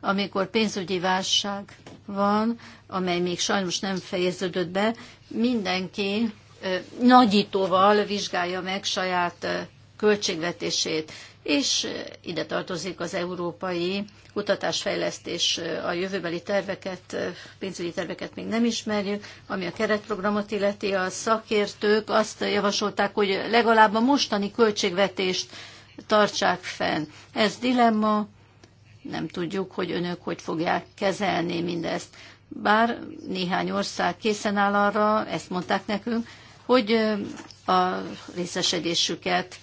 amikor pénzügyi válság van, amely még sajnos nem fejeződött be, mindenki nagyítóval vizsgálja meg saját költségvetését, és ide tartozik az európai kutatásfejlesztés, a jövőbeli terveket, pénzügyi terveket még nem ismerjük, ami a keretprogramot illeti, a szakértők azt javasolták, hogy legalább a mostani költségvetést tartsák fenn. Ez dilemma, nem tudjuk, hogy önök hogy fogják kezelni mindezt. Bár néhány ország készen áll arra, ezt mondták nekünk, hogy a részesedésüket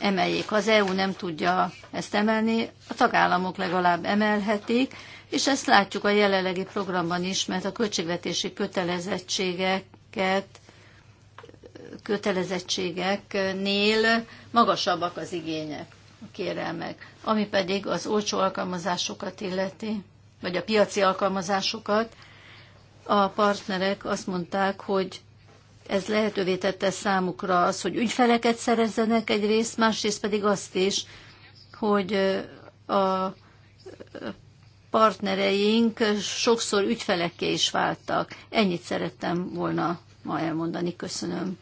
emeljék. Az EU nem tudja ezt emelni, a tagállamok legalább emelhetik, és ezt látjuk a jelenlegi programban is, mert a költségvetési kötelezettségeket kötelezettségeknél magasabbak az igények kérelmek. Ami pedig az olcsó alkalmazásokat illeti, vagy a piaci alkalmazásokat, a partnerek azt mondták, hogy ez lehetővé tette számukra az, hogy ügyfeleket szerezzenek egyrészt, másrészt pedig azt is, hogy a partnereink sokszor ügyfelekké is váltak. Ennyit szerettem volna ma elmondani. Köszönöm.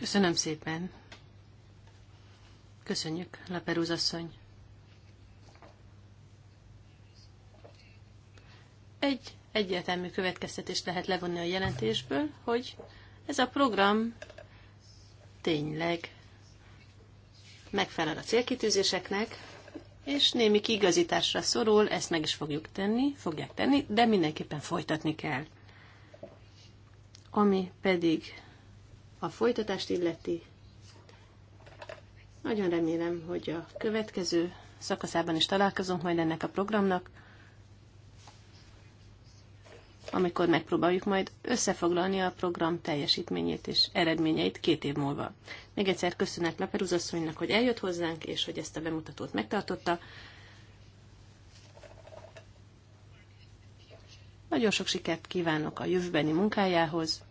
Köszönöm szépen. Köszönjük, Laperúz asszony. Egy egyértelmű következtetést lehet levonni a jelentésből, hogy ez a program tényleg megfelel a célkitűzéseknek, és némi kiigazításra szorul, ezt meg is fogjuk tenni, fogják tenni, de mindenképpen folytatni kell. Ami pedig a folytatást illeti, nagyon remélem, hogy a következő szakaszában is találkozunk majd ennek a programnak, amikor megpróbáljuk majd összefoglalni a program teljesítményét és eredményeit két év múlva. Még egyszer köszönet Laperuz asszonynak, hogy eljött hozzánk, és hogy ezt a bemutatót megtartotta. Nagyon sok sikert kívánok a jövőbeni munkájához,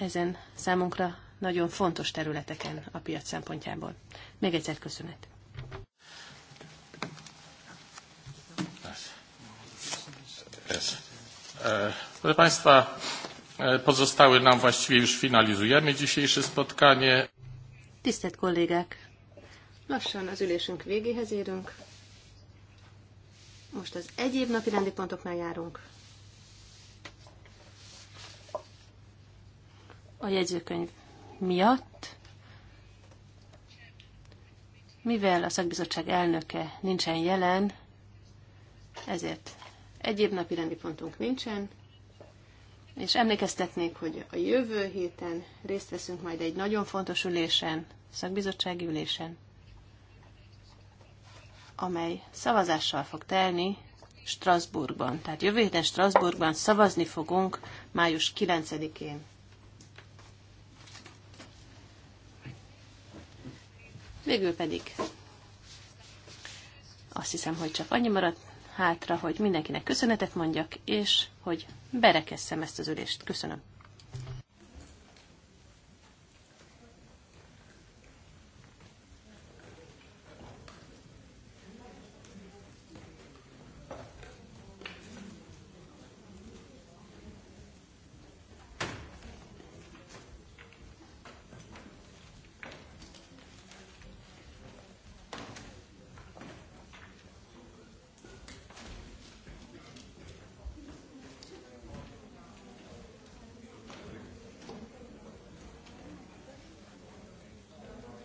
ezen számunkra nagyon fontos területeken a piac szempontjából. Még egyszer köszönet. Proszę Państwa, pozostały nam właściwie już finalizujemy dzisiejsze spotkanie. Tisztelt kollégák! Lassan az ülésünk végéhez érünk. Most az egyéb napi rendi pontoknál járunk. a jegyzőkönyv miatt, mivel a szakbizottság elnöke nincsen jelen, ezért egyéb napi rendi pontunk nincsen, és emlékeztetnék, hogy a jövő héten részt veszünk majd egy nagyon fontos ülésen, szakbizottsági ülésen, amely szavazással fog telni Strasbourgban. Tehát jövő héten Strasbourgban szavazni fogunk május 9-én. Végül pedig azt hiszem, hogy csak annyi maradt hátra, hogy mindenkinek köszönetet mondjak, és hogy berekesszem ezt az ülést. Köszönöm.